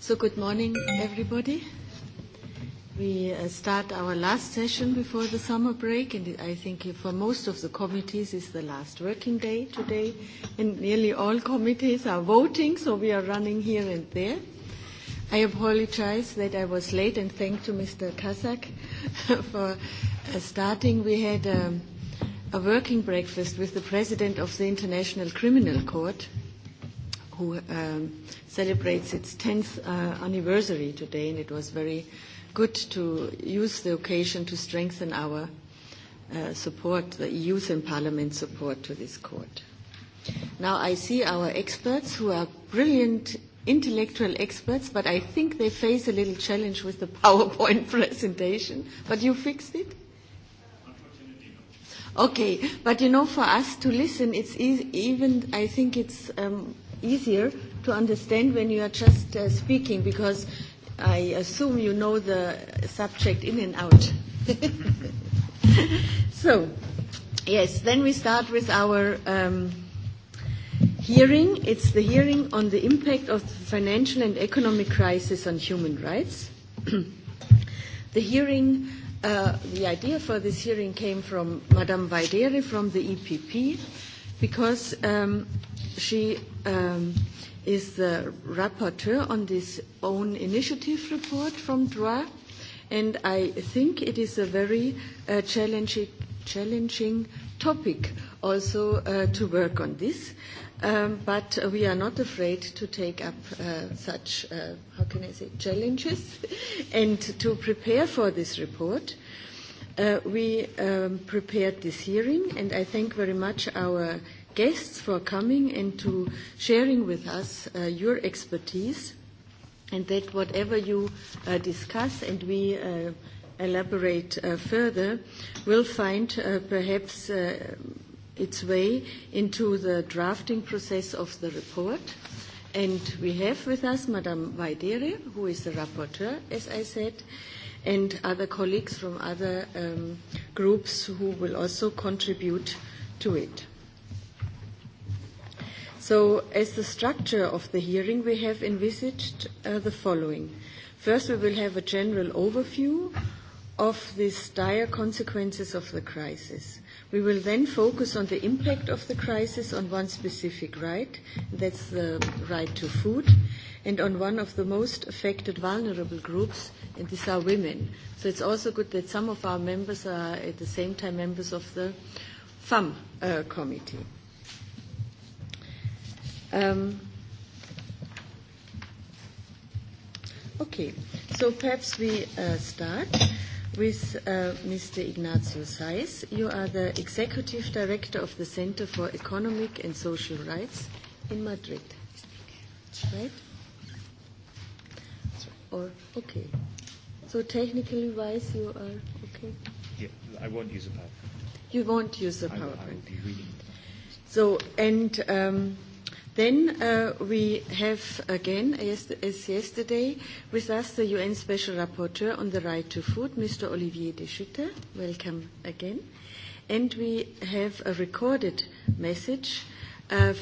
So good morning, everybody. We start our last session before the summer break, and I think for most of the committees is the last working day today, and nearly all committees are voting, so we are running here and there. I apologize that I was late, and thank to Mr. Kazak for starting. We had a working breakfast with the president of the International Criminal Court who celebrates its 10th anniversary today, and it was very good to use the occasion to strengthen our support, the youth and Parliament support to this court. Now I see our experts who are brilliant intellectual experts, but I think they face a little challenge with the PowerPoint presentation. But you fixed it? Okay, but you know, for us to listen, it's even, I think it's easier to understand when you are just speaking, because I assume you know the subject in and out. So, yes, then we start with our hearing. It's the hearing on the impact of the financial and economic crisis on human rights. The hearing, the idea for this hearing came from Madame Vaidere from the EPP because she is the rapporteur on this own initiative report from DROA, and I think it is a very challenging topic also to work on this, but we are not afraid to take up such, how can I say, challenges and to prepare for this report we prepared this hearing, and I thank very much our guests for coming and to sharing with us your expertise, and that whatever you discuss and we elaborate further will find perhaps its way into the drafting process of the report. And we have with us Madame Vaidere, who is the rapporteur, as I said, and other colleagues from other groups who will also contribute to it. So as the structure of the hearing, we have envisaged the following. First, we will have a general overview of the dire consequences of the crisis. We will then focus on the impact of the crisis on one specific right, that's the right to food, and on one of the most affected vulnerable groups, and these are women. So it's also good that some of our members are at the same time members of the FAM committee. Okay, so perhaps we start with Mr. Ignacio Saiz. You are the Executive Director of the Center for Economic and Social Rights in Madrid. Right? Or, okay. So technically wise, you are okay? Yeah, I won't use a PowerPoint. You won't use a PowerPoint. I will be reading. So, and... Um, Then we have again, as yesterday, with us the UN Special Rapporteur on the Right to Food, Mr. Olivier de Schutter. Welcome again. And we have a recorded message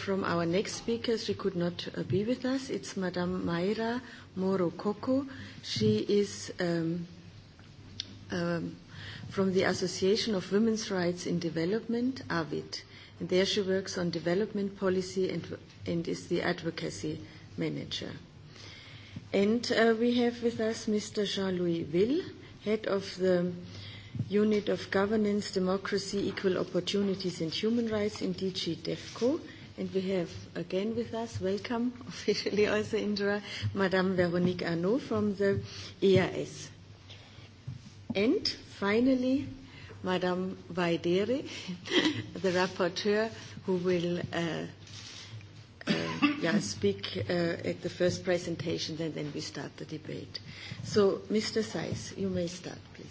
from our next speaker. She could not be with us. It's Madame Mayra Morokoko. She is from the Association of Women's Rights in Development, AVID and there she works on development policy and is the advocacy manager. And we have with us Mr. Jean-Louis Ville, head of the Unit of Governance, Democracy, Equal Opportunities and Human Rights in DG DEFCO. And we have again with us, welcome officially also Indra, Madame Veronique Arnaud from the EAS. And finally, Madame Vaideri, the rapporteur, who will speak at the first presentation, and then we start the debate. So, Mr. Seiss, you may start, please.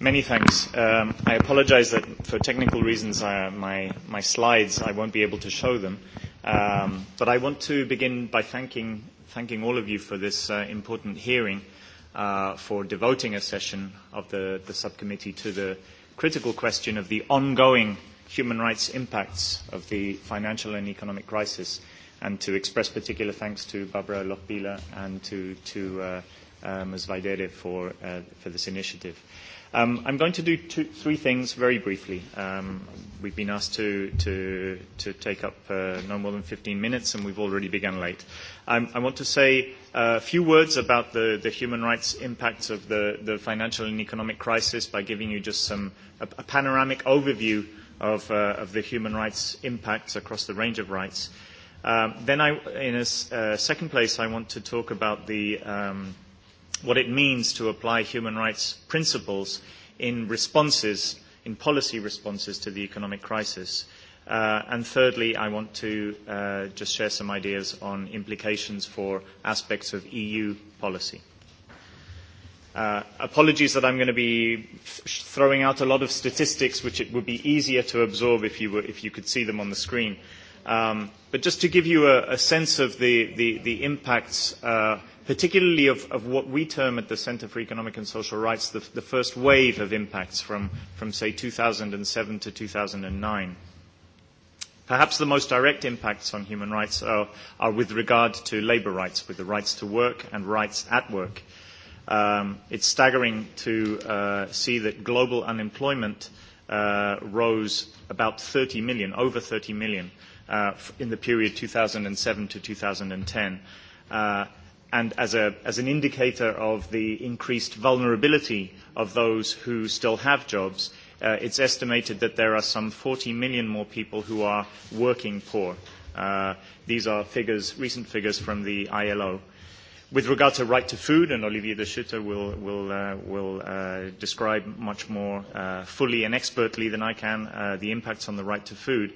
Many thanks. I apologize that for technical reasons my my slides I won't be able to show them. But I want to begin by thanking thanking all of you for this important hearing for devoting a session of the subcommittee to the critical question of the ongoing human rights impacts of the financial and economic crisis and to express particular thanks to Barbara Lochbihler and to as Vaidere, for for this initiative. Um I'm going to do three things very briefly. Um We've been asked to to to take up no more than 15 minutes, and we've already begun late. I want to say a few words about the the human rights impacts of the the financial and economic crisis by giving you just some a panoramic overview of of the human rights impacts across the range of rights. Um Then, I in a second place, I want to talk about the um what it means to apply human rights principles in responses, in policy responses to the economic crisis. And thirdly, I want to just share some ideas on implications for aspects of EU policy. Apologies that I'm going to be throwing out a lot of statistics, which it would be easier to absorb if you could see them on the screen. But just to give you a sense of the impacts particularly of what we term at the Centre for Economic and Social Rights the first wave of impacts from, say, 2007 to 2009. Perhaps the most direct impacts on human rights are with regard to labour rights, with the rights to work and rights at work. It's staggering to see that global unemployment rose about 30 million, over 30 million, in the period 2007 to 2010 and as an indicator of the increased vulnerability of those who still have jobs, it's estimated that there are some 40 million more people who are working poor. These are recent figures from the ILO. With regard to right to food, and Olivier de Schutter will describe much more fully and expertly than I can the impacts on the right to food,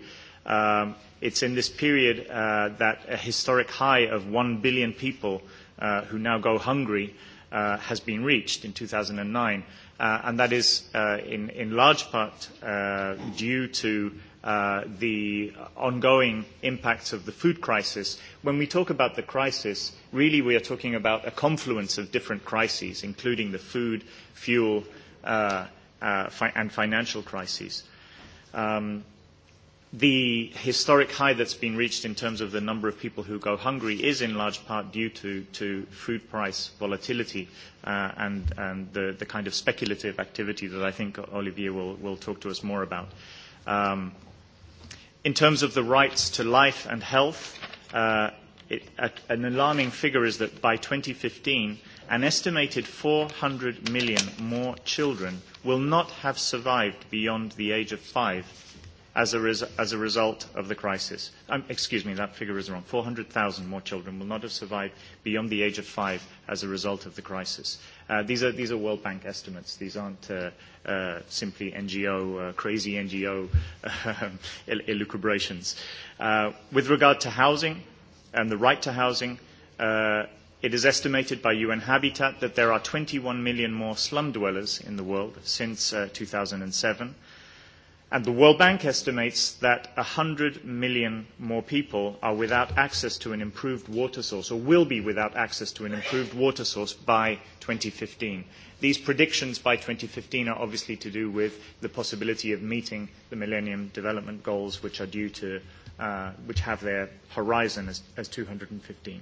it's in this period that a historic high of 1 billion people who now go hungry has been reached in 2009 and that is in in large part due to the ongoing impacts of the food crisis. When we talk about the crisis, really we are talking about a confluence of different crises, including the food, fuel, and financial crises. The historic high that's been reached in terms of the number of people who go hungry is in large part due to food price volatility and the kind of speculative activity that I think Olivier will talk to us more about. In terms of the rights to life and health, an alarming figure is that by 2015, an estimated 400 million more children will not have survived beyond the age of five as a result of the crisis. Excuse me, that figure is wrong. 400,000 more children will not have survived beyond the age of five as a result of the crisis. These are World Bank estimates. These aren't simply NGO, crazy NGO elucubrations. With regard to housing and the right to housing, It is estimated by UN Habitat that there are 21 million more slum dwellers in the world since 2007 And the World Bank estimates that 100 million more people are without access to an improved water source, or will be without access to an improved water source by 2015. These predictions by 2015 are obviously to do with the possibility of meeting the Millennium Development Goals, which have their horizon as 215.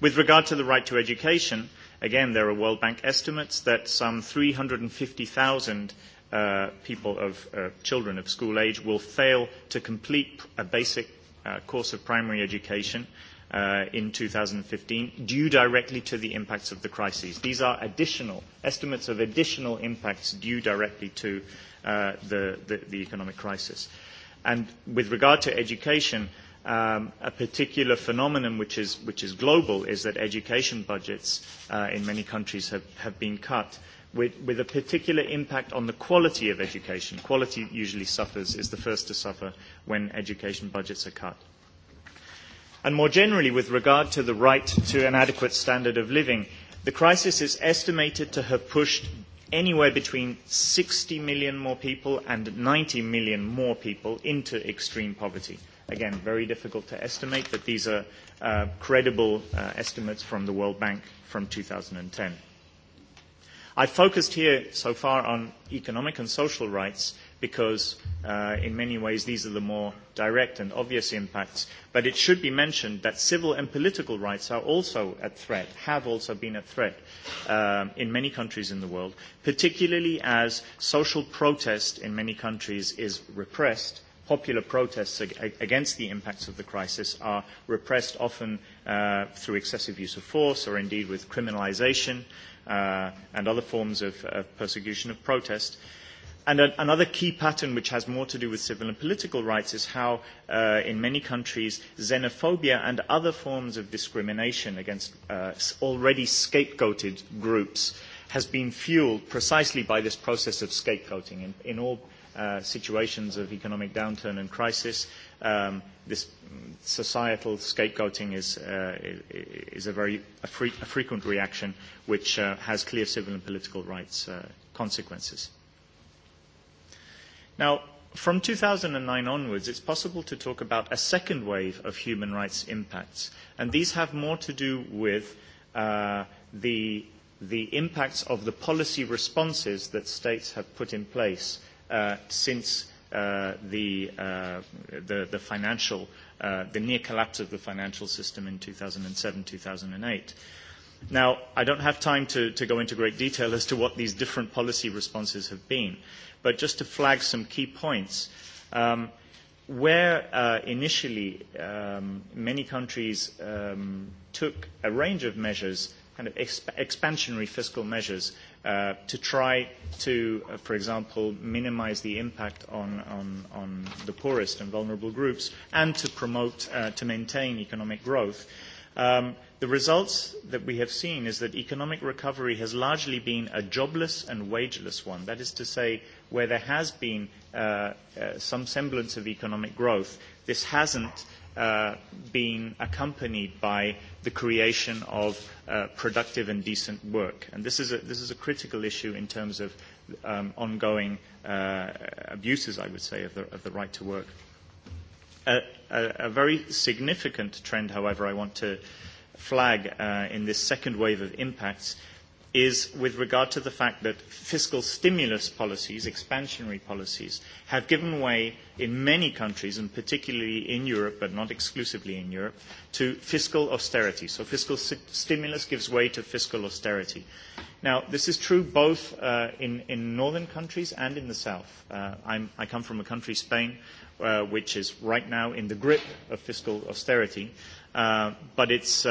With regard to the right to education, again there are World Bank estimates that some 350,000 people of children of school age will fail to complete a basic course of primary education in 2015 due directly to the impacts of the crisis. These are additional estimates of additional impacts due directly to the economic crisis. And with regard to education, a particular phenomenon which is global is that education budgets in many countries have been cut with a particular impact on the quality of education. Quality usually suffers, is the first to suffer when education budgets are cut. And more generally, with regard to the right to an adequate standard of living, the crisis is estimated to have pushed anywhere between 60 million more people and 90 million more people into extreme poverty. Again, very difficult to estimate, but these are credible estimates from the World Bank from 2010. I focused here so far on economic and social rights because in many ways these are the more direct and obvious impacts. But it should be mentioned that civil and political rights are also at threat, have also been at threat in many countries in the world, particularly as social protest in many countries is repressed. Popular protests against the impacts of the crisis are repressed often through excessive use of force or indeed with criminalization and other forms of persecution of protest. And another key pattern which has more to do with civil and political rights is how in many countries xenophobia and other forms of discrimination against already scapegoated groups has been fueled precisely by this process of scapegoating. In all situations of economic downturn and crisis, this societal scapegoating is is a very a frequent reaction which has clear civil and political rights consequences. Now, from 2009 onwards, it's possible to talk about a second wave of human rights impacts, and these have more to do with the the impacts of the policy responses that states have put in place since the financial, the near collapse of the financial system in 2007-2008. Now, I don't have time to go into great detail as to what these different policy responses have been, but just to flag some key points. Where initially many countries took a range of measures, kind of expansionary fiscal measures, to try to, for example, minimize the impact on the poorest and vulnerable groups and to promote, to maintain economic growth. The results that we have seen is that economic recovery has largely been a jobless and wageless one. That is to say, where there has been some semblance of economic growth, this hasn't being accompanied by the creation of productive and decent work. And this is a critical issue in terms of ongoing abuses, I would say, of the right to work. A very significant trend, however, I want to flag in this second wave of impacts is with regard to the fact that fiscal stimulus policies, expansionary policies, have given way in many countries, and particularly in Europe, but not exclusively in Europe, to fiscal austerity. So fiscal stimulus gives way to fiscal austerity. Now, this is true both in northern countries and in the south. I come from a country, Spain, which is right now in the grip of fiscal austerity But it's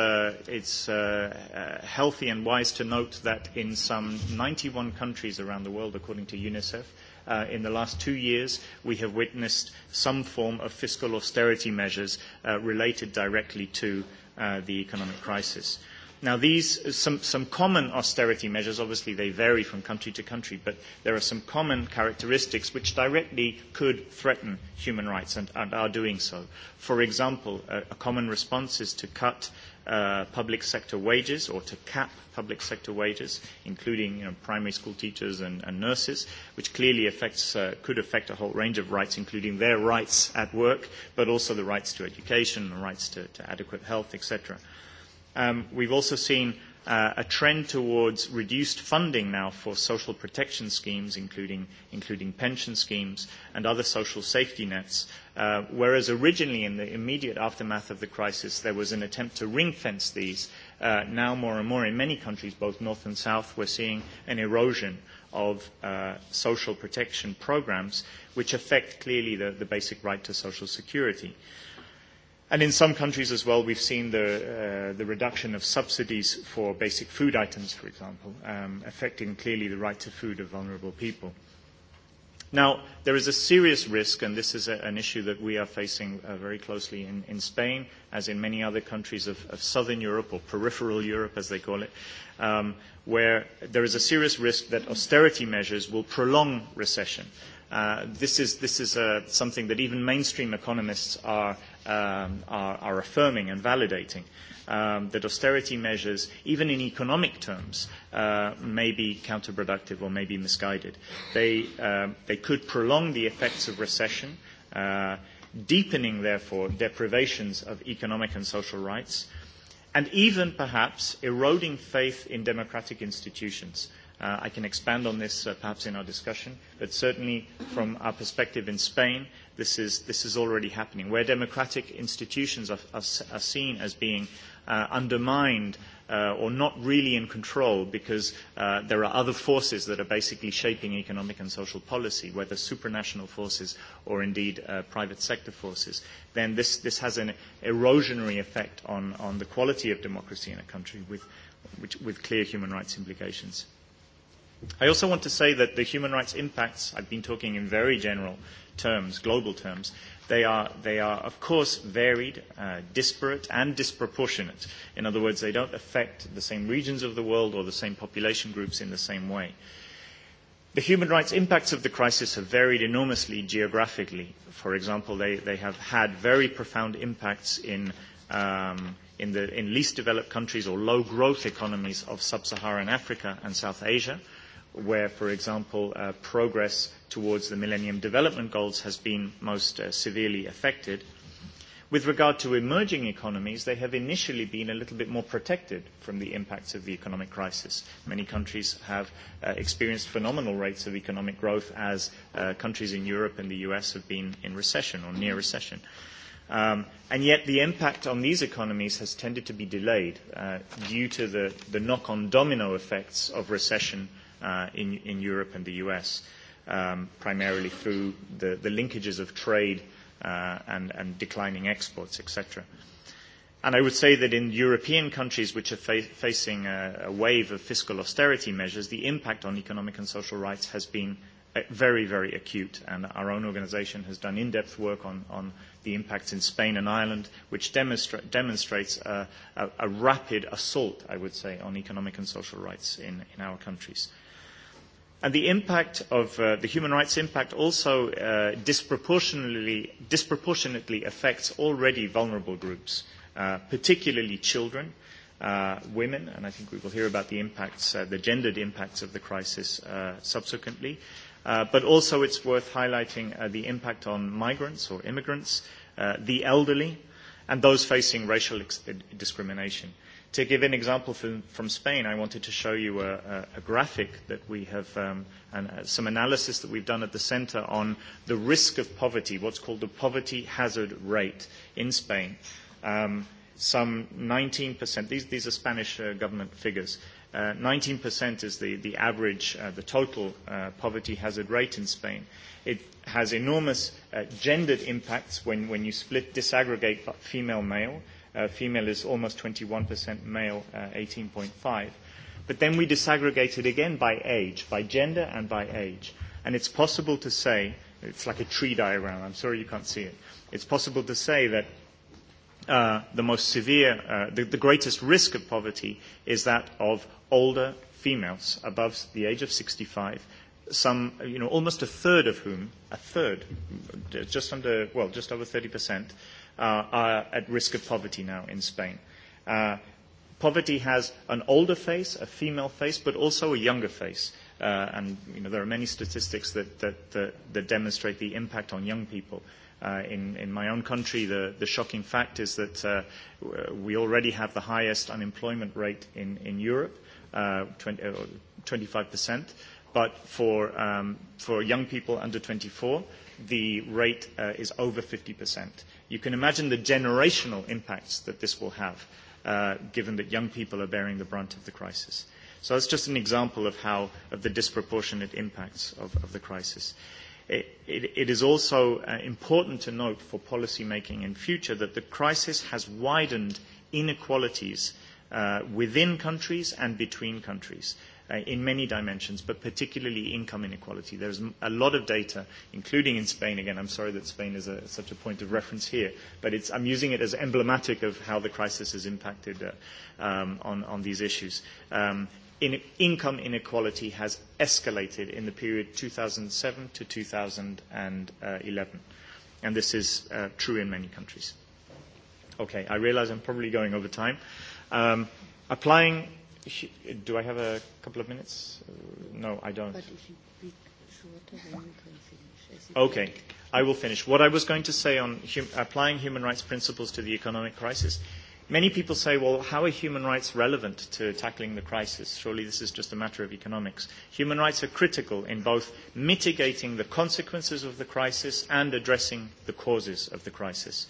healthy and wise to note that in some 91 countries around the world, according to UNICEF, in the last two years, we have witnessed some form of fiscal austerity measures related directly to the economic crisis. Now, these some common austerity measures, obviously they vary from country to country, but there are some common characteristics which directly could threaten human rights and are doing so. For example, a common response is to cut public sector wages or to cap public sector wages, including primary school teachers and nurses, which clearly could affect a whole range of rights, including their rights at work, but also the rights to education, the rights to adequate health, etc. We've also seen a trend towards reduced funding now for social protection schemes, including pension schemes and other social safety nets, whereas originally in the immediate aftermath of the crisis there was an attempt to ring-fence these. Now more and more in many countries, both north and south, we're seeing an erosion of social protection programs which affect clearly the basic right to social security. And in some countries as well, we've seen the reduction of subsidies for basic food items, for example, affecting clearly the right to food of vulnerable people. Now, there is a serious risk, and this is an issue that we are facing very closely in Spain, as in many other countries of southern Europe, or peripheral Europe, as they call it, where there is a serious risk that austerity measures will prolong recession. This is something that even mainstream economists are are affirming and validating that austerity measures, even in economic terms, may be counterproductive or may be misguided. They could prolong the effects of recession, deepening, therefore, deprivations of economic and social rights, and even, perhaps, eroding faith in democratic institutions I can expand on this perhaps in our discussion, but certainly from our perspective in Spain, this is already happening. Where democratic institutions are seen as being undermined or not really in control because there are other forces that are basically shaping economic and social policy, whether supranational forces or indeed private sector forces, then this has an erosionary effect on the quality of democracy in a country with clear human rights implications. I also want to say that the human rights impacts, I've been talking in very general terms, global terms, they are, they are of course, varied, disparate, and disproportionate. In other words, they don't affect the same regions of the world or the same population groups in the same way. The human rights impacts of the crisis have varied enormously geographically. For example, they, they have had very profound impacts in, the, in least developed countries or low growth economies of sub-Saharan Africa and South Asia where, for example, progress towards the Millennium Development Goals has been most severely affected. With regard to emerging economies, they have initially been a little bit more protected from the impacts of the economic crisis. Many countries have experienced phenomenal rates of economic growth as countries in Europe and the US have been in recession or near recession. And yet the impact on these economies has tended to be delayed due to the knock-on domino effects of recession in in Europe and the US primarily through the the linkages of trade and and declining exports etc and i would say that in european countries which are facing a wave of fiscal austerity measures the impact on economic and social rights has been very very acute and our own organisation has done in depth work on on the impacts in spain and ireland which demonstrates a rapid assault i would say on economic and social rights in in our countries the impact of the human rights impact also disproportionately affects already vulnerable groups, particularly children, women, and I think we will hear about the impacts, the gendered impacts of the crisis subsequently. But also it's worth highlighting the impact on migrants or immigrants, the elderly, and those facing racial discrimination. To give an example from Spain, I wanted to show you a graphic that we have and some analysis that we've done at the center on the risk of poverty, what's called the poverty hazard rate in Spain. Some 19%, these are Spanish government figures, 19% is the average, the total poverty hazard rate in Spain. It has enormous gendered impacts when you split, disaggregate female-male female is almost 21%, male 18.5%. But then we disaggregate it again by age, by gender and by age. And it's possible to say, it's like a tree diagram, I'm sorry you can't see it. It's possible to say that the most severe, the greatest risk of poverty is that of older females above the age of 65, some, you know, almost a third of whom, a third, just under, well, just over 30%, are at risk of poverty now in Spain. Poverty has an older face, a female face, but also a younger face. And there are many statistics that demonstrate the impact on young people. In my own country, the shocking fact is that we already have the highest unemployment rate in Europe, 25%. But for young people under 24, the rate is over 50%. You can imagine the generational impacts that this will have, given that young people are bearing the brunt of the crisis. So that's just an example of how of the disproportionate impacts of the crisis. It is also important to note for policy making in future that the crisis has widened inequalities within countries and between countries in many dimensions, but particularly income inequality. There is a lot of data, including in Spain. Again, I'm sorry that Spain is such a point of reference here, but it's, I'm using it as emblematic of how the crisis has impacted on these issues. Income inequality has escalated in the period 2007 to 2011, and this is true in many countries. Okay, I realize I'm probably going over time. Applying Do I have a couple of minutes? No, I don't. Okay, I will finish. What I was going to say on applying human rights principles to the economic crisis, many people say, well, how are human rights relevant to tackling the crisis? Surely this is just a matter of economics. Human rights are critical in both mitigating the consequences of the crisis and addressing the causes of the crisis.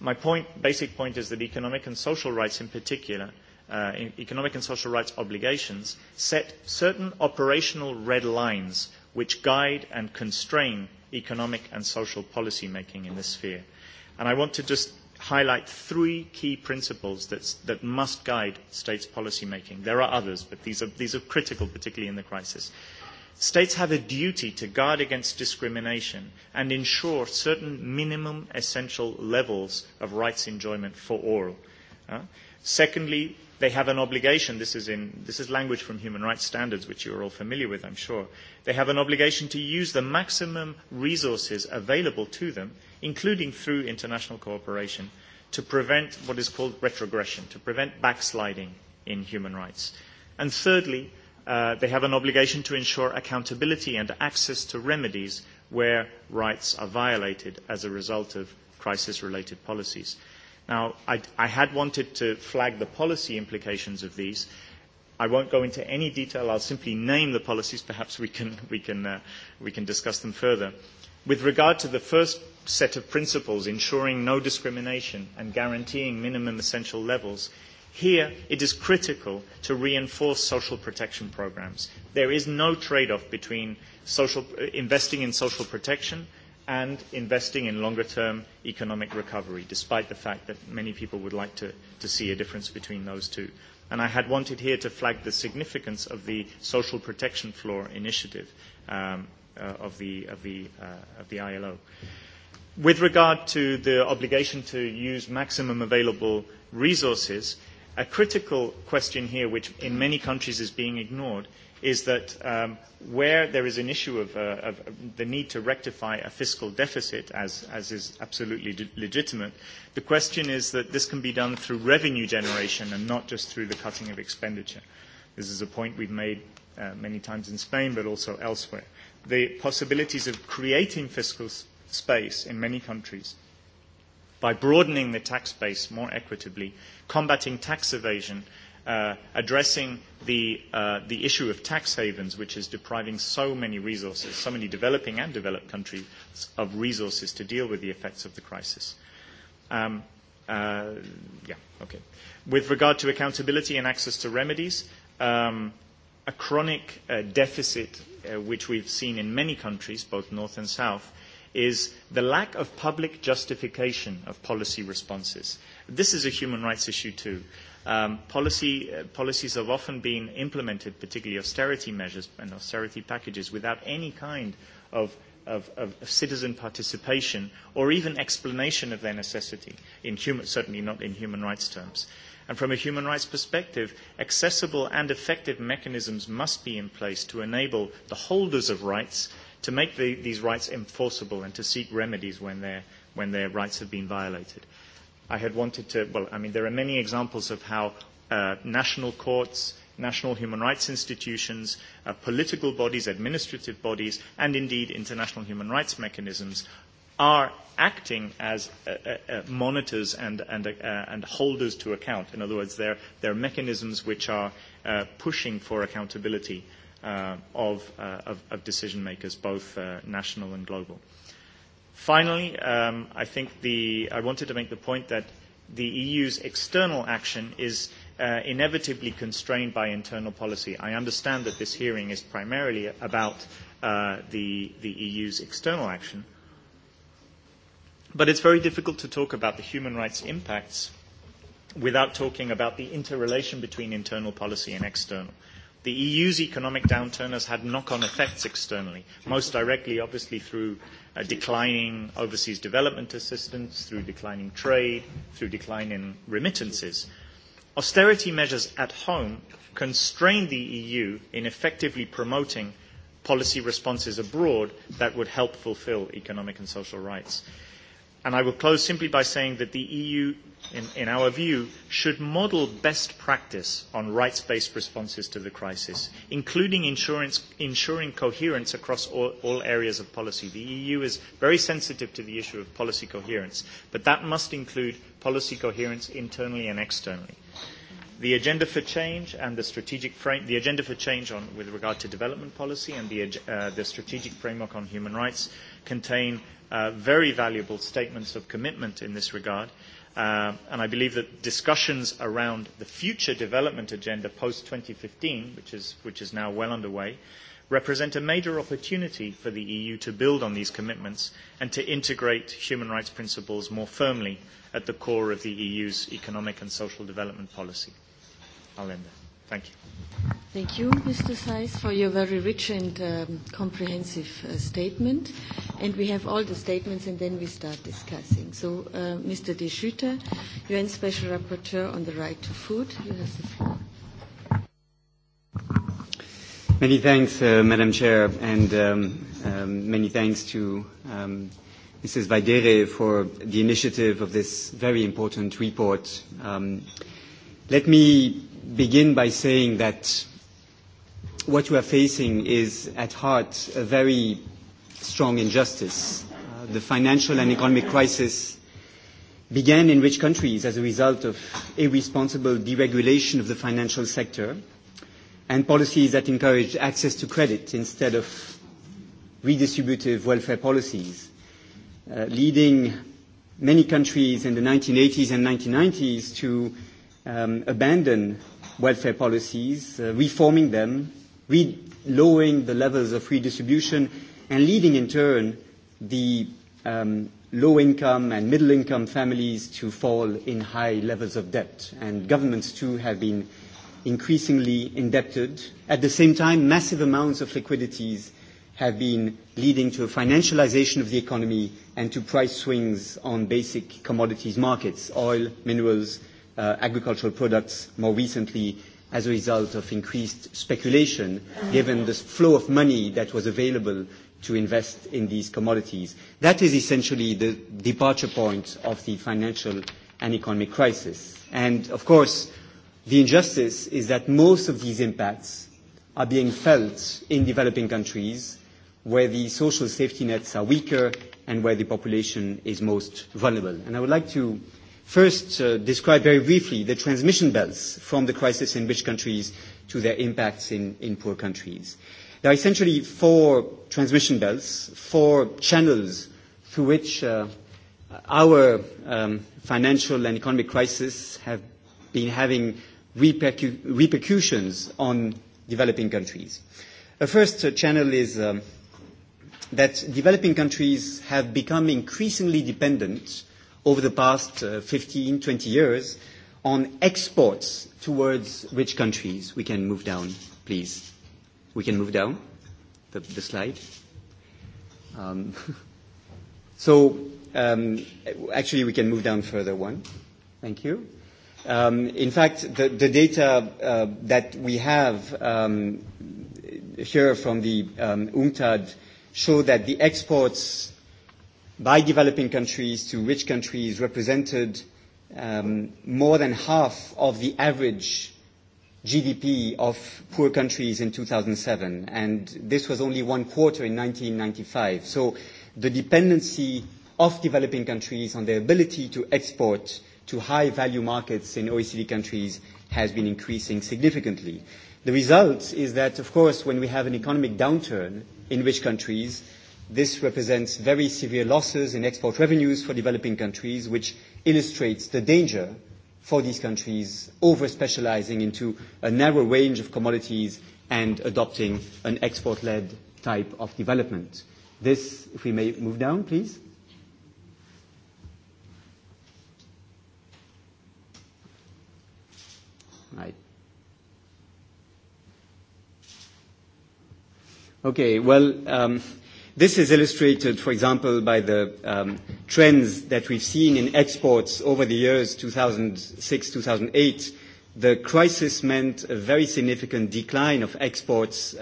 My point, basic point is that economic and social rights in particular – economic and social rights obligations set certain operational red lines which guide and constrain economic and social policy making in this sphere. And I want to just highlight three key principles that must guide states' policy making. There are others, but these are critical, particularly in the crisis. States have a duty to guard against discrimination and ensure certain minimum essential levels of rights enjoyment for all. Secondly, They have an obligation, this is language from human rights standards, which you are all familiar with, I am sure. They have an obligation to use the maximum resources available to them, including through international cooperation, to prevent what is called retrogression, to prevent backsliding in human rights. And thirdly, they have an obligation to ensure accountability and access to remedies where rights are violated as a result of crisis-related policies. Now, I I had wanted to flag the policy implications of these. I won't go into any detail. I'll simply name the policies. Perhaps we can discuss them further. With regard to the first set of principles, ensuring no discrimination and guaranteeing minimum essential levels, here it is critical to reinforce social protection programs. There is no trade-off between social investing in social protection and investing in longer-term economic recovery, despite the fact that many people would like to see a difference between those two. And I had wanted here to flag the significance of the social protection floor initiative of the ILO. With regard to the obligation to use maximum available resources, a critical question here, which in many countries is being ignored, is that where there is an issue of the need to rectify a fiscal deficit, as is absolutely legitimate, the question is that this can be done through revenue generation and not just through the cutting of expenditure. This is a point we've made many times in Spain, but also elsewhere. The possibilities of creating fiscal space in many countries by broadening the tax base more equitably, combating tax evasion, addressing the the issue of tax havens, which is depriving so many resources, so many developing and developed countries of resources to deal with the effects of the crisis. Yeah, okay. With regard to accountability and access to remedies, a chronic deficit which we've seen in many countries, both north and south, is the lack of public justification of policy responses. This is a human rights issue too. Policies have often been implemented, particularly austerity measures and austerity packages, without any kind of citizen participation or even explanation of their necessity, certainly not in human rights terms. And from a human rights perspective, accessible and effective mechanisms must be in place to enable the holders of rights to make these rights enforceable and to seek remedies when their rights have been violated. I had wanted to, well, I mean, there are many examples of how national courts, national human rights institutions, political bodies, administrative bodies, and indeed international human rights mechanisms are acting as monitors and holders to account. In other words, are mechanisms which are pushing for accountability of decision makers, both national and global. Finally, I think the I wanted to make the point that the EU's external action is inevitably constrained by internal policy. I understand that this hearing is primarily about the EU's external action, but it's very difficult to talk about the human rights impacts without talking about the interrelation between internal policy and external. The EU's economic downturn has had knock-on effects externally, most directly, obviously, through declining overseas development assistance, through declining trade, through declining remittances. Austerity measures at home constrain the EU in effectively promoting policy responses abroad that would help fulfil economic and social rights. And I will close simply by saying that the EU, in our view, should model best practice on rights-based responses to the crisis, including ensuring coherence across all areas of policy. The EU is very sensitive to the issue of policy coherence, but that must include policy coherence internally and externally. The agenda for change and the strategic frame, the agenda for change with regard to development policy and the strategic framework on human rights contain very valuable statements of commitment in this regard. And I believe that discussions around the future development agenda post-2015, which is now well underway, represent a major opportunity for the EU to build on these commitments and to integrate human rights principles more firmly at the core of the EU's economic and social development policy. I'll end there. Thank you. Thank you, Mr. Seiss, for your very rich and comprehensive statement. And we have all the statements, and then we start discussing. So, Mr. De Schutter, UN Special Rapporteur on the right to food, you have the floor. Many thanks, Madam Chair, and many thanks to Mrs. Vaidere for the initiative of this very important report. Let me begin by saying that what we are facing is at heart a very strong injustice. The financial and economic crisis began in rich countries as a result of irresponsible deregulation of the financial sector and policies that encourage access to credit instead of redistributive welfare policies, leading many countries in the 1980s and 1990s to abandon welfare policies, reforming them, lowering the levels of redistribution, and leading in turn the low-income and middle-income families to fall in high levels of debt. And governments, too, have been increasingly indebted. At the same time, massive amounts of liquidities have been leading to a financialization of the economy and to price swings on basic commodities markets, oil, minerals, agricultural products more recently as a result of increased speculation, given the flow of money that was available to invest in these commodities. That is essentially the departure point of the financial and economic crisis. And, of course, the injustice is that most of these impacts are being felt in developing countries where the social safety nets are weaker and where the population is most vulnerable. And I would like to first describe very briefly the transmission belts from the crisis in rich countries to their impacts in poor countries. There are essentially four transmission belts, four channels through which our financial and economic crisis have been having repercussions on developing countries. The first channel is that developing countries have become increasingly dependent over the past 15, 20 years on exports towards rich countries. We can move down, please. We can move down the slide. So actually, we can move down further one. Thank you. In fact, the data that we have here from the UNCTAD show that the exports by developing countries to rich countries represented more than half of the average GDP of poor countries in 2007, and this was only one quarter in 1995. So the dependency of developing countries on their ability to export to high-value markets in OECD countries has been increasing significantly. The result is that, of course, when we have an economic downturn in rich countries, This represents very severe losses in export revenues for developing countries, which illustrates the danger for these countries over-specializing into a narrow range of commodities and adopting an export-led type of development. This, if we may move down, please. Right. Okay, well, This is illustrated, for example, by the trends that we've seen in exports over the years 2006, 2008. The crisis meant a very significant decline of exports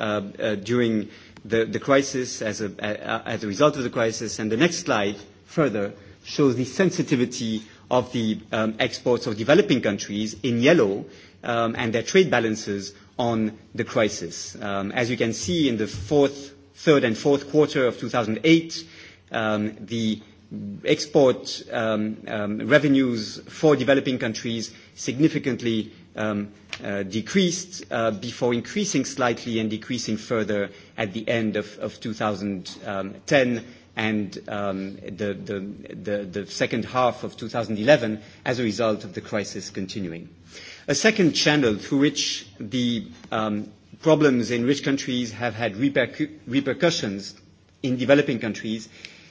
during the crisis as a result of the crisis. And the next slide further shows the sensitivity of the exports of developing countries in yellow and their trade balances on the crisis. As you can see in the fourth third and fourth quarter of 2008, the export revenues for developing countries significantly decreased before increasing slightly and decreasing further at the end of 2010 and the second half of 2011 as a result of the crisis continuing. A second channel through which the problems in rich countries have had repercussions in developing countries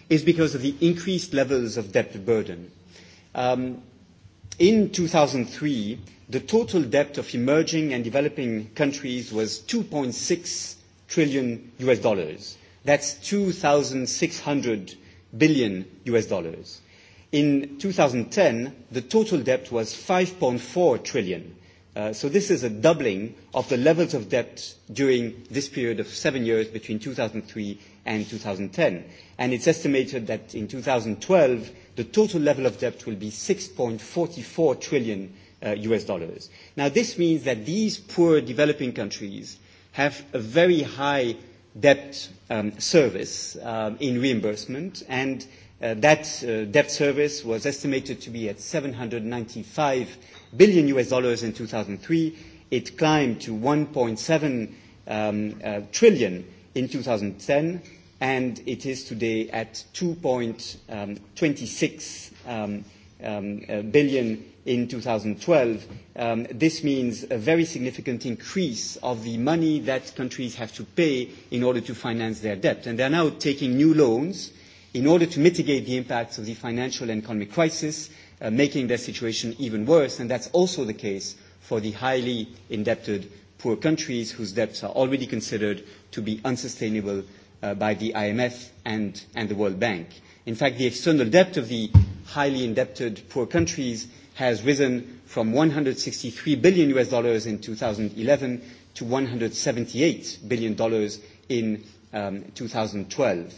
is because of the increased levels of debt burden. In 2003, the total debt of emerging and developing countries was 2.6 trillion US dollars. That's 2,600 billion US dollars. In 2010, the total debt was 5.4 trillion So this is a doubling of the levels of debt during this period of seven years between 2003 and 2010. And is estimated that in 2012, the total level of debt will be 6.44 trillion US dollars. Now, this means that these poor developing countries have a very high debt service in reimbursement, and that debt service was estimated to be at 795 billion US dollars in 2003. It climbed to 1.7 trillion in 2010, and it is today at 2.26 billion in 2012. This means a very significant increase of the money that countries have to pay in order to finance their debt. And they are now taking new loans in order to mitigate the impacts of the financial and economic crisis making their situation even worse. And that's also the case for the highly indebted poor countries whose debts are already considered to be unsustainable by the IMF and the World Bank. In fact, the external debt of the highly indebted poor countries has risen from 163 billion US dollars in 2011 to 178 billion dollars in 2012.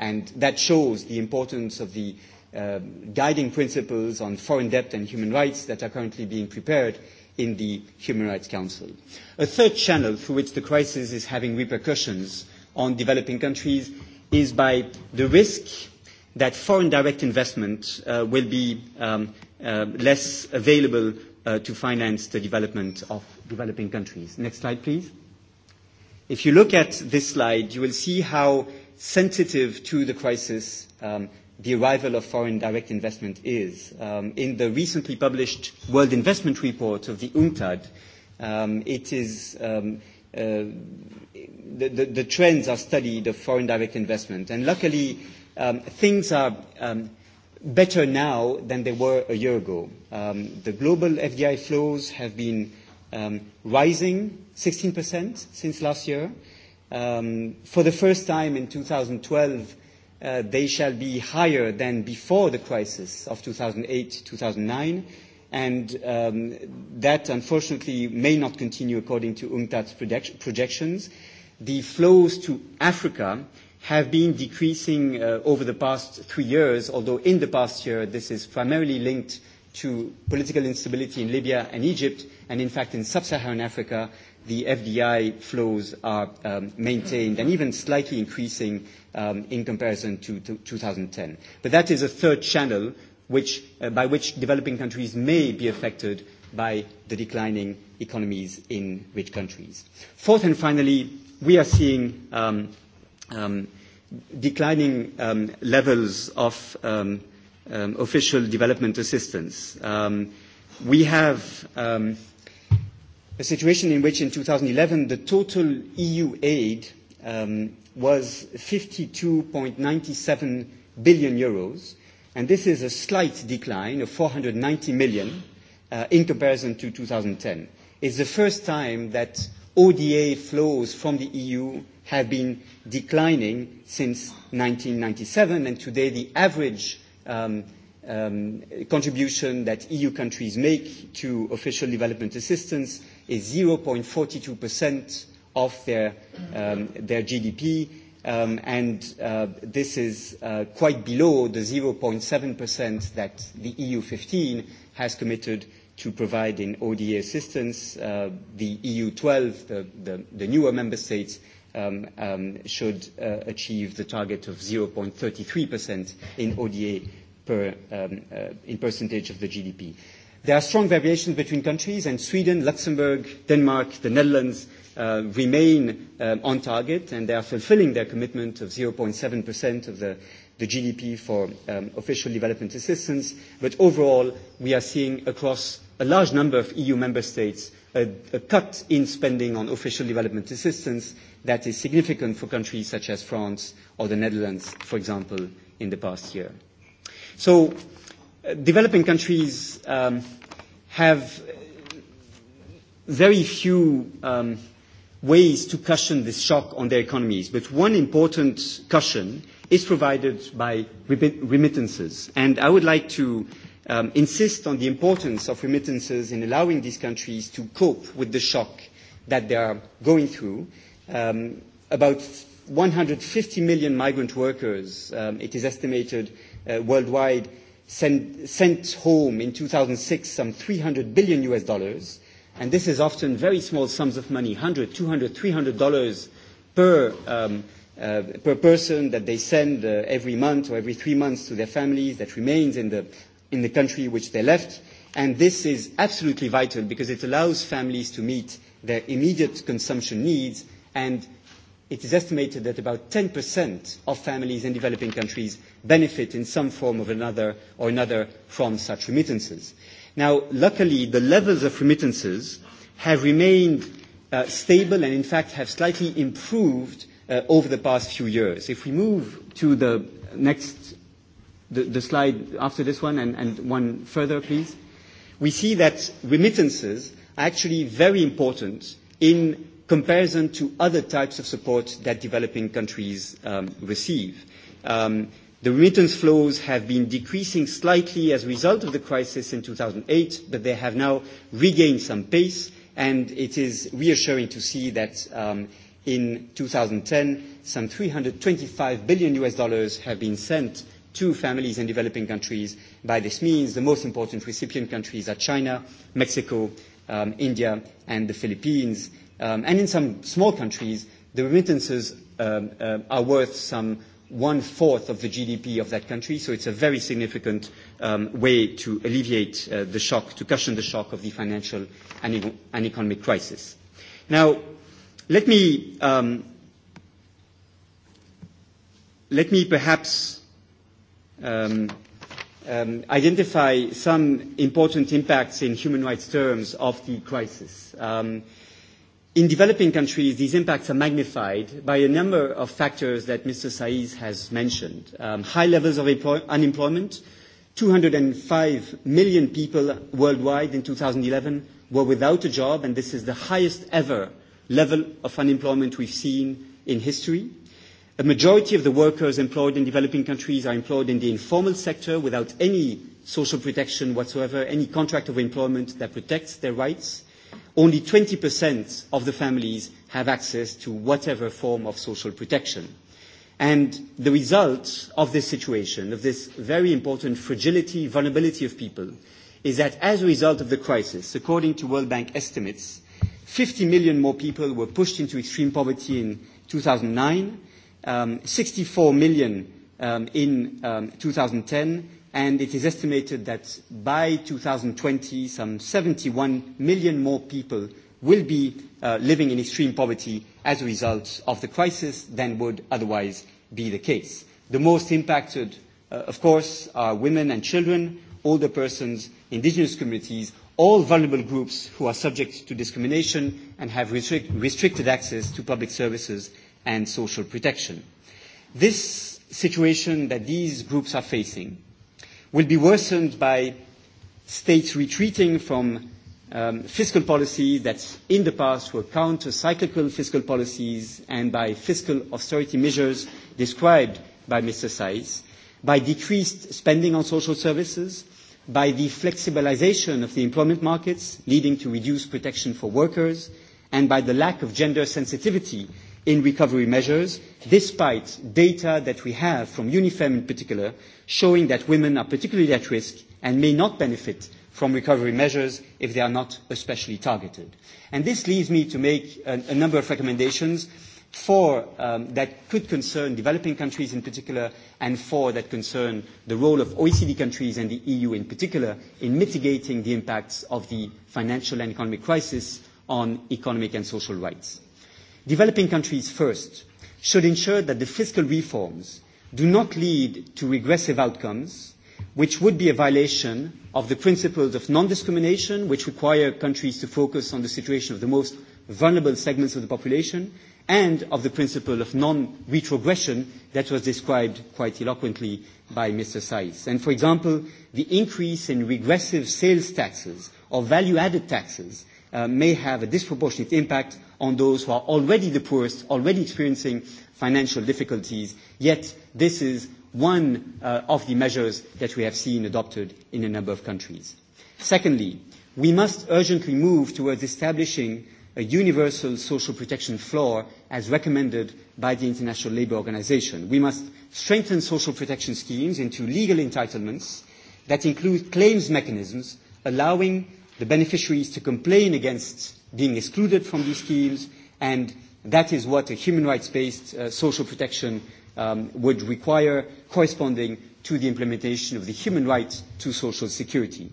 And that shows the importance of the guiding principles on foreign debt and human rights that are currently being prepared in the Human Rights Council. A third channel through which the crisis is having repercussions on developing countries is by the risk that foreign direct investment will be less available to finance the development of developing countries. Next slide, please. If you look at this slide, you will see how sensitive to the crisis the arrival of foreign direct investment is. In the recently published World Investment Report of the UNCTAD, it is the trends are studied of foreign direct investment. And luckily, things are better now than they were a year ago. The global FDI flows have been rising 16% since last year. For the first time in 2012, they shall be higher than before the crisis of 2008-2009, and that unfortunately may not continue according to UNCTAD's projections. The flows to Africa have been decreasing over the past three years, although in the past year this is primarily linked to political instability in Libya and Egypt, and in fact in sub-Saharan Africa the FDI flows are maintained and even slightly increasing in comparison to 2010. But that is a third channel by which developing countries may be affected by the declining economies in rich countries. Fourth and finally, we are seeing declining levels of official development assistance. We have a situation in which in 2011 the total EU aid was 52.97 billion euros, and this is a slight decline of 490 million in comparison to 2010. It's the first time that ODA flows from the EU have been declining since 1997, and today the average contribution that EU countries make to official development assistance is 0.42% of their GDP, and this is quite below the 0.7% that the EU15 has committed to provide in ODA assistance. The EU12, the newer member states, should achieve the target of 0.33% in ODA in percentage of the GDP. There are strong variations between countries, and Sweden, Luxembourg, Denmark, the Netherlands remain on target, and they are fulfilling their commitment of 0.7% of the GDP for official development assistance. But overall, we are seeing across a large number of EU member states a cut in spending on official development assistance that is significant for countries such as France or the Netherlands, for example, in the past year. So developing countries have very few ways to cushion this shock on their economies, but one important cushion is provided by remittances. And I would like to insist on the importance of remittances in allowing these countries to cope with the shock that they are going through. About 150 million migrant workers, it is estimated worldwide, sent home in 2006 some 300 billion US dollars, and this is often very small sums of money, 100, 200, 300 dollars per per person that they send every month or every three months to their families that remains in the in the country which they left, and this is absolutely vital because it allows families to meet their immediate consumption needs and It is estimated that about 10% of families in developing countries benefit in some form of another or another from such remittances. Now, luckily, the levels of remittances have remained stable and, in fact, have slightly improved over the past few years. If we move to the next, the slide after this one and one further, please, we see that remittances are actually very important in comparison to other types of support that developing countries receive. The remittance flows have been decreasing slightly as a result of the crisis in 2008, but they have now regained some pace, and it is reassuring to see that in 2010, some 325 billion US dollars have been sent to families in developing countries. By this means, the most important recipient countries are China, Mexico, India, and the Philippines And in some small countries, the remittances are worth some one-fourth of the GDP of that country, so it's a very significant way to alleviate the shock, to cushion the shock of the financial and economic crisis. Now, let me let me perhaps identify some important impacts in human rights terms of the crisis. In developing countries, these impacts are magnified by a number of factors that Mr. Saiz has mentioned. High levels of unemployment, 205 million people worldwide in 2011 were without a job, and this is the highest ever level of unemployment we've seen in history. A majority of the workers employed in developing countries are employed in the informal sector without any social protection whatsoever, any contract of employment that protects their rights only 20% of the families have access to whatever form of social protection. And the result of this situation, of this very important fragility, vulnerability of people, is that as a result of the crisis, according to World Bank estimates, 50 million more people were pushed into extreme poverty in 2009, 64 million in 2010, and it is estimated that by 2020 some 71 million more people will be living in extreme poverty as a result of the crisis than would otherwise be the case. The most impacted, of course, are women and children, older persons, indigenous communities, all vulnerable groups who are subject to discrimination and have restricted access to public services and social protection. This situation that these groups are facing will be worsened by states retreating from fiscal policy that in the past were counter-cyclical fiscal policies and by fiscal austerity measures described by Mr. Saiz, by decreased spending on social services, by the flexibilization of the employment markets leading to reduced protection for workers, and by the lack of gender sensitivity in recovery measures, despite data that we have from UNIFEM in particular, showing that women are particularly at risk and may not benefit from recovery measures if they are not especially targeted. And this leads me to make a number of recommendations for that could concern developing countries in particular and for that concern the role of OECD countries and the EU in particular in mitigating the impacts of the financial and economic crisis on economic and social rights. Developing countries first should ensure that the fiscal reforms do not lead to regressive outcomes, which would be a violation of the principles of non-discrimination, which require countries to focus on the situation of the most vulnerable segments of the population, and of the principle of non-retrogression that was described quite eloquently by Mr. Saiz. And, for example, the increase in regressive sales taxes or value-added taxes may have a disproportionate impact on those who are already the poorest, already experiencing financial difficulties. Yet this is one of the measures that we have seen adopted in a number of countries. Secondly, we must urgently move towards establishing a universal social protection floor as recommended by the International Labour Organization. We must strengthen social protection schemes into legal entitlements that include claims mechanisms allowing the beneficiaries to complain against being excluded from these schemes, and that is what a human rights-based social protection would require, corresponding to the implementation of the human right to social security.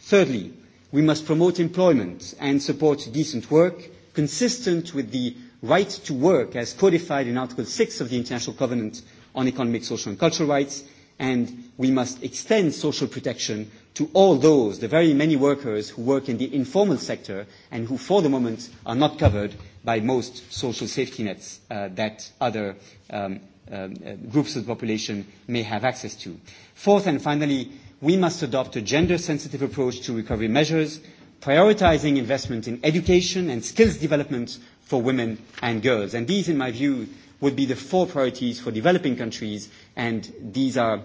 Thirdly, we must promote employment and support decent work, consistent with the right to work as codified in Article 6 of the International Covenant on Economic, Social and Cultural Rights, and we must extend social protection to all those, the very many workers who work in the informal sector and who for the moment are not covered by most social safety nets that other groups of the population may have access to. Fourth and finally, we must adopt a gender-sensitive approach to recovery measures, prioritizing investment in education and skills development for women and girls. And these, in my view, would be the four priorities for developing countries, and these are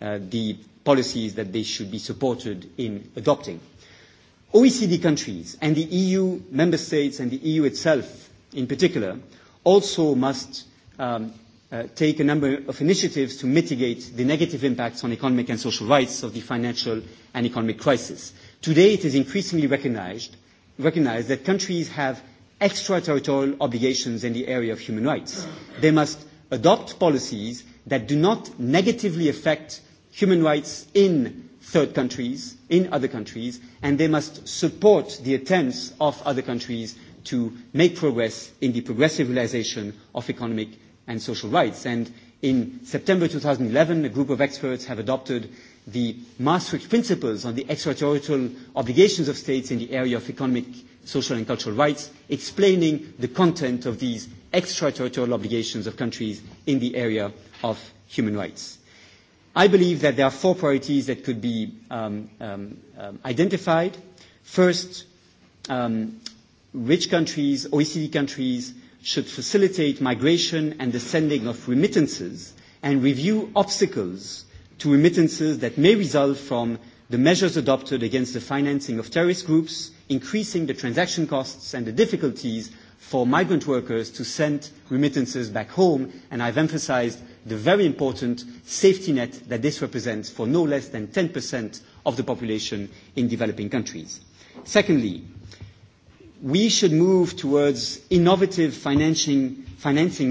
the policies that they should be supported in adopting. OECD countries and the EU member states and the EU itself in particular also must take a number of initiatives to mitigate the negative impacts on economic and social rights of the financial and economic crisis. Today it is increasingly recognized that countries have extraterritorial obligations in the area of human rights. They must adopt policies that do not negatively affect human rights in third countries, in other countries, and they must support the attempts of other countries to make progress in the progressive realization of economic and social rights. And in September 2011, a group of experts have adopted the Maastricht Principles on the extraterritorial obligations of states in the area of economic, social and cultural rights, explaining the content of these extraterritorial obligations of countries in the area of human rights. I believe that there are four priorities that could be identified. First, rich countries, OECD countries, should facilitate migration and the sending of remittances and review obstacles to remittances that may result from the measures adopted against the financing of terrorist groups, increasing the transaction costs and the difficulties for migrant workers to send remittances back home. And I've emphasized the very important safety net that this represents for no less than 10% of the population in developing countries. Secondly, we should move towards innovative financing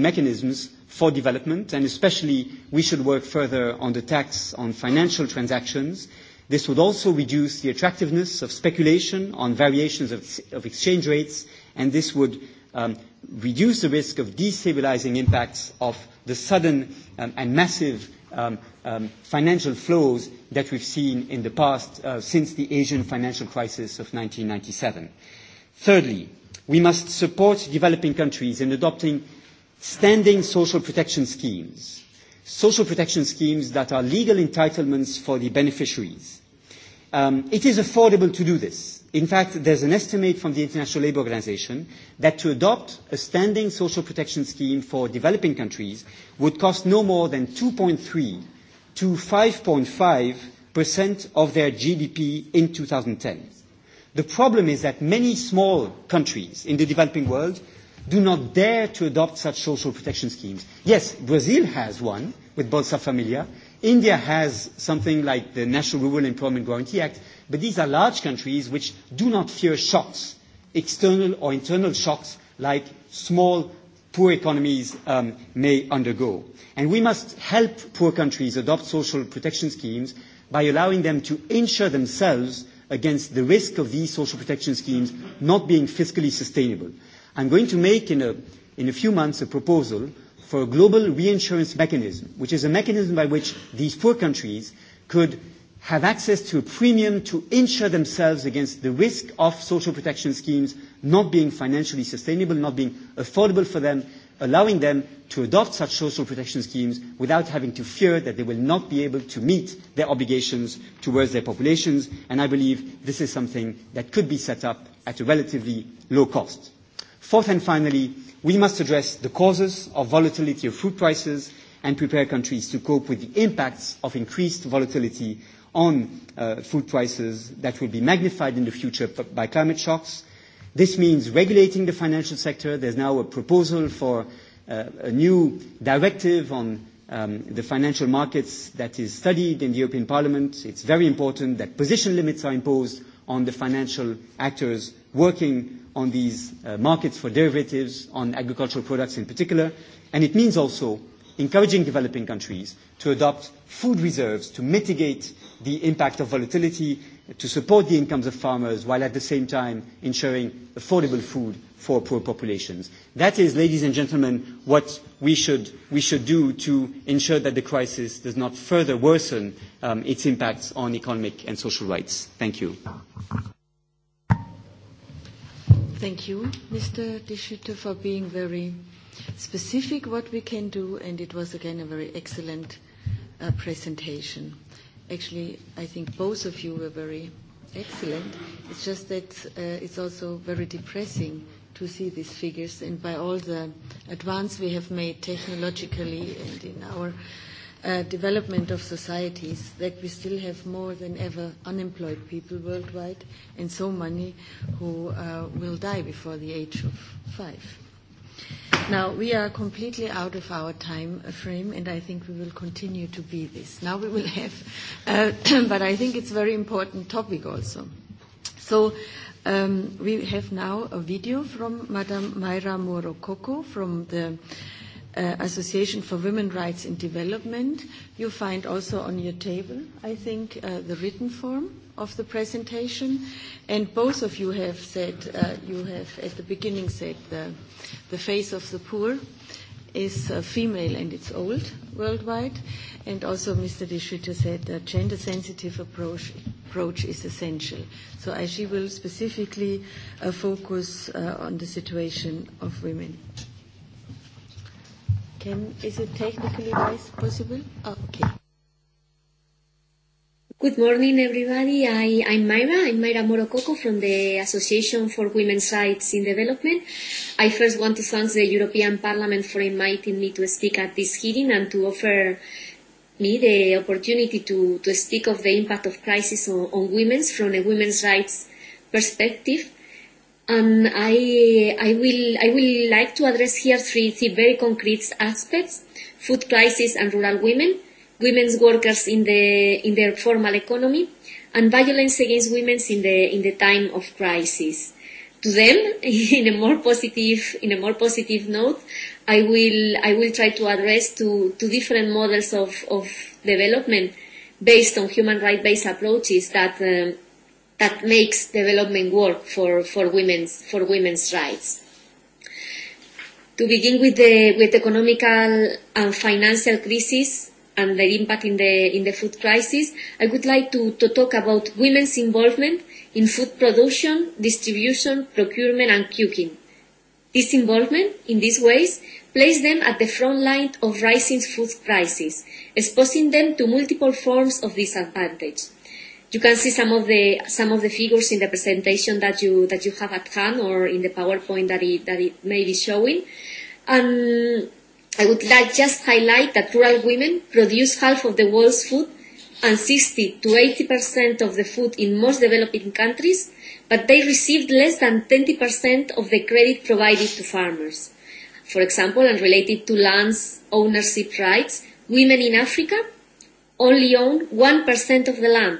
mechanisms for development, and especially we should work further on the tax on financial transactions. This would also reduce the attractiveness of speculation on variations of exchange rates, and this would reduce the risk of destabilizing impacts of the sudden and massive financial flows that we've seen in the past since the Asian financial crisis of 1997. Thirdly, we must support developing countries in adopting standing social protection schemes, social protection schemes that are legal entitlements for the beneficiaries. It is affordable to do this. In fact, there's an estimate from the International Labour Organization that to adopt a standing social protection scheme for developing countries would cost no more than 2.3 to 5.5% of their GDP in 2010. The problem is that many small countries in the developing world do not dare to adopt such social protection schemes. Yes, Brazil has one with Bolsa Familia, India has something like the National Rural Employment Guarantee Act, but these are large countries which do not fear shocks, external or internal shocks like small poor economies may undergo. And we must help poor countries adopt social protection schemes by allowing them to insure themselves against the risk of these social protection schemes not being fiscally sustainable. I'm going to make in a few months a proposal for a global reinsurance mechanism, which is a mechanism by which these poor countries could have access to a premium to insure themselves against the risk of social protection schemes not being financially sustainable, not being affordable for them, allowing them to adopt such social protection schemes without having to fear that they will not be able to meet their obligations towards their populations. And I believe this is something that could be set up at a relatively low cost. Fourth and finally, we must address the causes of volatility of food prices and prepare countries to cope with the impacts of increased volatility on food prices that will be magnified in the future by climate shocks. This means regulating the financial sector. There is now a proposal for a new directive on the financial markets that is studied in the European Parliament. It is very important that position limits are imposed on the financial actors working on these markets for derivatives, on agricultural products in particular, and it means also encouraging developing countries to adopt food reserves to mitigate the impact of volatility, to support the incomes of farmers, while at the same time ensuring affordable food for poor populations. That is, ladies and gentlemen, what we should do to ensure that the crisis does not further worsen its impacts on economic and social rights. Thank you. Thank you, Mr. Deschütte, for being very specific what we can do, and it was again a very excellent presentation. Actually, I think both of you were very excellent. It's just that it's also very depressing to see these figures, and by all the advance we have made technologically and in our development of societies that we still have more than ever unemployed people worldwide and so many who will die before the age of five. Now, we are completely out of our time frame, and I think we will continue to be this. Now we will have, but I think it's a very important topic also. So we have now a video from Madame Mayra Morokoko from the Association for Women Rights in Development. You find also on your table, I think, the written form of the presentation. And both of you have said, you have at the beginning said, the face of the poor is female and it's old worldwide. And also Mr. Deschutes said that gender-sensitive approach is essential. So she will specifically focus on the situation of women. Can, is it technically possible? Okay. Good morning, everybody. I, I'm Myra. I'm Myra Morococo from the Association for Women's Rights in Development. I first want to thank the European Parliament for inviting me to speak at this hearing and to offer me the opportunity to, to speak of the impact of crisis on, on women from a women's rights perspective and I, I will, I will like to address here three, three very concrete aspects: food crisis and rural women, women's workers in the, in their formal economy, and violence against women in the, in the time of crisis. To them, in a more positive, in a more positive note, I will, I will try to address two, two different models of, of development based on human rights-based approaches that that makes development work for for women's for women's rights. To begin with the with economical and financial crisis and their impact in the in the food crisis, I would like to to talk about women's involvement in food production, distribution, procurement and cooking. This involvement in these ways place them at the front line of rising food prices, exposing them to multiple forms of disadvantage You can see some of the some of the figures in the presentation that you that you have at hand or in the PowerPoint that it that it may be showing. And I would like just highlight that rural women produce half of the world's food and 60 to 80% of the food in most developing countries, but they received less than 20% of the credit provided to farmers. For example, and related to land ownership rights, women in Africa only own 1% of the land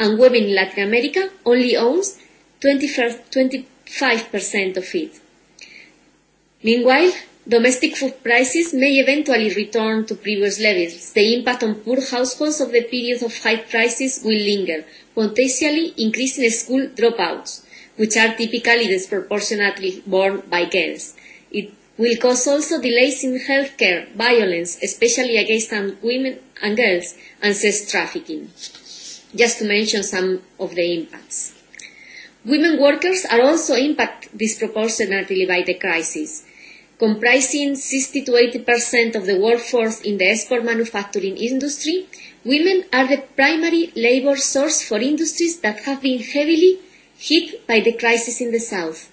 and women in Latin America only owns 25% of it. Meanwhile, domestic food prices may eventually return to previous levels. The impact on poor households of the period of high prices will linger, potentially increasing school dropouts, which are typically disproportionately borne by girls. It will cause also delays in healthcare, violence, especially against women and girls, and sex trafficking just to mention some of the impacts. Women workers are also impacted disproportionately by the crisis, comprising 60 to 80% of the workforce in the export manufacturing industry. Women are the primary labor source for industries that have been heavily hit by the crisis in the South.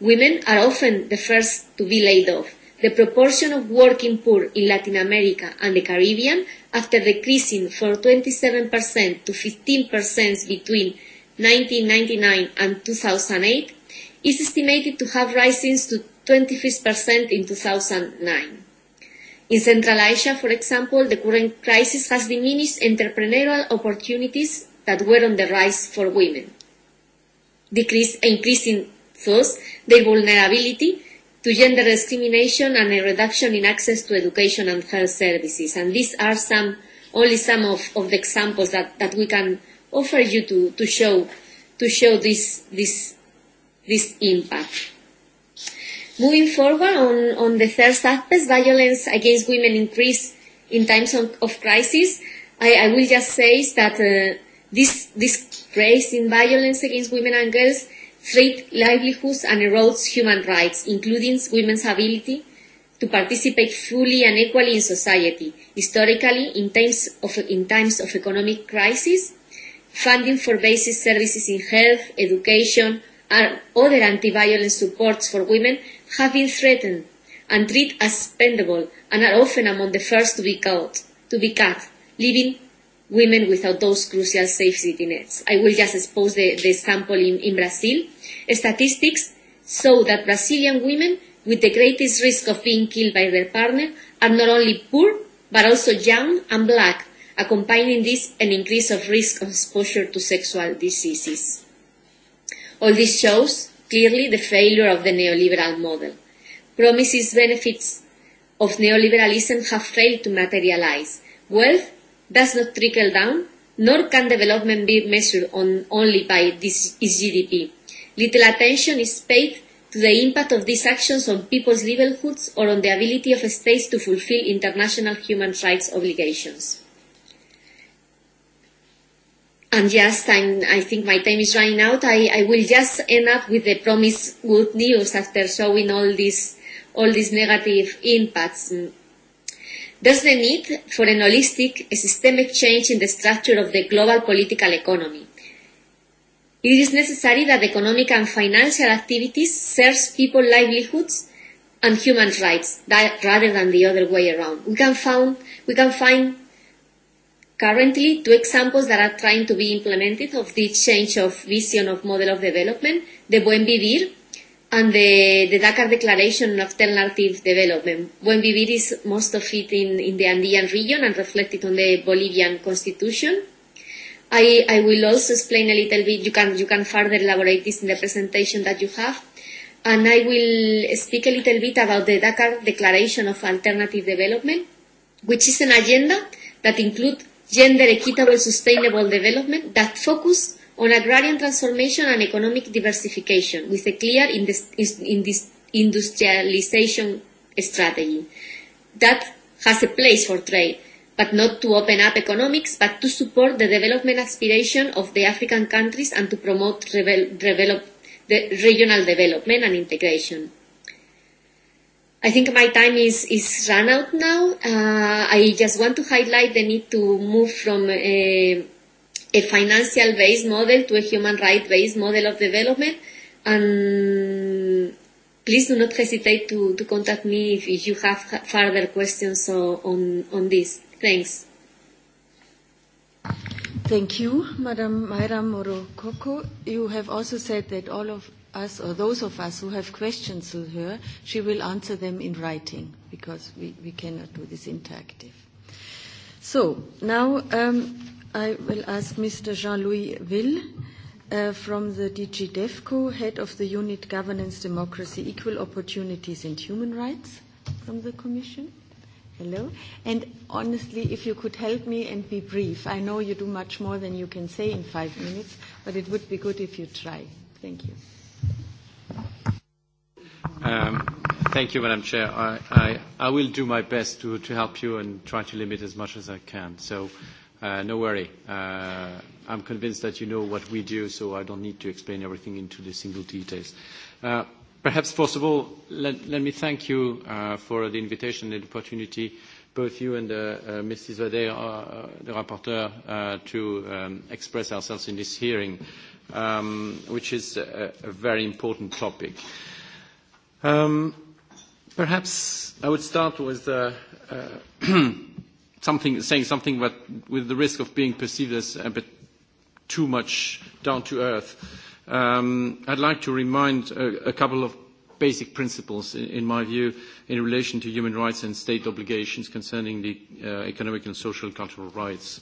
Women are often the first to be laid off the proportion of working poor in Latin America and the Caribbean, after decreasing from 27% to 15% between 1999 and 2008, is estimated to have risen to 25% in 2009. In Central Asia, for example, the current crisis has diminished entrepreneurial opportunities that were on the rise for women, decreasing thus their vulnerability to gender discrimination and a reduction in access to education and health services. And these are some, only some of, of the examples that, that we can offer you to, to show, to show this, this, this impact. Moving forward on, on the third aspect, violence against women increase in times of, of crisis. I, I will just say that this, this rise in violence against women and girls threat livelihoods and erodes human rights, including women's ability to participate fully and equally in society. Historically, in times of, in times of economic crisis, funding for basic services in health, education, and other anti-violence supports for women have been threatened and treated as spendable and are often among the first to be cut, to be cut leaving women without those crucial safety nets. I will just expose the, the example in, in Brazil Statistics show that Brazilian women with the greatest risk of being killed by their partner are not only poor, but also young and black, accompanying this an increase of risk of exposure to sexual diseases. All this shows clearly the failure of the neoliberal model. Promises benefits of neoliberalism have failed to materialize. Wealth does not trickle down, nor can development be measured on, only by this GDP. Little attention is paid to the impact of these actions on people's livelihoods or on the ability of states to fulfill international human rights obligations. And just, I think my time is running out. I, I will just end up with the promised good news after showing all these, all these negative impacts. There's the need for an holistic, systemic change in the structure of the global political economy. It is necessary that economic and financial activities serve people's livelihoods and human rights rather than the other way around. We can found we can find currently two examples that are trying to be implemented of this change of vision of model of development, the Buen Vivir and the, the Dakar Declaration of Alternative Development. Buen Vivir is most of it in, in the Andean region and reflected on the Bolivian constitution. I, I will also explain a little bit. You can, you can further elaborate this in the presentation that you have. And I will speak a little bit about the Dakar Declaration of Alternative Development, which is an agenda that includes gender equitable sustainable development that focus on agrarian transformation and economic diversification with a clear industrialization strategy that has a place for trade but not to open up economics, but to support the development aspiration of the African countries and to promote regional development and integration. I think my time is, is run out now. I just want to highlight the need to move from a, a financial-based model to a human right-based model of development. And please do not hesitate to, to contact me if, if you have further questions on, on this. Thanks. Thank you, Madam Mayra Morokoko. You have also said that all of us, or those of us who have questions to her, she will answer them in writing, because we, we cannot do this interactive. So, now I will ask Mr. Jean-Louis Ville from the DG DEFCO, head of the unit Governance, Democracy, Equal Opportunities and Human Rights from the Commission. Hello. And honestly, if you could help me and be brief. I know you do much more than you can say in five minutes, but it would be good if you try. Thank you. Thank you, Madam Chair. I I will do my best to help you and try to limit as much as I can. So no worry. I'm convinced that you know what we do, so I don't need to explain everything into the single details. Perhaps, first of all, let me thank you for the invitation and the opportunity, both you and Mrs. Vade, the rapporteur, to express ourselves in this hearing, which is a very important topic. Perhaps I would start with something, saying something with the risk of being perceived as a bit too much down to earth I'd like to remind a couple of basic principles, in my view, in relation to human rights and state obligations concerning the economic and social cultural rights.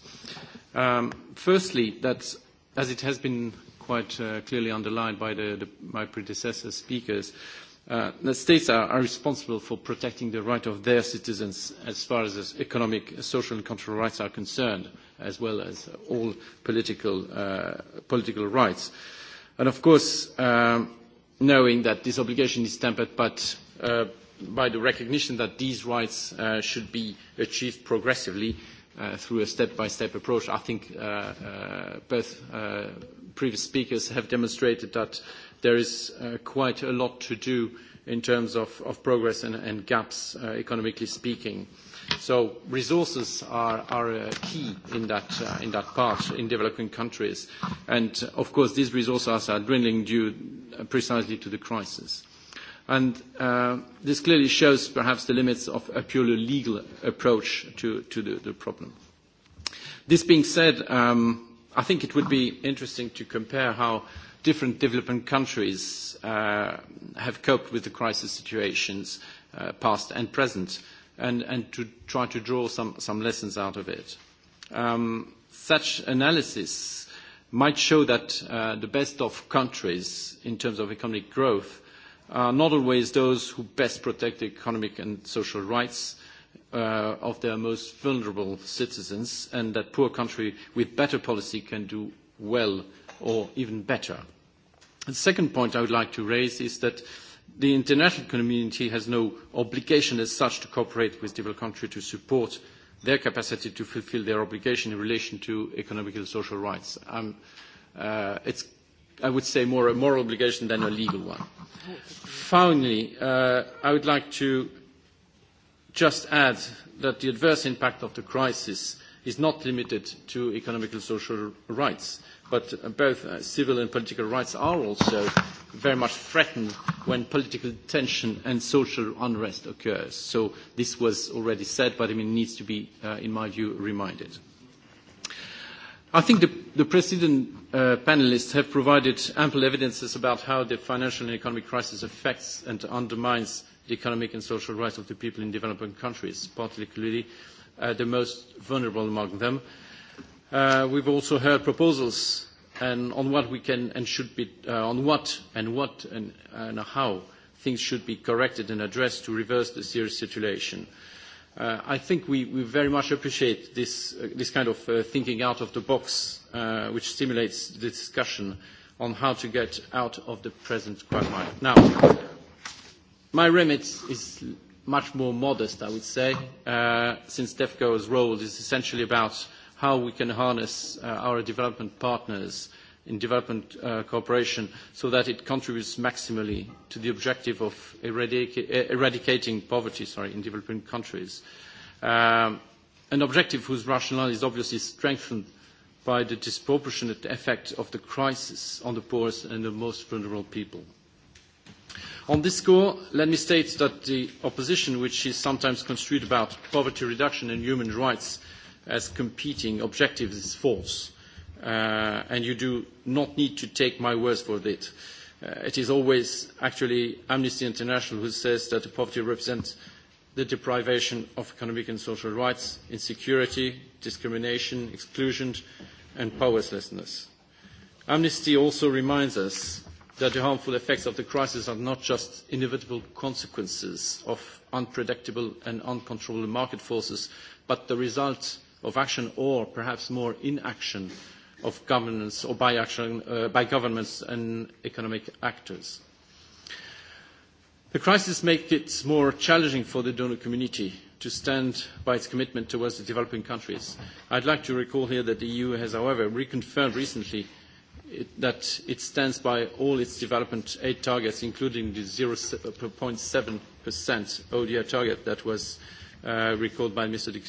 Firstly, that, as it has been quite clearly underlined by my predecessor speakers, that states are responsible for protecting the right of their citizens as far as economic, social and cultural rights are concerned, as well as all political rights And of course, knowing that this obligation is tempered but by the recognition that these rights should be achieved progressively through a step-by-step approach, I think both previous speakers have demonstrated that there is quite a lot to do in terms of progress and gaps, economically speaking. So resources are key in that part in developing countries. And of course, these resources are dwindling due precisely to the crisis. And this clearly shows perhaps the limits of a purely legal approach to the problem. This being said, I think it would be interesting to compare how different developing countries have coped with the crisis situations, past and present and to try to draw some lessons out of it. Such analysis might show that the best of countries in terms of economic growth are not always those who best protect the economic and social rights of their most vulnerable citizens, and that poor country with better policy can do well or even better. The second point I would like to raise is that The international community has no obligation as such to cooperate with developed countries to support their capacity to fulfil their obligation in relation to economic and social rights. It's, I would say, more a moral obligation than a legal one. Finally, I would like to just add that the adverse impact of the crisis is not limited to economic and social rights, but both civil and political rights are also very much threatened when political tension and social unrest occurs. So this was already said, but it needs to be, in my view, reminded. I think the precedent panelists have provided ample evidences about how the financial and economic crisis affects and undermines the economic and social rights of the people in developing countries, particularly the most vulnerable among them. We've also heard proposals and on what we can and should be on what and what and how things should be corrected and addressed to reverse the serious situation. I think we very much appreciate this kind of thinking out of the box, which stimulates the discussion on how to get out of the present quagmire. Now, my remit is much more modest, I would say, since DEFCO's role is essentially about how we can harness our development partners in development cooperation so that it contributes maximally to the objective of eradicating poverty in developing countries. An objective whose rationale is obviously strengthened by the disproportionate effect of the crisis on the poorest and the most vulnerable people. On this score, let me state that the opposition, which is sometimes construed about poverty reduction and human rights, as competing objectives is false. And you do not need to take my words for it. It is always actually Amnesty International who says that poverty represents the deprivation of economic and social rights, insecurity, discrimination, exclusion and powerlessness. Amnesty also reminds us that the harmful effects of the crisis are not just inevitable consequences of unpredictable and uncontrollable market forces, but the result of action or perhaps more inaction of governance or by governments and economic actors. The crisis makes it more challenging for the donor community to stand by its commitment towards the developing countries. I'd like to recall here that the EU has, however, reconfirmed recently that it stands by all its development aid targets, including the 0.7% ODA target that was recalled by Mr. De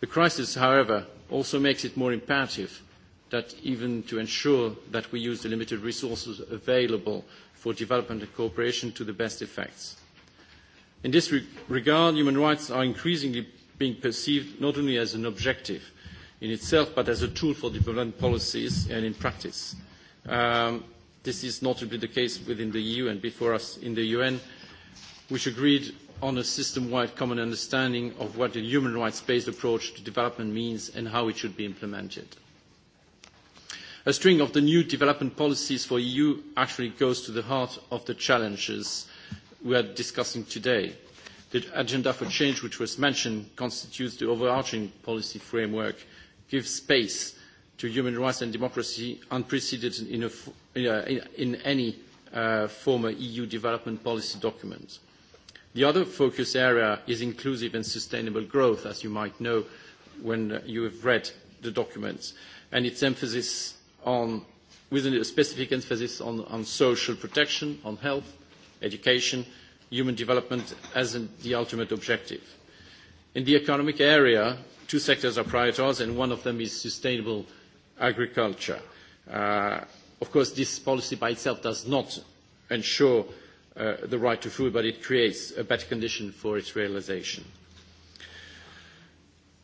The crisis, however, also makes it more imperative that even to ensure that we use the limited resources available for development and cooperation to the best effects. In this regard, human rights are increasingly being perceived not only as an objective in itself, but as a tool for development policies and in practice. This is notably the case within the EU and before us in the UN, which agreed on a system-wide common understanding of what a human rights-based approach to development means and how it should be implemented. A string of the new development policies for the EU actually goes to the heart of the challenges we are discussing today. The Agenda for Change, which was mentioned, constitutes the overarching policy framework, gives space to human rights and democracy unprecedented in any former EU development policy document. The other focus area is inclusive and sustainable growth, as you might know when you have read the documents, and its emphasis on, with a specific emphasis on social protection, on health, education, human development as the ultimate objective. In the economic area, two sectors are prioritized and one of them is sustainable agriculture. Of course, this policy by itself does not ensure the right to food, but it creates a better condition for its realization.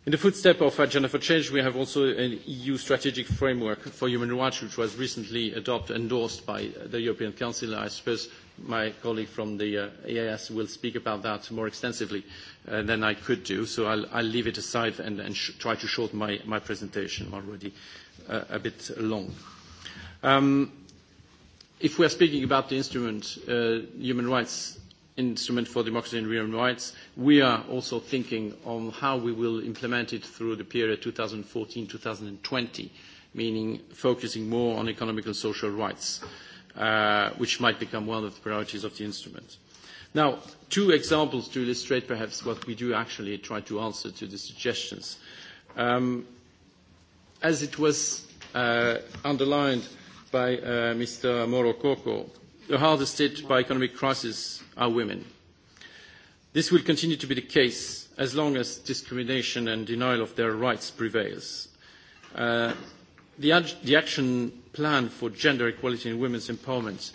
In the footstep of Agenda for Change, we have also an EU strategic framework for human rights, which was recently adopted, endorsed by the European Council. I suppose my colleague from the EAS will speak about that more extensively than I could do, so I'll leave it aside and try to shorten my presentation already a bit long if we are speaking about the instrument, human rights instrument for democracy and human rights, we are also thinking on how we will implement it through the period 2014-2020, meaning focusing more on economic and social rights, which might become one of the priorities of the instrument. Now, two examples to illustrate perhaps what we do actually try to answer to the suggestions. As it was underlined by Mr. Moro the hardest hit by economic crisis are women. This will continue to be the case as long as discrimination and denial of their rights prevails. The action plan for gender equality and women's empowerment,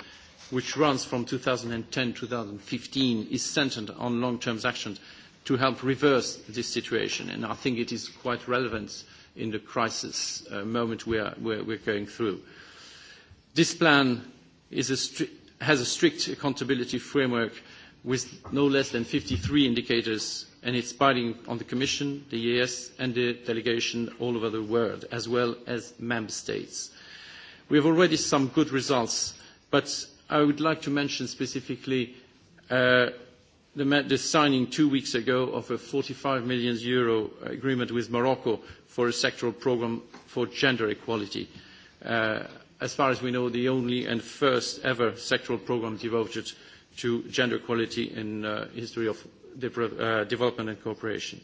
which runs from 2010-2015, is centred on long-term actions to help reverse this situation, and I think it is quite relevant in the crisis moment we are going through. This plan has a strict accountability framework with no less than 53 indicators, and it's binding on the Commission, the EAS, and the delegation all over the world, as well as member states. We have already some good results, but I would like to mention specifically the signing two weeks ago of a 45 million euro agreement with Morocco for a sectoral program for gender equality as far as we know, the only and first ever sectoral programme devoted to gender equality in the history of development and cooperation.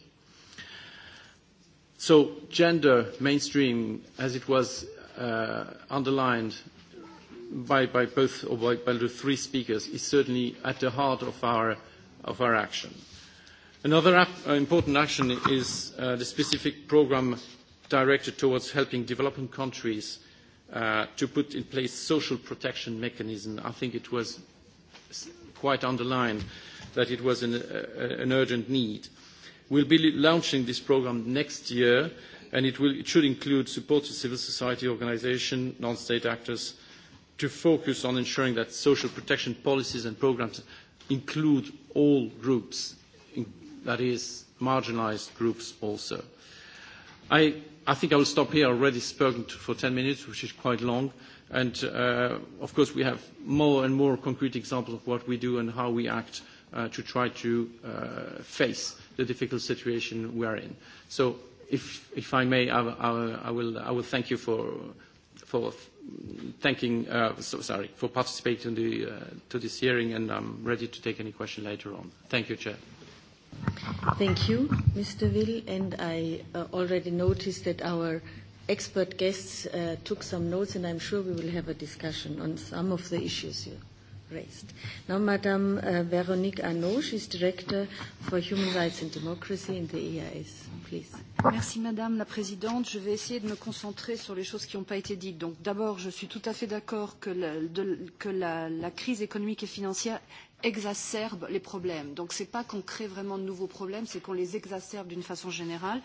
So gender mainstream, as it was underlined by both or by the three speakers, is certainly at the heart of our action. Another important action is the specific programme directed towards helping developing countries to put in place social protection mechanism. I think it was quite underlined that it was an urgent need. We'll be launching this program next year, and it should include support to civil society organisations, non-state actors, to focus on ensuring that social protection policies and programs include all groups, that is, marginalised groups also. I think I will stop here. already spoken for 10 minutes, which is quite long. And, of course, we have more and more concrete examples of what we do and how we act to try to face the difficult situation we are in. So, if I may, I will thank you for thanking, sorry, for participating to this hearing, and I'm ready to take any question later on. Thank you, Chair. Thank you, Mr. Will. And I already noticed that our expert guests took some notes, and I'm sure we will have a discussion on some of the issues you raised. Now, Madame Véronique Arnaud, she's Director for Human Rights and Democracy in the EIS. Please. Merci, Madame la Présidente. Je vais essayer de me concentrer sur les choses qui n'ont pas été dites. Donc, d'abord, je suis tout à fait d'accord que la crise économique et financière exacerbe les problèmes. Donc ce n'est pas qu'on crée vraiment de nouveaux problèmes, c'est qu'on les exacerbe d'une façon générale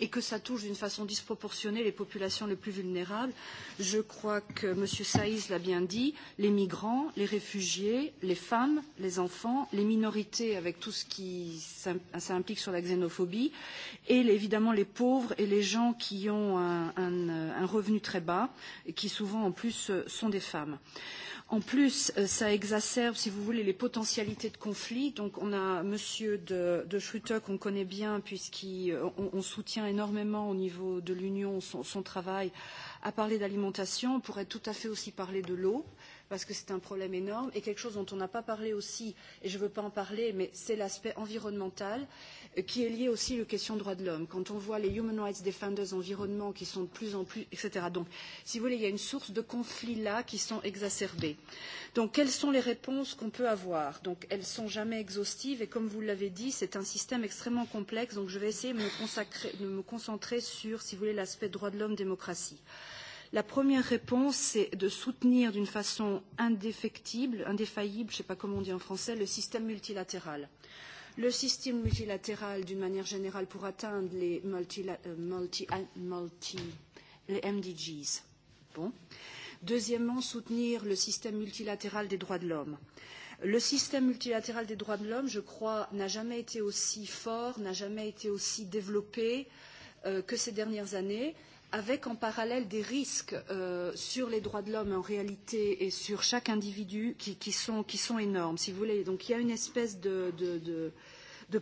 et que ça touche d'une façon disproportionnée les populations les plus vulnérables. Je crois que M. Saïs l'a bien dit, les migrants, les réfugiés, les femmes, les enfants, les minorités avec tout ce qui ça implique sur la xénophobie et évidemment les pauvres et les gens qui ont un revenu très bas et qui souvent en plus sont des femmes. En plus, ça exacerbe, si vous voulez, les potentialités de conflit. Donc, on a Monsieur de Schrute, qu'on connaît bien, puisqu'on soutient énormément au niveau de l'Union son travail, à parler d'alimentation. On pourrait tout à fait aussi parler de l'eau, parce que c'est un problème énorme. Et quelque chose dont on n'a pas parlé aussi, et je ne veux pas en parler, mais c'est l'aspect environnemental qui est liée aussi aux questions de droits de l'homme. Quand on voit les Human Rights Defenders environnement qui sont de plus en plus, etc. Donc, si vous voulez, il y a une source de conflits là qui sont exacerbés. Donc, quelles sont les réponses qu'on peut avoir Donc, elles ne sont jamais exhaustives et comme vous l'avez dit, c'est un système extrêmement complexe. Donc, je vais essayer de me concentrer sur, si vous voulez, l'aspect droits de l'homme, démocratie. La première réponse, c'est de soutenir d'une façon indéfectible, indéfaillible, je ne sais pas comment on dit en français, le système multilatéral le système multilatéral d'une manière générale pour atteindre les MDGs. Deuxièmement, soutenir le système multilatéral des droits de l'homme. Le système multilatéral des droits de l'homme, je crois, n'a jamais été aussi fort, n'a jamais été aussi développé que ces dernières années avec en parallèle des risques sur les droits de l'homme en réalité et sur chaque individu qui sont énormes, si vous voulez. Donc il y a une espèce de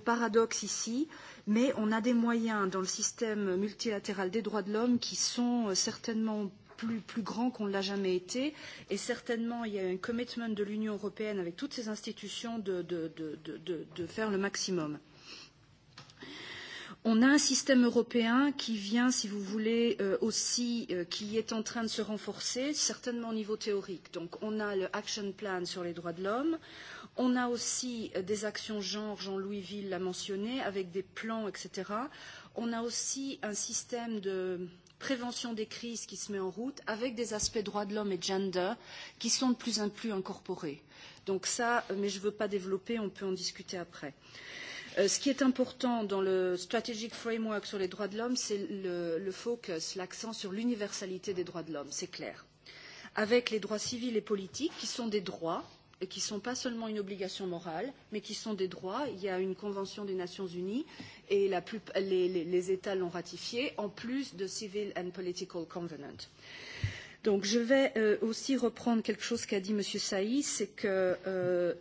paradoxe ici, mais on a des moyens dans le système multilatéral des droits de l'homme qui sont certainement plus grands qu'on ne l'a jamais été. Et certainement, il y a un commitment de l'Union européenne avec toutes ses institutions de faire le maximum. On a un système européen qui vient, si vous voulez, aussi, qui est en train de se renforcer, certainement au niveau théorique. Donc on a le Action Plan sur les droits de l'homme, on a aussi des actions genre, jean Louisville l'a mentionné, avec des plans, etc. On a aussi un système de prévention des crises qui se met en route, avec des aspects droits de l'homme et gender qui sont de plus en plus incorporés. Donc ça, mais je ne veux pas développer, on peut en discuter après. Ce qui est important dans le Strategic Framework sur les droits de l'homme, c'est le focus, l'accent sur l'universalité des droits de l'homme, c'est clair. Avec les droits civils et politiques, qui sont des droits, et qui ne sont pas seulement une obligation morale, mais qui sont des droits. Il y a une convention des Nations Unies, et les États l'ont ratifiée, en plus de Civil and Political Covenant je vais aussi reprendre quelque chose qu'a dit M. Saïs, c'est que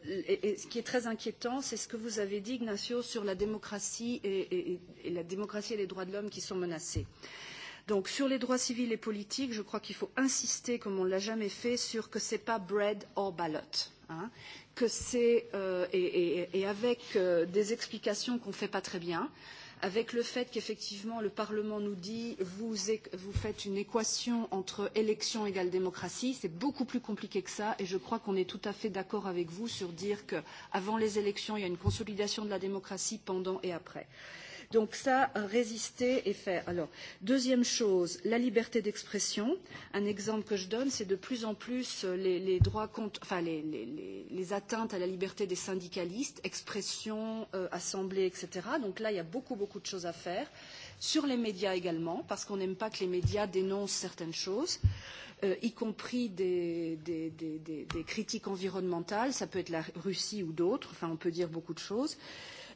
ce qui est très inquiétant, c'est ce que vous avez dit, Ignacio, sur la démocratie et la démocratie et les droits de l'homme qui sont menacés. Donc sur les droits civils et politiques, je crois qu'il faut insister, comme on ne l'a jamais fait, sur que ce n'est pas bread or ballot, que c'est et avec des explications qu'on ne fait pas très bien avec le fait qu'effectivement le Parlement nous dit vous faites une équation entre élection égale démocratie, c'est beaucoup plus compliqué que cela et je crois qu'on est tout à fait d'accord avec vous sur dire qu'avant les élections, il y a une consolidation de la démocratie pendant et après. Donc ça, résister et faire. Alors, deuxième chose, la liberté d'expression. Un exemple que je donne, c'est de plus en plus les droits enfin les atteintes à la liberté des syndicalistes, expression, assemblée, etc. Donc là, il y a beaucoup, beaucoup de choses à faire. Sur les médias également, parce qu'on n'aime pas que les médias dénoncent certaines choses, y compris des critiques environnementales. Ça peut être la Russie ou d'autres. Enfin, on peut dire beaucoup de choses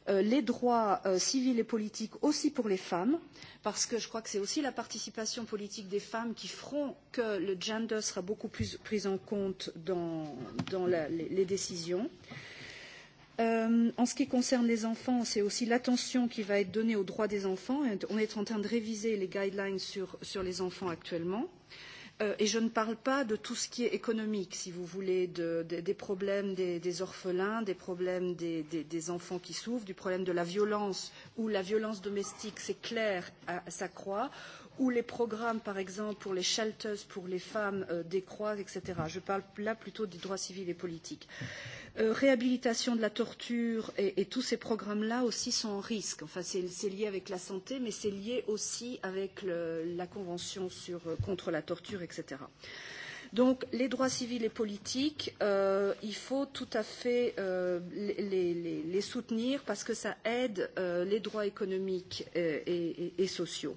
les droits civils et politiques aussi pour les femmes, parce que je crois que c'est aussi la participation politique des femmes qui feront que le gender sera beaucoup plus pris en compte dans les décisions. En ce qui concerne les enfants, c'est aussi l'attention qui va être donnée aux droits des enfants. On est en train de réviser les guidelines sur les enfants actuellement. Et je ne parle pas de tout ce qui est économique, si vous voulez, des problèmes des orphelins, des problèmes des enfants qui souffrent, du problème de la violence, où la violence domestique, c'est clair, s'accroît, où les programmes, par exemple, pour les shelters, pour les femmes, décroissent, etc. Je parle là plutôt des droits civils et politiques. Réhabilitation de la torture et tous ces programmes-là aussi sont en risque. Enfin, c'est lié avec la santé, mais c'est lié aussi avec la Convention contre la torture, etc. Donc, les droits civils et politiques, il faut tout à fait les soutenir parce que ça aide les droits économiques et sociaux.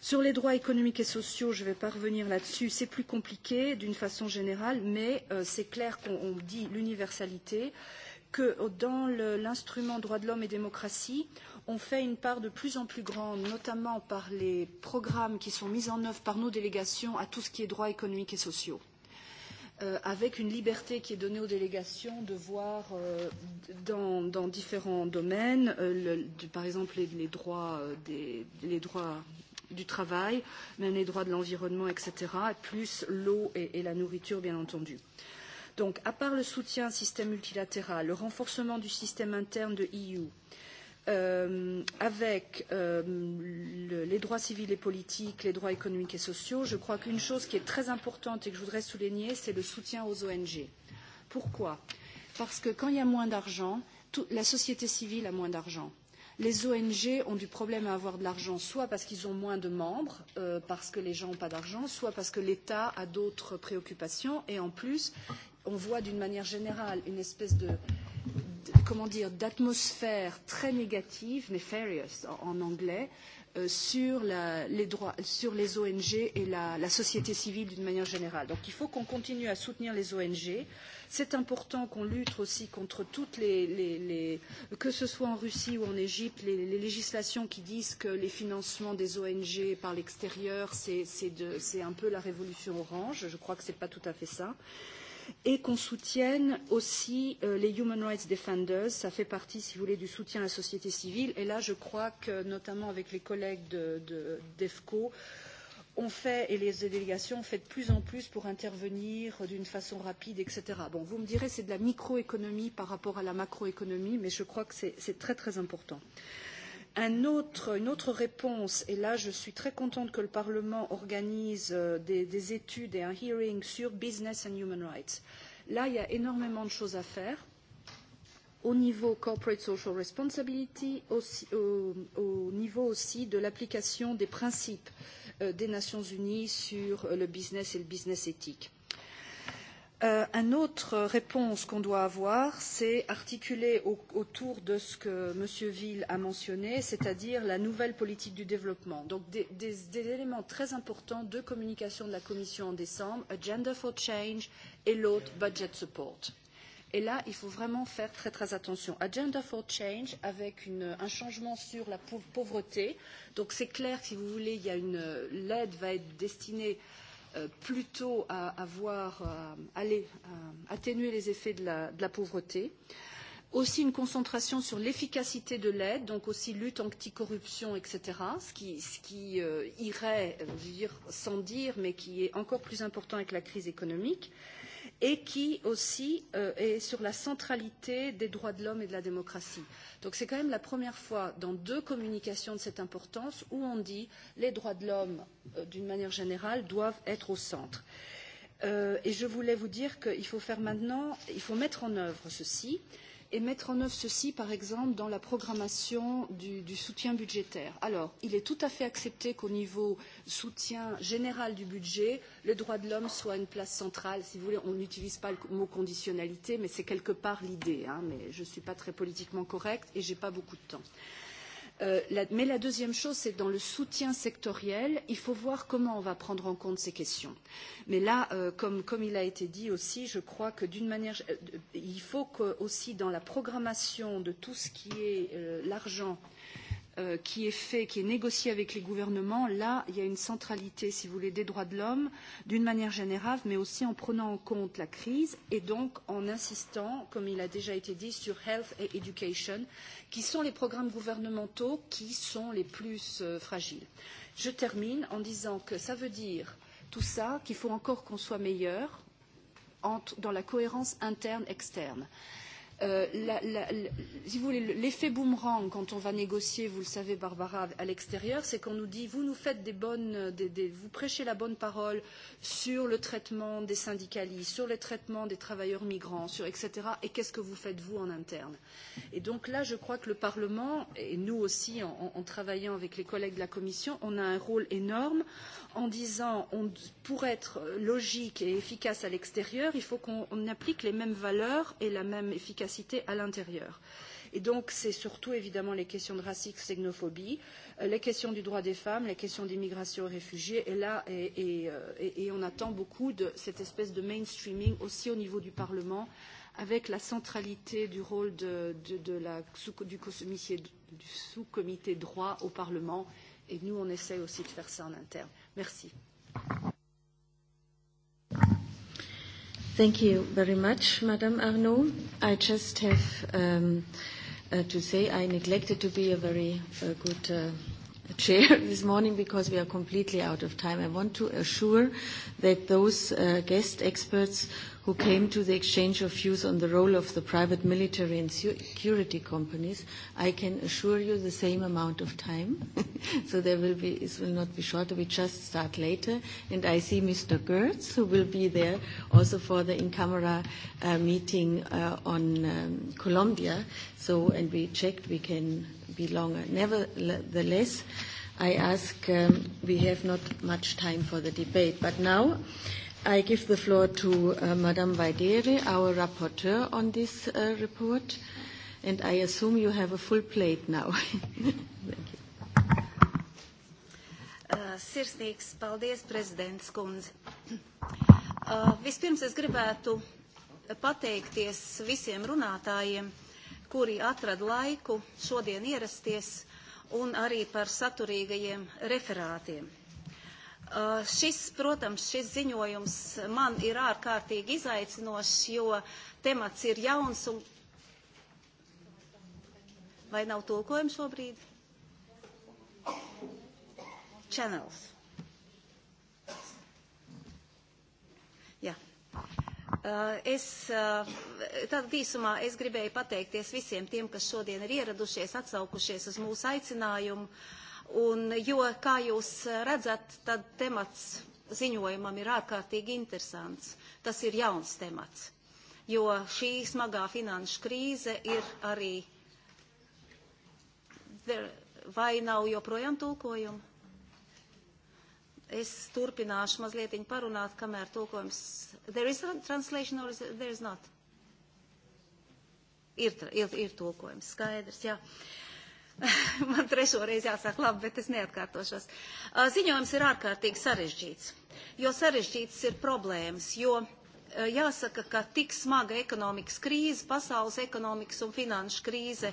Sur les droits économiques et sociaux, je ne vais pas revenir là-dessus, c'est plus compliqué d'une façon générale, mais c'est clair qu'on dit l'universalité, que dans l'instrument droits de l'homme et démocratie, on fait une part de plus en plus grande, notamment par les programmes qui sont mis en œuvre par nos délégations à tout ce qui est droits économiques et sociaux avec une liberté qui est donnée aux délégations de voir dans différents domaines, par exemple les droits du travail, même les droits de l'environnement, etc., plus l'eau et la nourriture, bien entendu. Donc, à part le soutien au système multilatéral, le renforcement du système interne de EU, avec les droits civils et politiques, les droits économiques et sociaux, je crois qu'une chose qui est très importante et que je voudrais souligner, c'est le soutien aux ONG. Pourquoi Parce que quand il y a moins d'argent, la société civile a moins d'argent. Les ONG ont du problème à avoir de l'argent, soit parce qu'ils ont moins de membres, parce que les gens n'ont pas d'argent, soit parce que l'État a d'autres préoccupations. Et en plus, on voit d'une manière générale une espèce de comment dire d'atmosphère très négative nefarious en anglais sur les sur les ONG et la société civile d'une manière générale. Donc il faut qu'on continue à soutenir les ONG. C'est important qu'on lutte aussi contre toutes les que ce soit en Russie ou en Égypte, les législations qui disent que les financements des ONG par l'extérieur, c'est un peu la révolution orange. Je crois que ce n'est pas tout à fait ça et qu'on soutienne aussi les Human Rights Defenders. Ça fait partie, si vous voulez, du soutien à la société civile. Et là, je crois que, notamment avec les collègues de d'EFCO, on fait, et les délégations, ont fait de plus en plus pour intervenir d'une façon rapide, etc. Bon, vous me direz, c'est de la microéconomie par rapport à la macroéconomie, mais je crois que c'est très, très important. Une autre réponse, et là je suis très contente que le Parlement organise des études et un hearing sur business and human rights. Là, il y a énormément de choses à faire au niveau corporate social responsibility, au niveau aussi de l'application des principes des Nations Unies sur le business et le business éthique. Une autre réponse qu'on doit avoir, c'est articuler autour de ce que M. Ville a mentionné, c'est-à-dire la nouvelle politique du développement. Donc des éléments très importants de communication de la Commission en décembre, Agenda for Change et l'autre, Budget Support. Et là, il faut vraiment faire très très attention. Agenda for Change avec un changement sur la pauvreté. Donc c'est clair si vous voulez, l'aide va être destinée plutôt à avoir aller atténuer les effets de la pauvreté aussi une concentration sur l'efficacité de l'aide donc aussi lutte anti anticorruption etc ce qui irait dire, sans dire mais qui est encore plus important avec la crise économique et qui aussi est sur la centralité des droits de l'homme et de la démocratie. Donc c'est quand même la première fois dans deux communications de cette importance où on dit les droits de l'homme, d'une manière générale, doivent être au centre. Et je voulais vous dire qu'il faut faire maintenant, il faut mettre en œuvre ceci et mettre en œuvre ceci, par exemple, dans la programmation du soutien budgétaire. Alors, il est tout à fait accepté qu'au niveau soutien général du budget, le droit de l'homme soit une place centrale. Si vous voulez, on n'utilise pas le mot conditionnalité, mais c'est quelque part l'idée. Mais je ne suis pas très politiquement correcte et je n'ai pas beaucoup de temps. Mais la deuxième chose, c'est que dans le soutien sectoriel, il faut voir comment on va prendre en compte ces questions. Mais là, comme il a été dit aussi, je crois que d'une manière, il faut que aussi dans la programmation de tout ce qui est l'argent qui est fait, qui est négocié avec les gouvernements, là, il y a une centralité, si vous voulez, des droits de l'homme, d'une manière générale, mais aussi en prenant en compte la crise et donc en insistant, comme il a déjà été dit, sur health et education, qui sont les programmes gouvernementaux qui sont les plus fragiles. Je termine en disant que ça veut dire tout ça qu'il faut encore qu'on soit meilleur dans la cohérence interne-externe si vous l'effet boomerang quand on va négocier, vous le savez, Barbara, à l'extérieur, c'est qu'on nous dit, vous nous faites des bonnes, vous prêchez la bonne parole sur le traitement des syndicalistes, sur le traitement des travailleurs migrants, sur etc. Et qu'est-ce que vous faites, vous, en interne Et donc là, je crois que le Parlement, et nous aussi, en travaillant avec les collègues de la Commission, on a un rôle énorme en disant, pour être logique et efficace à l'extérieur, il faut qu'on applique les mêmes valeurs et la même efficacité efficacité à l'intérieur. Et donc, c'est surtout évidemment les questions de racisme, xénophobie, les questions du droit des femmes, les questions d'immigration et réfugiés. Et là, et on attend beaucoup de cette espèce de mainstreaming aussi au niveau du Parlement, avec la centralité du rôle du sous-comité droit au Parlement. Et nous, on essaie aussi de faire ça en interne. Merci. Thank you very much, Madame Arnaud. I just have to say I neglected to be a very good chair this morning because we are completely out of time. I want to assure that those guest experts who came to the exchange of views on the role of the private military and security companies, I can assure you the same amount of time. So there will be, it will not be shorter. We just start later. And I see Mr. Gertz, who will be there also for the in-camera meeting on Colombia. So, and we checked we can be longer. Nevertheless, I ask, we have not much time for the debate, but now I give the floor to Madame Vaidere, our rapporteur on this report, and I assume you have a full plate now. Sirsnīgs paldies, prezidents kundze. Vispirms es gribētu pateikties visiem runātājiem kuri atrada laiku šodien ierasties un arī par saturīgajiem referātiem. Šis, protams, šis ziņojums man ir ārkārtīgi izaicinošs, jo temats ir jauns un... Vai nav tulkojums šobrīd? Channels. Es, tad īsumā es gribēju pateikties visiem tiem, kas šodien ir ieradušies, atsaukušies uz mūsu aicinājumu, un jo, kā jūs redzat, tad temats ziņojumam ir ārkārtīgi interesants. Tas ir jauns temats, jo šī smagā finanšu krīze ir arī. Vai nav joprojām tulkojumu? es turpināšu mazliet parunāt, kamēr tulkojums. There is a translation or there is not? Ir, ir, ir tulkojums, skaidrs, jā. Man trešo reizi jāsāk labi, bet es neatkārtošos. Ziņojums ir ārkārtīgi sarežģīts, jo sarežģīts ir problēmas, jo jāsaka, ka tik smaga ekonomikas krīze, pasaules ekonomikas un finanšu krīze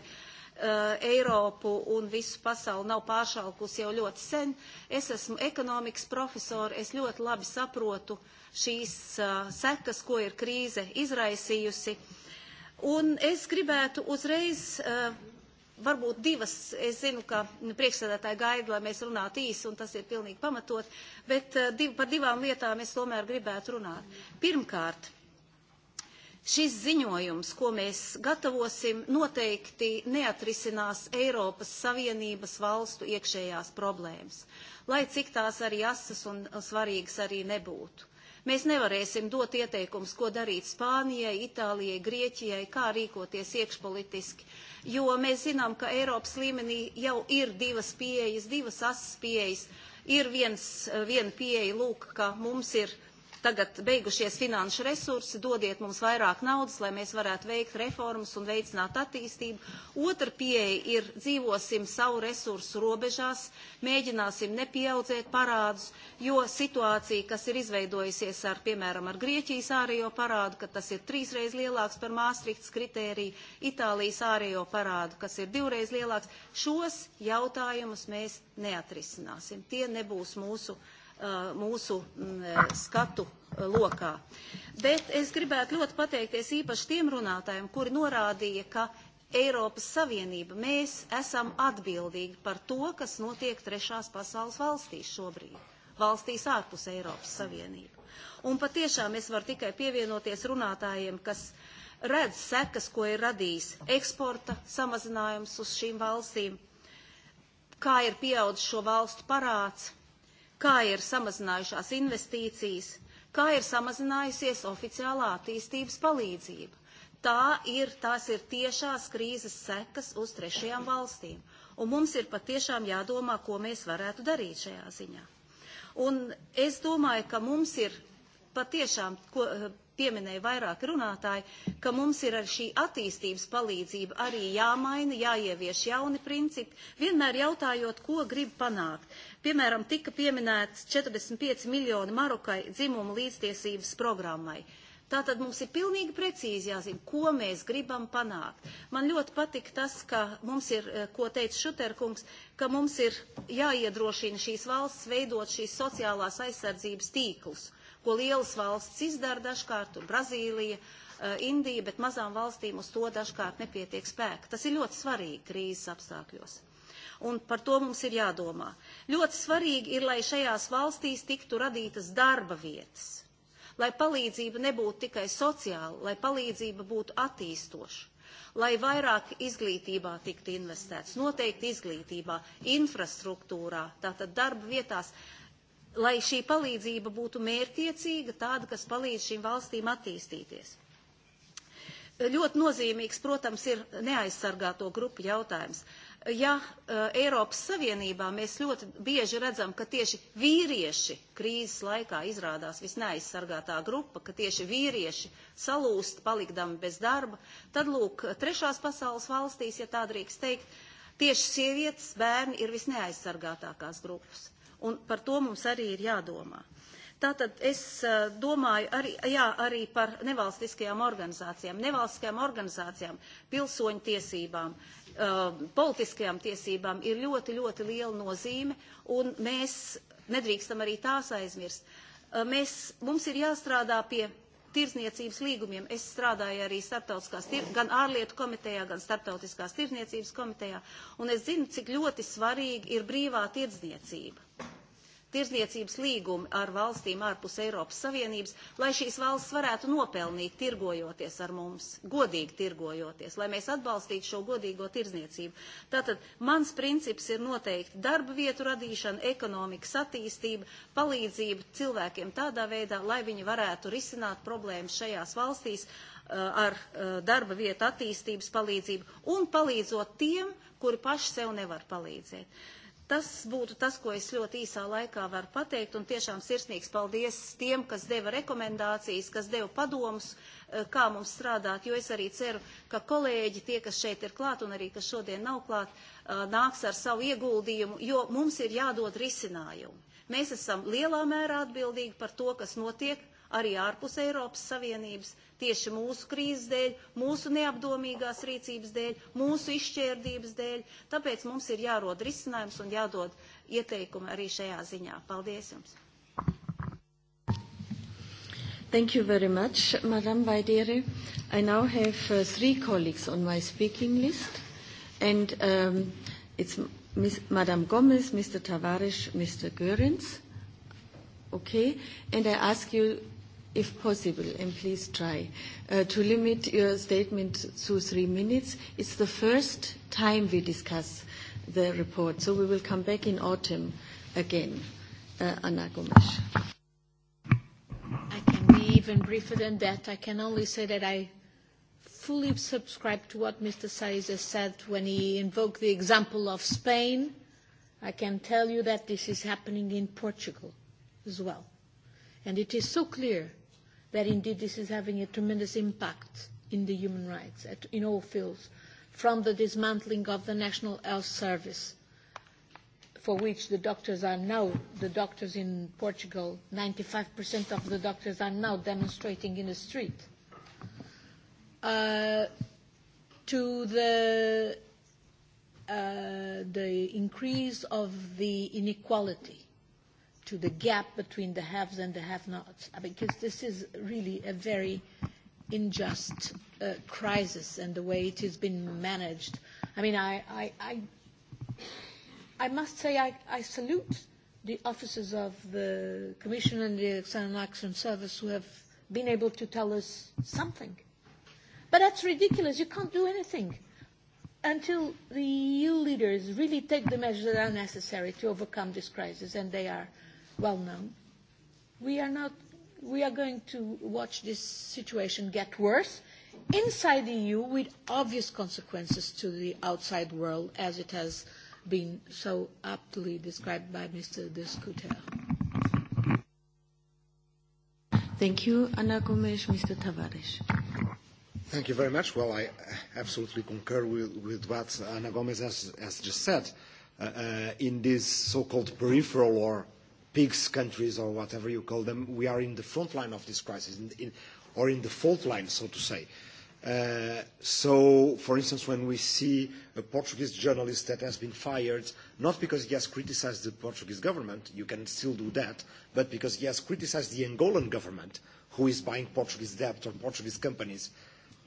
Eiropu un visu pasauli nav pāršalkusi jau ļoti sen. Es esmu ekonomikas profesori, es ļoti labi saprotu šīs sekas, ko ir krīze izraisījusi. Un es gribētu uzreiz varbūt divas, es zinu, ka priekšsēdētāji gaida, lai mēs runātu īsi, un tas ir pilnīgi pamatot, bet par divām lietām es tomēr gribētu runāt. Pirmkārt, Šis ziņojums, ko mēs gatavosim, noteikti neatrisinās Eiropas Savienības valstu iekšējās problēmas, lai cik tās arī asas un svarīgas arī nebūtu. Mēs nevarēsim dot ieteikumus, ko darīt Spānijai, Itālijai, Grieķijai, kā rīkoties iekšpolitiski, jo mēs zinām, ka Eiropas līmenī jau ir divas pieejas, divas asas pieejas. Ir viens, viena pieeja, lūk, ka mums ir tagad beigušies finanšu resursi, dodiet mums vairāk naudas, lai mēs varētu veikt reformas un veicināt attīstību. Otra pieeja ir dzīvosim savu resursu robežās, mēģināsim nepieaudzēt parādus, jo situācija, kas ir izveidojusies ar, piemēram, ar Grieķijas ārējo parādu, ka tas ir trīsreiz lielāks par māstrichtas kritēriju, Itālijas ārējo parādu, kas ir divreiz lielāks, šos jautājumus mēs neatrisināsim. Tie nebūs mūsu uh, mūsu skatu lokā. Bet es gribētu ļoti pateikties īpaši tiem runātājiem, kuri norādīja, ka Eiropas Savienība mēs esam atbildīgi par to, kas notiek trešās pasaules valstīs šobrīd, valstīs ārpus Eiropas Savienību. Un patiešām es varu tikai pievienoties runātājiem, kas redz sekas, ko ir radījis eksporta samazinājums uz šīm valstīm, kā ir pieaudzis šo valstu parāds, kā ir samazinājušās investīcijas, kā ir samazinājusies oficiālā attīstības palīdzība. Tā ir, tās ir tiešās krīzes sekas uz trešajām valstīm. Un mums ir patiešām jādomā, ko mēs varētu darīt šajā ziņā. Un es domāju, ka mums ir patiešām, ko pieminēja vairāk runātāji, ka mums ir ar šī attīstības palīdzība arī jāmaina, jāievieš jauni principi, vienmēr jautājot, ko grib panākt. Piemēram, tika pieminēts 45 miljoni Marokai dzimumu līdztiesības programmai. Tātad mums ir pilnīgi precīzi jāzina, ko mēs gribam panākt. Man ļoti patika tas, ka mums ir, ko teica Šuterkungs, ka mums ir jāiedrošina šīs valsts veidot šīs sociālās aizsardzības tīklus, ko lielas valsts izdara dažkārt, un Brazīlija, Indija, bet mazām valstīm uz to dažkārt nepietiek spēka. Tas ir ļoti svarīgi krīzes apstākļos un par to mums ir jādomā. Ļoti svarīgi ir, lai šajās valstīs tiktu radītas darba vietas, lai palīdzība nebūtu tikai sociāla, lai palīdzība būtu attīstoša lai vairāk izglītībā tiktu investēts, noteikti izglītībā, infrastruktūrā, tātad darba vietās, lai šī palīdzība būtu mērķiecīga, tāda, kas palīdz šīm valstīm attīstīties. Ļoti nozīmīgs, protams, ir neaizsargāto grupu jautājums ja Eiropas Savienībā mēs ļoti bieži redzam, ka tieši vīrieši krīzes laikā izrādās visneaizsargātā grupa, ka tieši vīrieši salūst, palikdami bez darba, tad, lūk, trešās pasaules valstīs, ja tā teikt, tieši sievietes, bērni ir visneaizsargātākās grupas. Un par to mums arī ir jādomā. Tātad es domāju arī, jā, arī par nevalstiskajām organizācijām, nevalstiskajām organizācijām, pilsoņu tiesībām politiskajām tiesībām ir ļoti, ļoti liela nozīme, un mēs nedrīkstam arī tās aizmirst. Mēs Mums ir jāstrādā pie tirzniecības līgumiem. Es strādāju arī starptautiskās, gan ārlietu komitejā, gan starptautiskās tirzniecības komitejā, un es zinu, cik ļoti svarīgi ir brīvā tirdzniecība tirzniecības līgumi ar valstīm ārpus Eiropas Savienības, lai šīs valstis varētu nopelnīt tirgojoties ar mums, godīgi tirgojoties, lai mēs atbalstītu šo godīgo tirzniecību. Tātad mans princips ir noteikti darba vietu radīšana, ekonomikas attīstība, palīdzība cilvēkiem tādā veidā, lai viņi varētu risināt problēmas šajās valstīs ar darba vietu attīstības palīdzību un palīdzot tiem, kuri paši sev nevar palīdzēt. Tas būtu tas, ko es ļoti īsā laikā varu pateikt, un tiešām sirsnīgs paldies tiem, kas deva rekomendācijas, kas deva padomus, kā mums strādāt, jo es arī ceru, ka kolēģi, tie, kas šeit ir klāt un arī, kas šodien nav klāt, nāks ar savu ieguldījumu, jo mums ir jādod risinājumu. Mēs esam lielā mērā atbildīgi par to, kas notiek, arī ārpus Eiropas Savienības, tieši mūsu krīzes dēļ, mūsu neapdomīgās rīcības dēļ, mūsu izšķērdības dēļ. Tāpēc mums ir jārod risinājums un jādod ieteikumi arī šajā ziņā. Paldies jums! Thank you very much, Madam Vaidere. I now have three colleagues on my speaking list, and um it's Ms Madam Gomez, Mr. Tavares, Mr. Goerens. Okay, and I ask you if possible, and please try, to limit your statement to three minutes. It's the first time we discuss the report, so we will come back in autumn again. Anna Gomes. I can be even briefer than that. I can only say that I fully subscribe to what Mr. Saez said when he invoked the example of Spain. I can tell you that this is happening in Portugal as well. And it is so clear that indeed this is having a tremendous impact in the human rights in all fields, from the dismantling of the National Health Service, for which the doctors are now, the doctors in Portugal, 95% of the doctors are now demonstrating in the street, to the increase of the inequality to the gap between the haves and the have-nots, because this is really a very unjust crisis and the way it has been managed. I mean, I I I must say I salute the officers of the Commission and the External Action Service who have been able to tell us something. But that's ridiculous. You can't do anything until the EU leaders really take the measures that are necessary to overcome this crisis, and they are well known. We are not we are going to watch this situation get worse inside the EU with obvious consequences to the outside world as it has been so aptly described by Mr. De Thank you. Ana Gomes, Mr. Tavares. Thank you very much. Well, I absolutely concur with what Ana Gomes has just said. In this so-called peripheral or pigs countries or whatever you call them, we are in the front line of this crisis, or in the fault line, so to say. So, for instance, when we see a Portuguese journalist that has been fired, not because he has criticized the Portuguese government, you can still do that, but because he has criticized the Angolan government, who is buying Portuguese debt or Portuguese companies,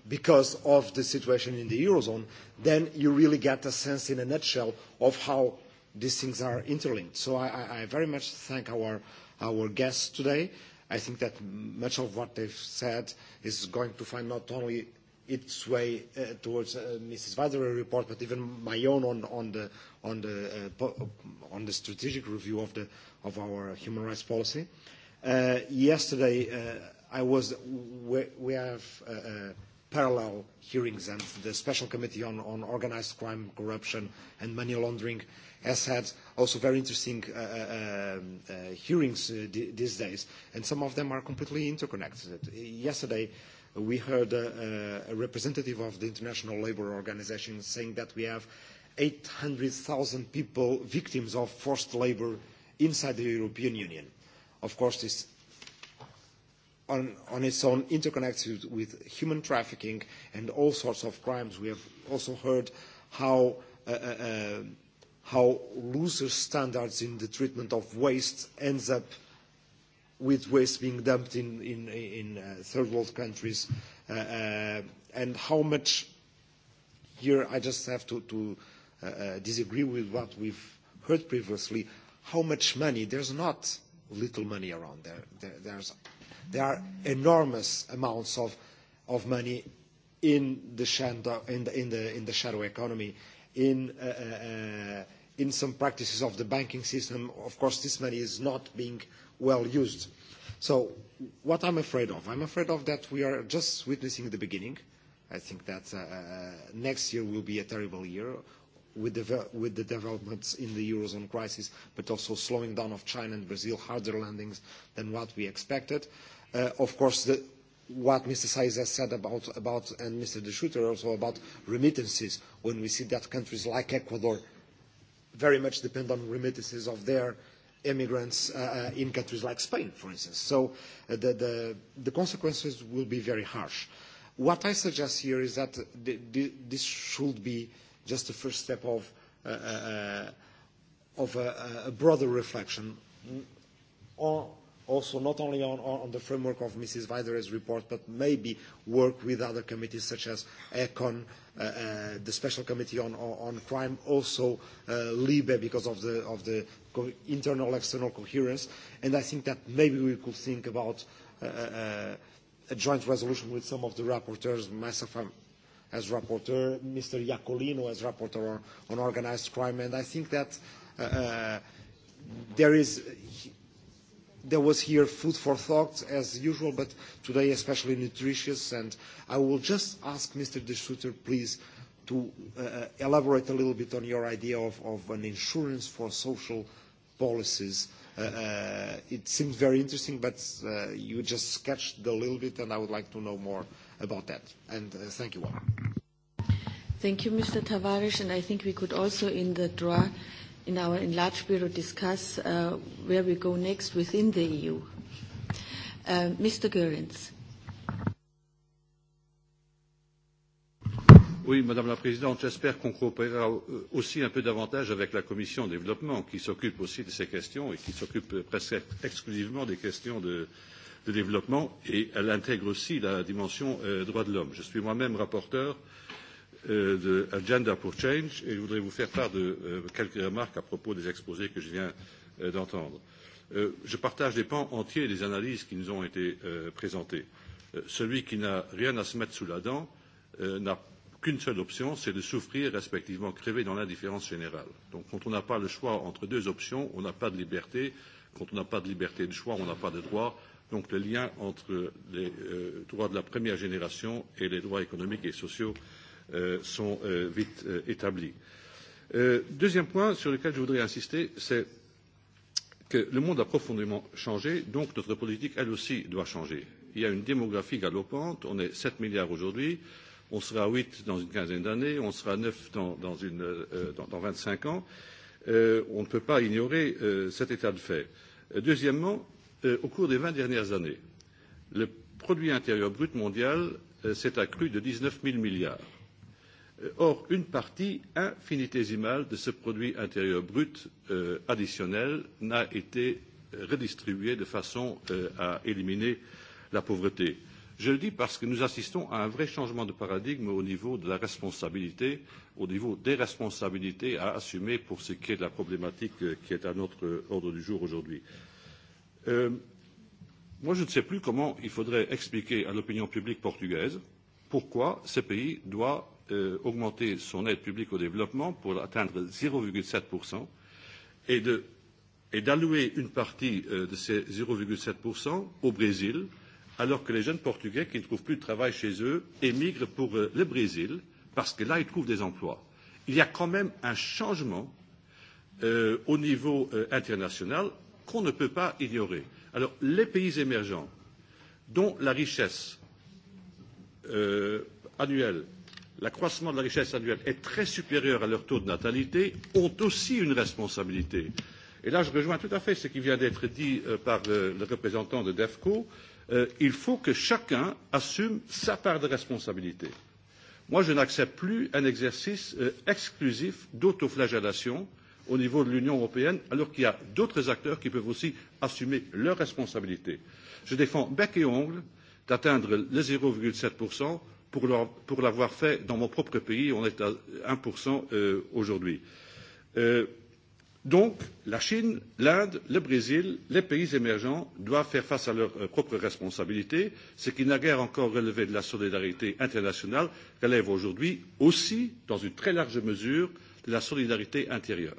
because of the situation in the Eurozone, then you really get a sense in a nutshell of how these things are interlinked. So I very much thank our guests today. I think that much of what they've said is going to find not only its way towards Mrs. Weider's report, but even my own on the on the on the strategic review of the of our human rights policy. Yesterday, I was we have parallel hearings and the Special Committee on Organised Crime, Corruption and Money Laundering has had also very interesting hearings these days, and some of them are completely interconnected. Yesterday we heard a representative of the International Labour Organization saying that we have 800,000 people victims of forced labour inside the European Union. Of course, this on its own interconnected with human trafficking and all sorts of crimes. We have also heard how looser standards in the treatment of waste ends up with waste being dumped in in third world countries and how much here I just have to disagree with what we've heard previously, how much money, there's not little money around there. There's There are enormous amounts of money in the shadow economy, in some practices of the banking system. Of course, this money is not being well used. So what I'm afraid of? I'm afraid of that we are just witnessing the beginning. I think that next year will be a terrible year with the developments in the Eurozone crisis, but also slowing down of China and Brazil, harder landings than what we expected. Of course, what Mr. Saiz has said about, and Mr. De Schutter also about remittances, when we see that countries like Ecuador very much depend on remittances of their immigrants in countries like Spain, for instance. So the consequences will be very harsh. What I suggest here is that this should be just the first step of a broader reflection also not only on the framework of Mrs. Weider's report, but maybe work with other committees such as ECON, the Special Committee on Crime, also LIBE because of the internal-external coherence. And I think that maybe we could think about a joint resolution with some of the rapporteurs, myself as rapporteur, Mr. Iacolino as rapporteur on organized crime. And I think that there is There was here food for thought as usual, but today especially nutritious. And I will just ask Mr. De Schutter, please, to elaborate a little bit on your idea of an insurance for social policies. It seems very interesting, but you just sketched a little bit, and I would like to know more about that. And thank you all. Thank you, Mr. Tavares. And I think we could also in the draw in our enlarged bureau discuss where we go next within the EU. Mr. Goerens. Oui, Madame la Présidente, j'espère qu'on coopérera aussi un peu davantage avec la Commission développement, qui s'occupe aussi de ces questions et qui s'occupe presque exclusivement des questions de développement, et elle intègre aussi la dimension droit de l'homme. Je suis moi-même rapporteur de Agenda for Change et je voudrais vous faire part de quelques remarques à propos des exposés que je viens d'entendre. Je partage des pans entiers des analyses qui nous ont été présentées. Celui qui n'a rien à se mettre sous la dent n'a qu'une seule option, c'est de souffrir, respectivement crever dans l'indifférence générale. Donc quand on n'a pas le choix entre deux options, on n'a pas de liberté. Quand on n'a pas de liberté de choix, on n'a pas de droit. Donc le lien entre les droits de la première génération et les droits économiques et sociaux sont vite établis. Deuxième point sur lequel je voudrais insister, c'est que le monde a profondément changé, donc notre politique, elle aussi, doit changer. Il y a une démographie galopante, on est 7 milliards aujourd'hui, on sera 8 dans une quinzaine d'années, on sera 9 dans 25 ans. On ne peut pas ignorer cet état de fait. Deuxièmement, au cours des 20 dernières années, le produit intérieur brut mondial s'est accru de 19 000 milliards Or, une partie infinitésimale de ce produit intérieur brut additionnel n'a été redistribuée de façon à éliminer la pauvreté. Je le dis parce que nous assistons à un vrai changement de paradigme au niveau de la responsabilité, au niveau des responsabilités à assumer pour ce qui est de la problématique qui est à notre ordre du jour aujourd'hui. Moi, je ne sais plus comment il faudrait expliquer à l'opinion publique portugaise pourquoi ce pays doit augmenter son aide publique au développement pour atteindre 0,7% et d'allouer une partie de ces 0,7% au Brésil, alors que les jeunes Portugais qui ne trouvent plus de travail chez eux émigrent pour le Brésil, parce que là, ils trouvent des emplois. Il y a quand même un changement au niveau international qu'on ne peut pas ignorer. Alors, les pays émergents, dont la richesse annuelle l'accroissement de la richesse annuelle est très supérieur à leur taux de natalité, ont aussi une responsabilité. Et là, je rejoins tout à fait ce qui vient d'être dit par le représentant de DEFCO. Il faut que chacun assume sa part de responsabilité. Moi, je n'accepte plus un exercice exclusif d'autoflagellation au niveau de l'Union européenne, alors qu'il y a d'autres acteurs qui peuvent aussi assumer leurs responsabilités. Je défends bec et ongle d'atteindre le 0,7% pour l'avoir fait dans mon propre pays, on est à 1% aujourd'hui. Donc, la Chine, l'Inde, le Brésil, les pays émergents doivent faire face à leurs propres responsabilités. Ce qui n'a guère encore relevé de la solidarité internationale relève aujourd'hui aussi, dans une très large mesure, de la solidarité intérieure.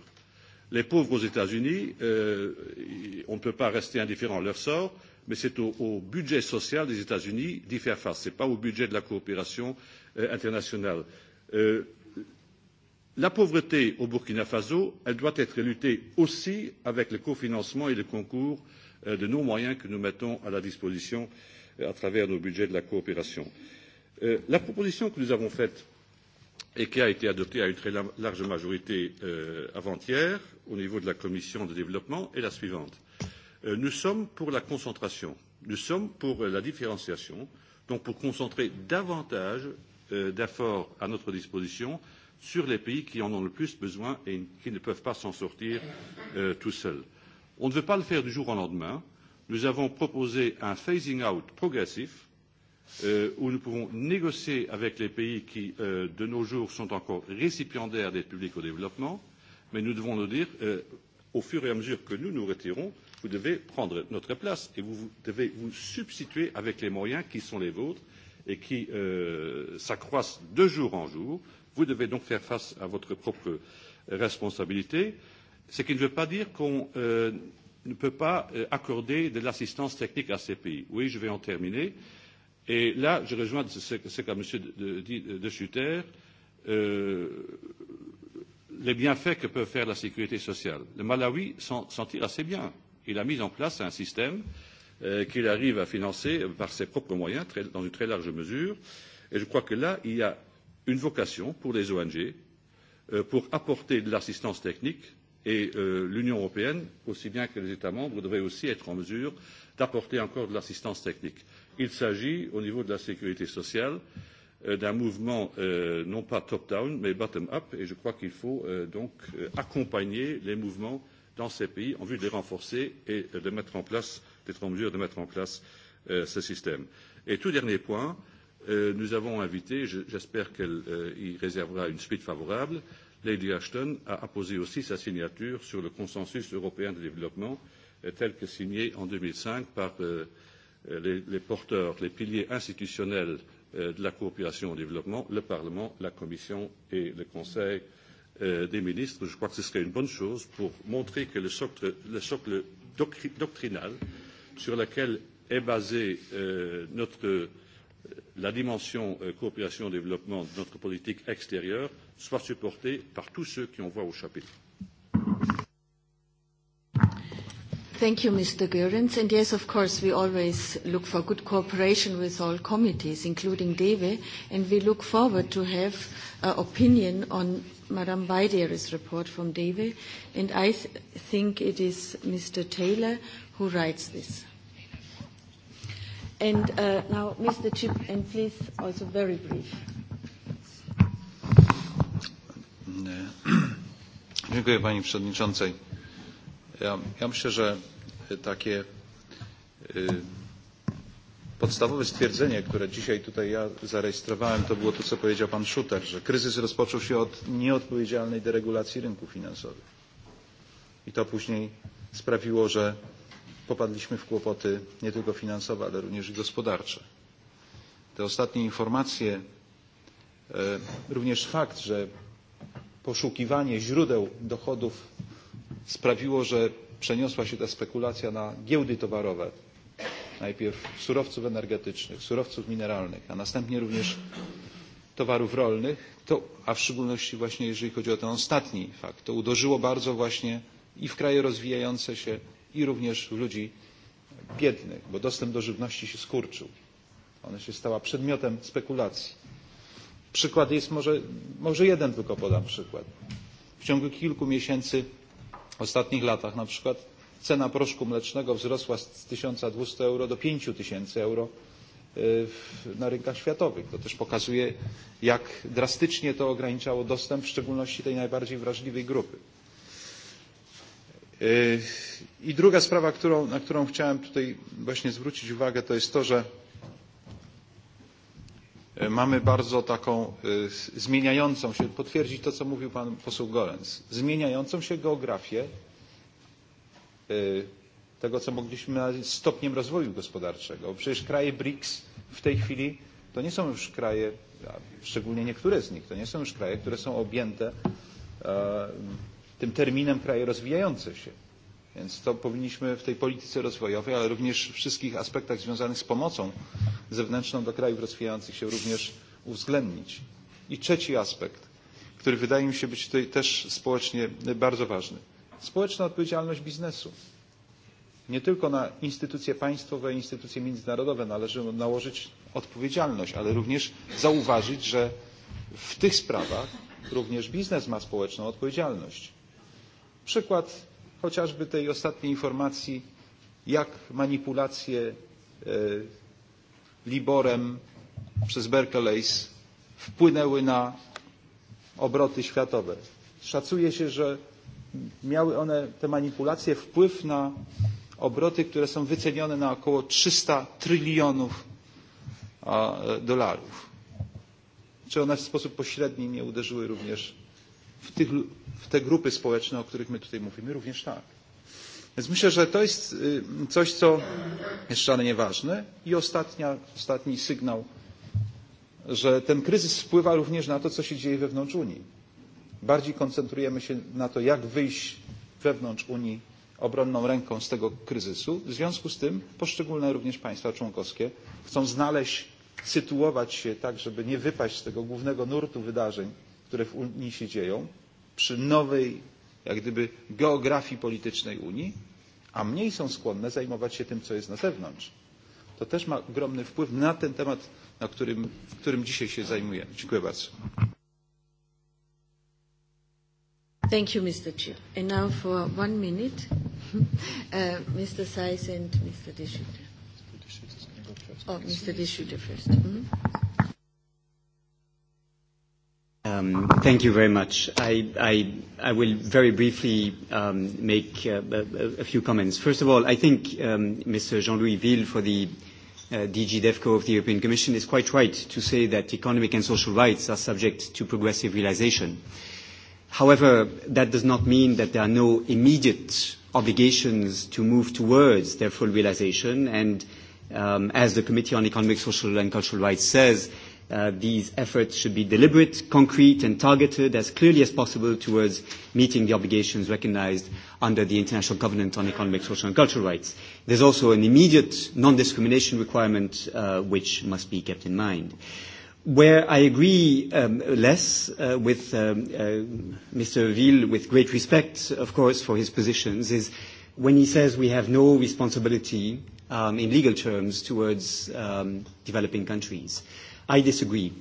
Les pauvres aux États-Unis, on ne peut pas rester indifférent à leur sort mais c'est au budget social des états unis d'y faire face et pas au budget de la coopération internationale. la pauvreté au burkina faso doit être luttée aussi avec le cofinancement et le concours de nos moyens que nous mettons à la disposition à travers nos budgets de la coopération. la proposition que nous avons faite et qui a été adoptée à une très large majorité avant hier au niveau de la commission du développement est la suivante nous sommes pour la concentration, nous sommes pour la différenciation, donc pour concentrer davantage d'efforts à notre disposition sur les pays qui en ont le plus besoin et qui ne peuvent pas s'en sortir tout seuls. On ne veut pas le faire du jour au lendemain. Nous avons proposé un phasing out progressif où nous pouvons négocier avec les pays qui, de nos jours, sont encore récipiendaires d'aide publique au développement, mais nous devons nous dire au fur et à mesure que nous nous retirons vous devez prendre notre place et vous devez vous substituer avec les moyens qui sont les vôtres et qui s'accroissent de jour en jour. Vous devez donc faire face à votre propre responsabilité, ce qui ne veut pas dire qu'on ne peut pas accorder de l'assistance technique à ces pays. Oui, je vais en terminer. Et là, je rejoins ce qu'a M. De Schutter, les bienfaits que peut faire la sécurité sociale. Le Malawi s'en tire assez bien il a mis en place un système qu'il arrive à financer par ses propres moyens dans une très large mesure et je crois que là il y a une vocation pour les ong pour apporter de l'assistance technique et l'union européenne aussi bien que les états membres devraient aussi être en mesure d'apporter encore de l'assistance technique. il s'agit au niveau de la sécurité sociale d'un mouvement non pas top down mais bottom up et je crois qu'il faut donc accompagner les mouvements dans ces pays en vue de les renforcer et de mettre en place, d'être en mesure de mettre en place ce système. Et tout dernier point, nous avons invité, j'espère qu'elle y réservera une suite favorable, Lady Ashton a apposé aussi sa signature sur le consensus européen de développement tel que signé en 2005 par les porteurs, les piliers institutionnels de la coopération au développement, le Parlement, la Commission et le Conseil des ministres. Je crois que ce serait une bonne chose pour montrer que le socle doctrinal sur lequel est basée la dimension coopération développement de notre politique extérieure soit supporté par tous ceux qui ont voix au chapitre. Thank look forward to have opinion Madame Weidier's report from DEWE, and I think it is Mr. Taylor who writes this. And now, Mr. Chip, and please also very brief. Dziękuję Pani Przewodniczącej. Ja myślę, że takie Podstawowe stwierdzenie, które dzisiaj tutaj ja zarejestrowałem, to było to, co powiedział pan Schutter, że kryzys rozpoczął się od nieodpowiedzialnej deregulacji rynków finansowych. I to później sprawiło, że popadliśmy w kłopoty nie tylko finansowe, ale również i gospodarcze. Te ostatnie informacje, również fakt, że poszukiwanie źródeł dochodów sprawiło, że przeniosła się ta spekulacja na giełdy towarowe, najpierw surowców energetycznych, surowców mineralnych, a następnie również towarów rolnych, to, a w szczególności właśnie jeżeli chodzi o ten ostatni fakt, to uderzyło bardzo właśnie i w kraje rozwijające się, i również w ludzi biednych, bo dostęp do żywności się skurczył. Ona się stała przedmiotem spekulacji. Przykład jest może, może jeden tylko podam przykład. W ciągu kilku miesięcy, w ostatnich latach na przykład Cena proszku mlecznego wzrosła z 1200 euro do 5000 euro na rynkach światowych. To też pokazuje, jak drastycznie to ograniczało dostęp, w szczególności tej najbardziej wrażliwej grupy. I druga sprawa, na którą chciałem tutaj właśnie zwrócić uwagę, to jest to, że mamy bardzo taką zmieniającą się, potwierdzić to, co mówił pan poseł golenc zmieniającą się geografię tego, co mogliśmy nazwać stopniem rozwoju gospodarczego. Przecież kraje BRICS w tej chwili to nie są już kraje, szczególnie niektóre z nich, to nie są już kraje, które są objęte tym terminem kraje rozwijające się. Więc to powinniśmy w tej polityce rozwojowej, ale również w wszystkich aspektach związanych z pomocą zewnętrzną do krajów rozwijających się również uwzględnić. I trzeci aspekt, który wydaje mi się być tutaj też społecznie bardzo ważny społeczna odpowiedzialność biznesu. Nie tylko na instytucje państwowe i instytucje międzynarodowe należy nałożyć odpowiedzialność, ale również zauważyć, że w tych sprawach również biznes ma społeczną odpowiedzialność. Przykład chociażby tej ostatniej informacji, jak manipulacje Liborem przez Berkeley's wpłynęły na obroty światowe. Szacuje się, że miały one, te manipulacje, wpływ na obroty, które są wycenione na około 300 trylionów dolarów. Czy one w sposób pośredni nie uderzyły również w te grupy społeczne, o których my tutaj mówimy? Również tak. Więc myślę, że to jest coś, co jest szalenie ważne. I ostatni sygnał, że ten kryzys wpływa również na to, co się dzieje wewnątrz Unii bardziej koncentrujemy się na to, jak wyjść wewnątrz Unii obronną ręką z tego kryzysu. W związku z tym poszczególne również państwa członkowskie chcą znaleźć, sytuować się tak, żeby nie wypaść z tego głównego nurtu wydarzeń, które w Unii się dzieją, przy nowej, jak gdyby, geografii politycznej Unii, a mniej są skłonne zajmować się tym, co jest na zewnątrz. To też ma ogromny wpływ na ten temat, na którym, którym dzisiaj się zajmujemy. Dziękuję bardzo. Thank you, Mr. Chair. And now for one minute, Mr. Seiss and Mr. Deschutes. Oh, Mr. Deschutes first. Thank you very much. I I I will very briefly make a few comments. First of all, I think Mr. Jean-Louis Ville for the DG DEFCO of the European Commission is quite right to say that economic and social rights are subject to progressive realization. However, that does not mean that there are no immediate obligations to move towards their full realization. And as the Committee on Economic, Social and Cultural Rights says, these efforts should be deliberate, concrete and targeted as clearly as possible towards meeting the obligations recognised under the International Covenant on Economic, Social and Cultural Rights. There's also an immediate non-discrimination requirement which must be kept in mind. Where I agree less with Mr. Ville, with great respect, of course, for his positions, is when he says we have no responsibility in legal terms towards developing countries. I disagree.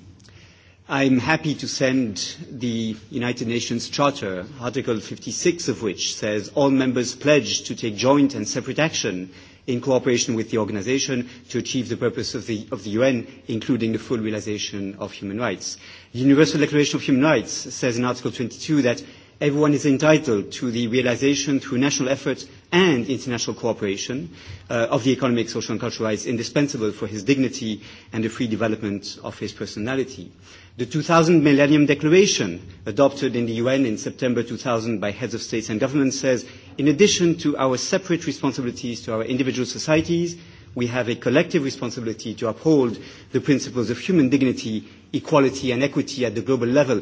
I'm happy to send the United Nations Charter, Article 56 of which says all members pledge to take joint and separate action in cooperation with the organization to achieve the purpose of the UN, including the full realization of human rights. The Universal Declaration of Human Rights says in Article 22 that everyone is entitled to the realization through national effort and international cooperation of the economic, social and cultural rights indispensable for his dignity and the free development of his personality. The 2000 Millennium Declaration, adopted in the UN in September 2000 by heads of states and governments, says, in addition to our separate responsibilities to our individual societies, we have a collective responsibility to uphold the principles of human dignity, equality and equity at the global level.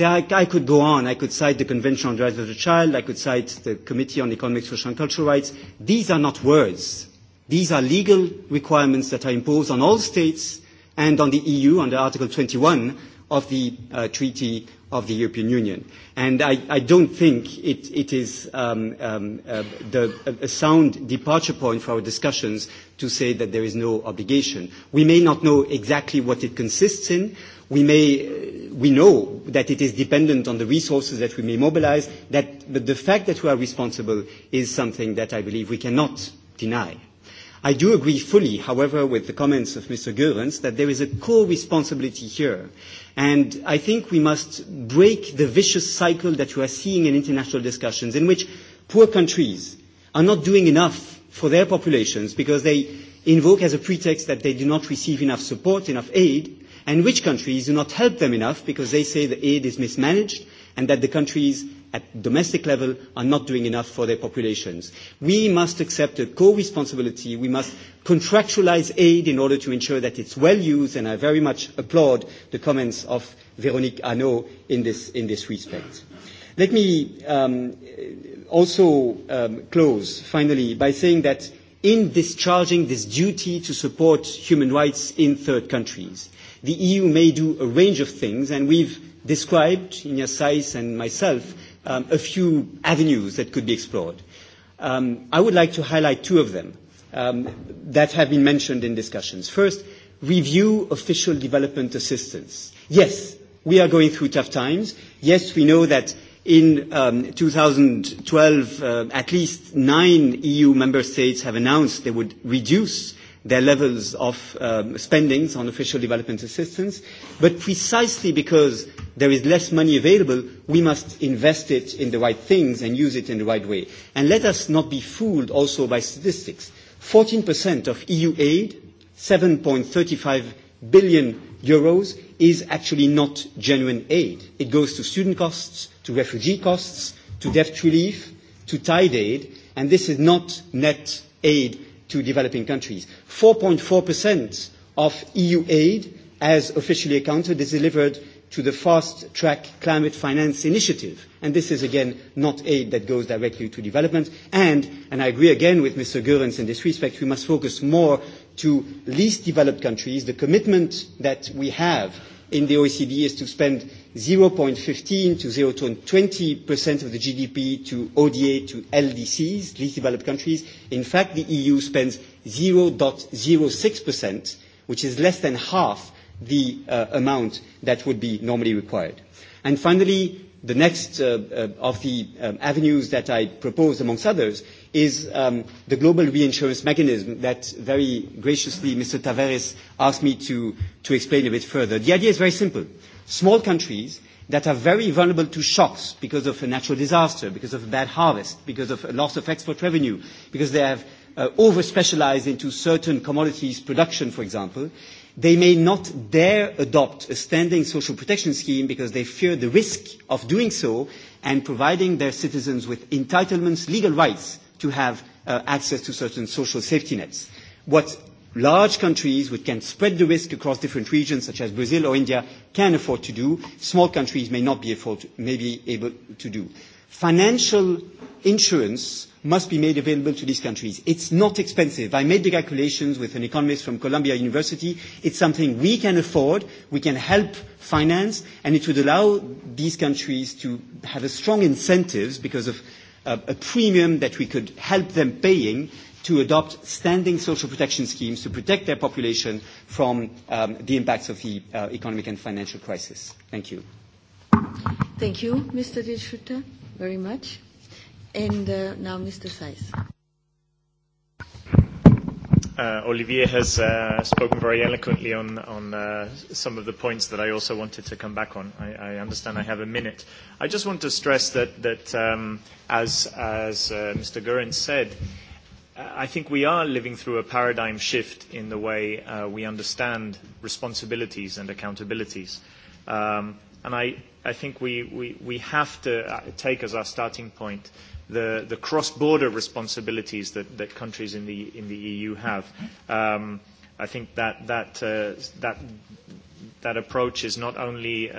I could go on. I could cite the Convention on the Rights of the Child. I could cite the Committee on Economic, Social and Cultural Rights. These are not words. These are legal requirements that are imposed on all states and on the EU under Article 21 of the Treaty of the European Union. And I don't think it is a sound departure point for our discussions to say that there is no obligation. We may not know exactly what it consists in. We may, we know that it is dependent on the resources that we may mobilise. that, but the fact that we are responsible is something that I believe we cannot deny. I do agree fully, however, with the comments of Mr. Goerens that there is a core responsibility here. And I think we must break the vicious cycle that we are seeing in international discussions in which poor countries are not doing enough for their populations because they invoke as a pretext that they do not receive enough support, enough aid, and which countries do not help them enough because they say the aid is mismanaged and that the countries at domestic level are not doing enough for their populations. We must accept a co-responsibility. We must contractualize aid in order to ensure that it's well used, and I very much applaud the comments of Véronique Arnault in this respect. Let me also close, finally, by saying that in discharging this duty to support human rights in third countries, the EU may do a range of things, and we've described, your size and myself, a few avenues that could be explored. I would like to highlight two of them that have been mentioned in discussions. First, review official development assistance. Yes, we are going through tough times. Yes, we know that in 2012, at least nine EU member states have announced they would reduce their levels of spendings on official development assistance. But precisely because there is less money available, we must invest it in the right things and use it in the right way. And let us not be fooled also by statistics. 14% of EU aid, 7.35 billion euros, is actually not genuine aid. It goes to student costs, to refugee costs, to debt relief, to tide aid, and this is not net aid to developing countries. 4.4% of EU aid, as officially accounted, is delivered to the Fast Track Climate Finance Initiative. And this is, again, not aid that goes directly to development. And, and I agree again with Mr. Goerens in this respect, we must focus more to least developed countries. The commitment that we have in the OECD is to spend 0.15 to 0.20% of the GDP to ODA to LDCs, least developed countries. In fact, the EU spends 0.06%, which is less than half the amount that would be normally required. And finally, the next of the avenues that I propose, amongst others, is the global reinsurance mechanism that very graciously Mr. Tavares asked me to explain a bit further. The idea is very simple small countries that are very vulnerable to shocks because of a natural disaster, because of a bad harvest, because of a loss of export revenue, because they have over-specialized into certain commodities production, for example, they may not dare adopt a standing social protection scheme because they fear the risk of doing so and providing their citizens with entitlements, legal rights to have access to certain social safety nets. What large countries which can spread the risk across different regions, such as Brazil or India, can afford to do. Small countries may not be able to do. Financial insurance must be made available to these countries. It's not expensive. I made the calculations with an economist from Columbia University. It's something we can afford, we can help finance, and it would allow these countries to have strong incentives because of a premium that we could help them paying to adopt standing social protection schemes to protect their population from the impacts of the economic and financial crisis. Thank you. Thank you, Mr. Dilshutter, very much. And now Mr. Saiz. Olivier has spoken very eloquently on some of the points that I also wanted to come back on. I understand I have a minute. I just want to stress that, as Mr. Goerens said, I think we are living through a paradigm shift in the way we understand responsibilities and accountabilities. And I think we have to take as our starting point the cross-border responsibilities that countries in the EU have. I think that approach is not only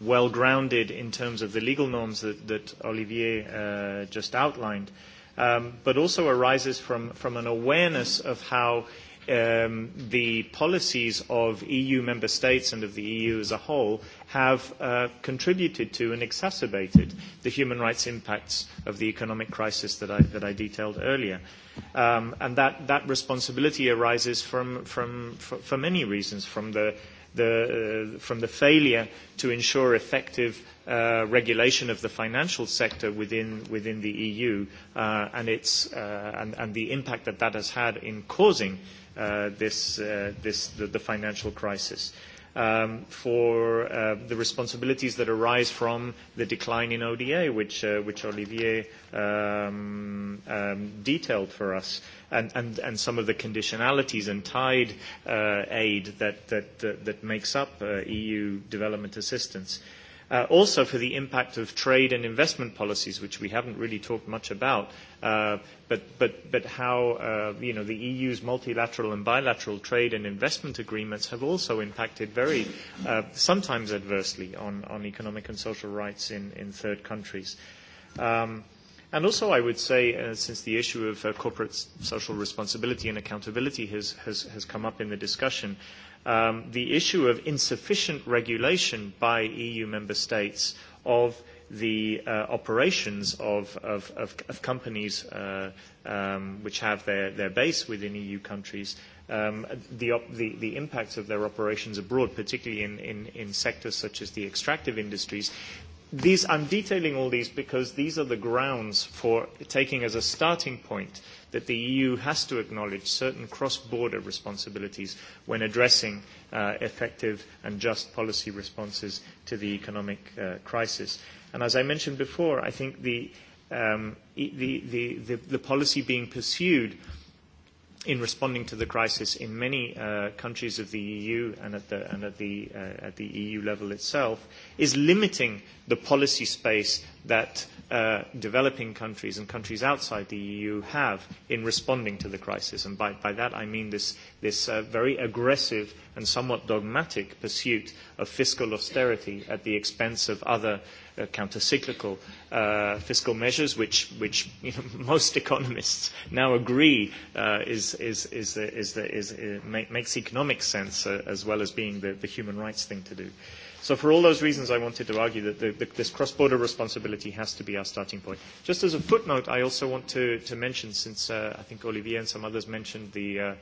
well-grounded in terms of the legal norms that Olivier just outlined, but also arises from an awareness of how the policies of EU member states and of the EU as a whole have contributed to and exacerbated the human rights impacts of the economic crisis that I detailed earlier. And that responsibility arises for many reasons, from the failure to ensure effective regulation of the financial sector within the EU and the impact that that has had in causing this the financial crisis for the responsibilities that arise from the decline in ODA, which Olivier detailed for us, and some of the conditionalities and tied aid that makes up EU development assistance also for the impact of trade and investment policies, which we haven't really talked much about, but how the EU's multilateral and bilateral trade and investment agreements have also impacted very, sometimes adversely, on economic and social rights in third countries. And also, I would say, since the issue of corporate social responsibility and accountability has come up in the discussion, the issue of insufficient regulation by EU member states of the operations of companies which have their base within EU countries, the impact of their operations abroad, particularly in sectors such as the extractive industries. I'm detailing all these because these are the grounds for taking as a starting point that the EU has to acknowledge certain cross-border responsibilities when addressing effective and just policy responses to the economic crisis. And as I mentioned before, I think the policy being pursued in responding to the crisis in many countries of the EU and at the EU level itself is limiting the policy space that developing countries and countries outside the EU have in responding to the crisis. And by that I mean this very aggressive and somewhat dogmatic pursuit of fiscal austerity at the expense of other counter-cyclical fiscal measures, which most economists now agree makes economic sense as well as being the human rights thing to do. So for all those reasons, I wanted to argue that this cross-border responsibility has to be our starting point. Just as a footnote, I also want to mention, since I think Olivier and some others mentioned the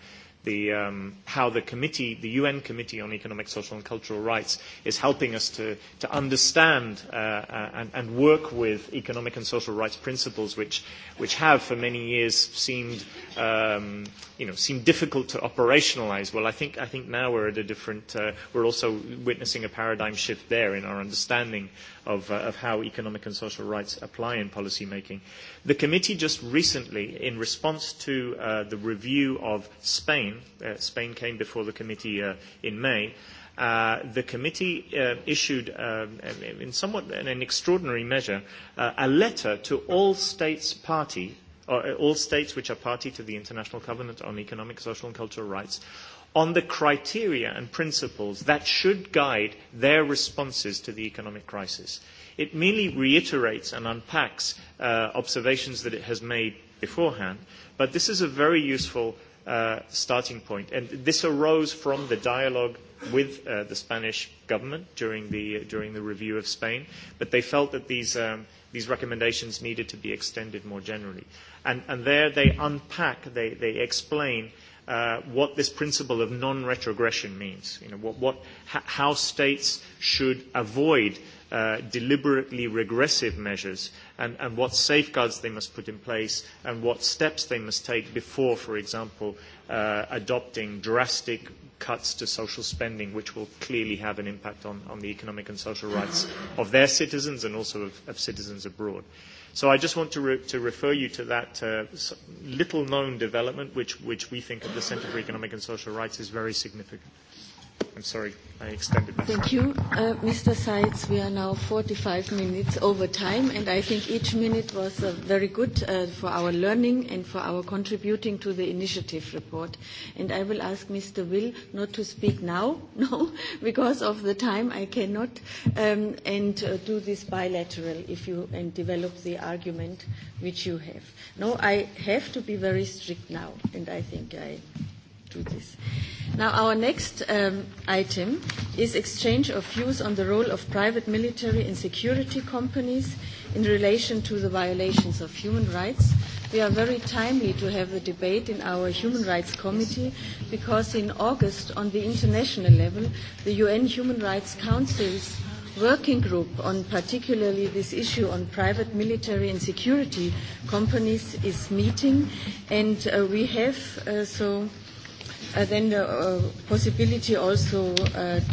the how the committee the UN committee on economic social and cultural rights is helping us to to understand and work with economic and social rights principles which which have for many years seemed you know seemed difficult to operationalize well I think I think now we're at a different we're also witnessing a paradigm shift there in our understanding of how economic and social rights apply in policymaking. The committee just recently, in response to the review of Spain, Spain came before the committee in May, the committee issued, in somewhat an extraordinary measure, a letter to all states party, all states which are party to the International Covenant on Economic, Social and Cultural Rights, on the criteria and principles that should guide their responses to the economic crisis. It merely reiterates and unpacks observations that it has made beforehand, but this is a very useful starting point. And this arose from the dialogue with the Spanish government during the during the review of Spain, but they felt that these these recommendations needed to be extended more generally. And there they unpack, they explain what this principle of non-retrogression means, you know, what, what, how states should avoid deliberately regressive measures and, and what safeguards they must put in place and what steps they must take before, for example, adopting drastic cuts to social spending, which will clearly have an impact on, on the economic and social rights of their citizens and also of citizens abroad. So I just want to refer you to that little-known development, which we think at the Centre for Economic and Social Rights is very significant. I'm sorry, I extended my Thank you. Mr. Seitz, we are now 45 minutes over time, and I think each minute was very good for our learning and for our contributing to the initiative report. And I will ask Mr. Will not to speak now, no, because of the time I cannot, and do this bilateral if you and develop the argument which you have. No, I have to be very strict now, and I think I Now, our next item is exchange of views on the role of private military and security companies in relation to the violations of human rights. We are very timely to have the debate in our Human Rights Committee because in August, on the international level, the UN Human Rights Council's working group on particularly this issue on private military and security companies is meeting and we have so then the possibility also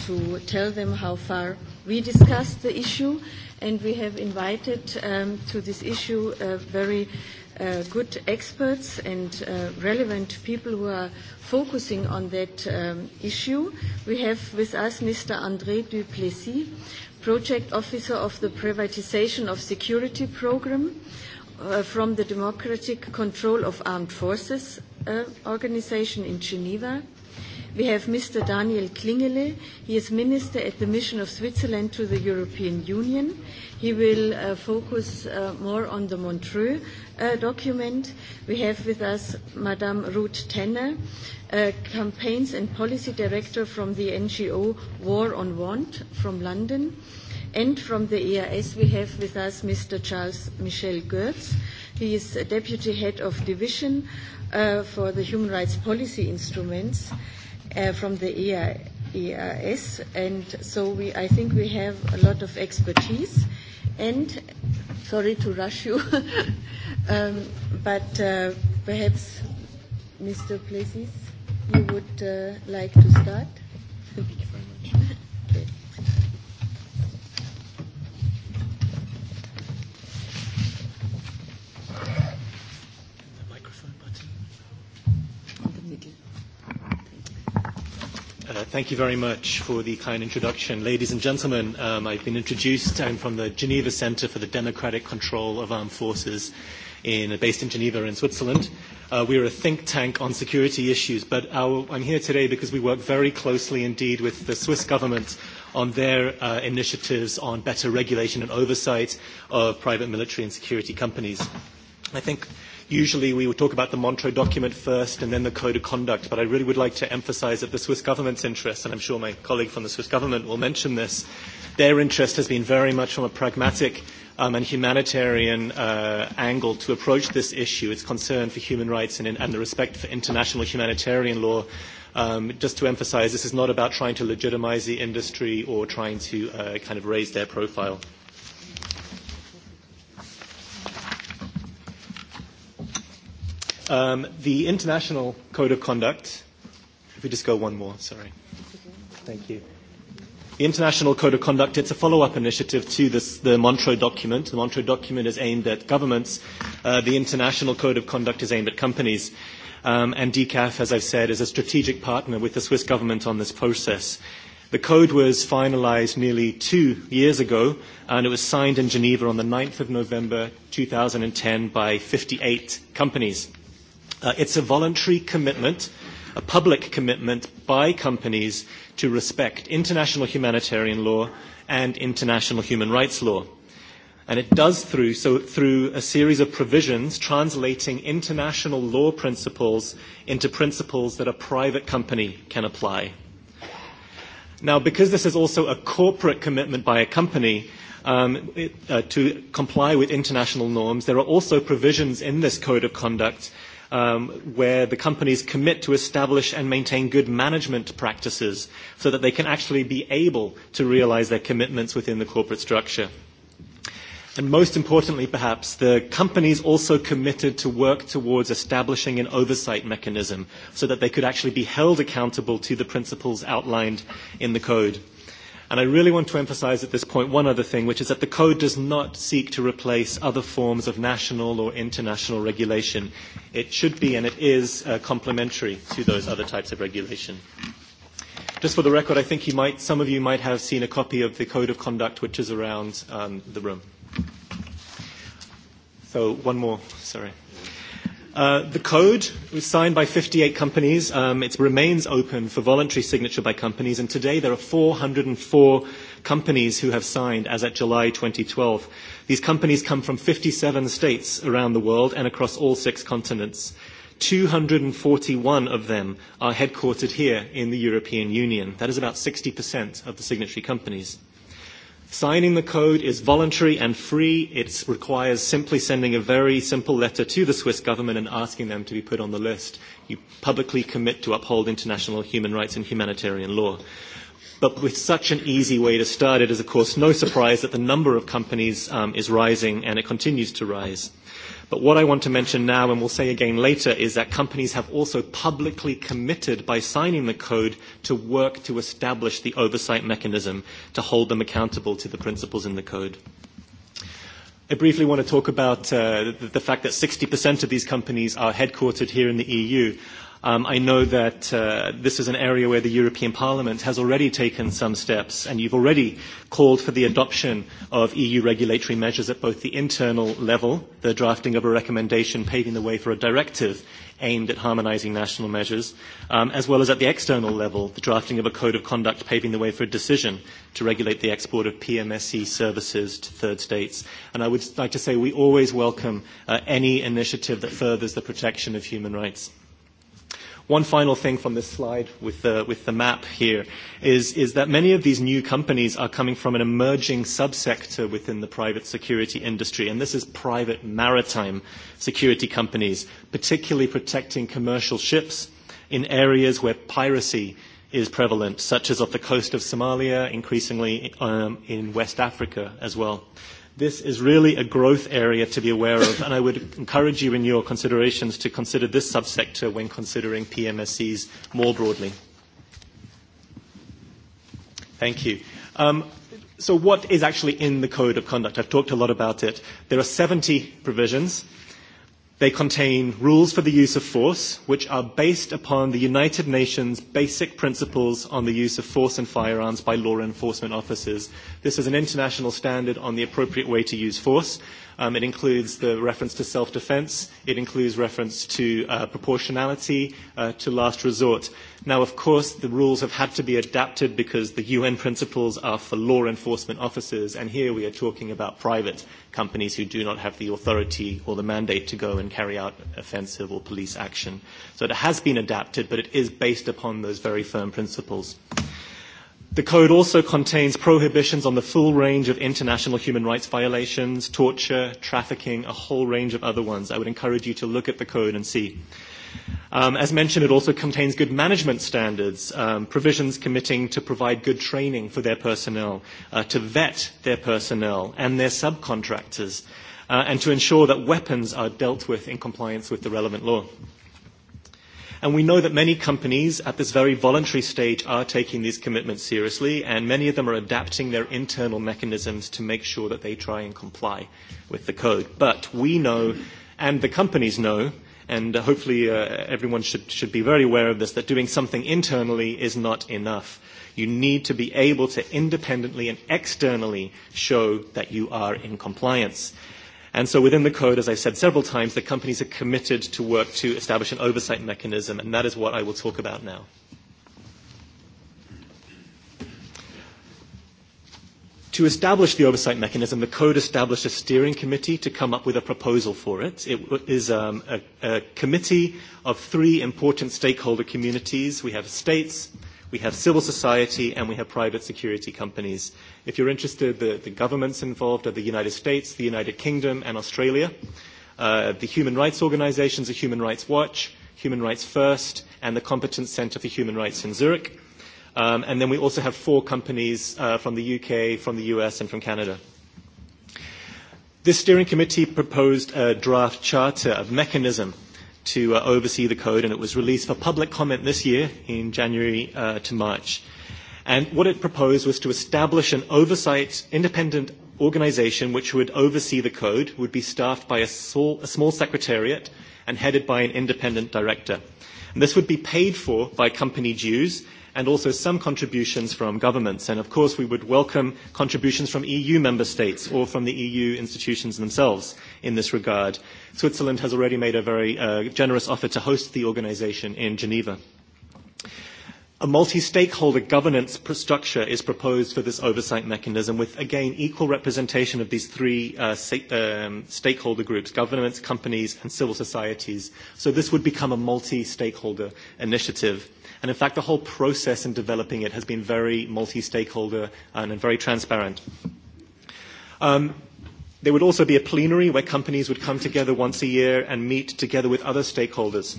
to tell them how far we discussed the issue, and we have invited to this issue very good experts and relevant people who are focusing on that issue. We have with us Mr. André Duplessis, Project Officer of the Privatization of Security Program from the Democratic Control of Armed Forces Organization in Geneva. We have Mr. Daniel Klingele. He is Minister at the Mission of Switzerland to the European Union. He will focus more on the Montreux document. We have with us Madame Ruth Tanner, Campaigns and Policy Director from the NGO War on Want from London. And from the EIS, we have with us Mr. Charles Michel Goertz. He is Deputy Head of Division for the Human Rights Policy Instruments from the EIS. And so we, I think we have a lot of expertise. And sorry to rush you, but perhaps Mr. Plessis, you would like to start. Thank you Thank you very much for the kind introduction. Ladies and gentlemen, I've been introduced. I'm from the Geneva Center for the Democratic Control of Armed Forces based in Geneva in Switzerland. We are a think tank on security issues, but I'm here today because we work very closely indeed with the Swiss government on their initiatives on better regulation and oversight of private military and security companies. I think Usually we would talk about the Montreux document first and then the code of conduct, but I really would like to emphasize that the Swiss government's interest, and I'm sure my colleague from the Swiss government will mention this, their interest has been very much from a pragmatic and humanitarian angle to approach this issue, its concern for human rights and the respect for international humanitarian law. Just to emphasize, this is not about trying to legitimize the industry or trying to kind of raise their profile. The International Code of Conduct, if we just go one more, sorry. Thank you. The International Code of Conduct, it's a follow-up initiative to the Montreux document. The Montreux document is aimed at governments. The International Code of Conduct is aimed at companies. And DCAF, as I've said, is a strategic partner with the Swiss government on this process. The code was finalized nearly two years ago, and it was signed in Geneva on the 9th of November 2010 by 58 companies. It's a voluntary commitment, a public commitment by companies to respect international humanitarian law and international human rights law. And it does through so through a series of provisions translating international law principles into principles that a private company can apply. Now, because this is also a corporate commitment by a company to comply with international norms, there are also provisions in this code of conduct where the companies commit to establish and maintain good management practices so that they can actually be able to realize their commitments within the corporate structure. And most importantly, perhaps, the companies also committed to work towards establishing an oversight mechanism so that they could actually be held accountable to the principles outlined in the Code. And I really want to emphasize at this point one other thing, which is that the Code does not seek to replace other forms of national or international regulation. It should be and it is complementary to those other types of regulation. Just for the record, I think you might, some of you might have seen a copy of the Code of Conduct, which is around the room. So one more, sorry. The code was signed by 58 companies. It remains open for voluntary signature by companies, and today there are 404 companies who have signed as at July 2012. These companies come from 57 states around the world and across all six continents. 241 of them are headquartered here in the European Union. That is about 60% of the signatory companies. Signing the code is voluntary and free. It requires simply sending a very simple letter to the Swiss government and asking them to be put on the list. You publicly commit to uphold international human rights and humanitarian law. But with such an easy way to start, it is, of course, no surprise that the number of companies is rising, and it continues to rise. But what I want to mention now, and will say again later, is that companies have also publicly committed by signing the code to work to establish the oversight mechanism to hold them accountable to the principles in the code. I briefly want to talk about the fact that 60% of these companies are headquartered here in the EU. I know that this is an area where the European Parliament has already taken some steps, and you've already called for the adoption of EU regulatory measures at both the internal level, the drafting of a recommendation paving the way for a directive aimed at harmonising national measures, as well as at the external level, the drafting of a code of conduct paving the way for a decision to regulate the export of PMSE services to third states. And I would like to say we always welcome any initiative that furthers the protection of human rights. One final thing from this slide with the, with the map here is, is that many of these new companies are coming from an emerging subsector within the private security industry, and this is private maritime security companies, particularly protecting commercial ships in areas where piracy is prevalent, such as off the coast of Somalia, increasingly in West Africa as well. This is really a growth area to be aware of, and I would encourage you in your considerations to consider this subsector when considering PMSCs more broadly. Thank you. So what is actually in the Code of Conduct? I've talked a lot about it. There are 70 provisions. They contain rules for the use of force, which are based upon the United Nations basic principles on the use of force and firearms by law enforcement officers. This is an international standard on the appropriate way to use force, It includes the reference to self-defense. It includes reference to proportionality, to last resort. Now, of course, the rules have had to be adapted because the UN principles are for law enforcement officers, and here we are talking about private companies who do not have the authority or the mandate to go and carry out offensive or police action. So it has been adapted, but it is based upon those very firm principles. The Code also contains prohibitions on the full range of international human rights violations, torture, trafficking, a whole range of other ones. I would encourage you to look at the Code and see. As mentioned, it also contains good management standards, provisions committing to provide good training for their personnel, to vet their personnel and their subcontractors, and to ensure that weapons are dealt with in compliance with the relevant law. And we know that many companies at this very voluntary stage are taking these commitments seriously, and many of them are adapting their internal mechanisms to make sure that they try and comply with the code. But we know, and the companies know, and hopefully everyone should should be very aware of this, that doing something internally is not enough. You need to be able to independently and externally show that you are in compliance. And so within the code, as I said several times, the companies are committed to work to establish an oversight mechanism, and that is what I will talk about now. To establish the oversight mechanism, the code established a steering committee to come up with a proposal for it. It is a committee of three important stakeholder communities. We have states, we have civil society, and we have private security companies. If you're interested, the governments involved are the United States, the United Kingdom, and Australia. The human rights organizations are Human Rights Watch, Human Rights First, and the Competence Center for Human Rights in Zurich. And then we also have four companies from the UK, from the US, and from Canada. This steering committee proposed a draft charter of mechanism to oversee the code, and it was released for public comment this year in January to March. And what it proposed was to establish an oversight independent organisation which would oversee the code, would be staffed by a small secretariat and headed by an independent director. This would be paid for by company dues and also some contributions from governments. And of course, we would welcome contributions from EU member states or from the EU institutions themselves in this regard. Switzerland has already made a very generous offer to host the organization in Geneva. A multi-stakeholder governance structure is proposed for this oversight mechanism with, again, equal representation of these three stakeholder groups, governments, companies, and civil societies. So this would become a multi-stakeholder initiative. And in fact, the whole process in developing it has been very multi-stakeholder and very transparent. There would also be a plenary where companies would come together once a year and meet together with other stakeholders.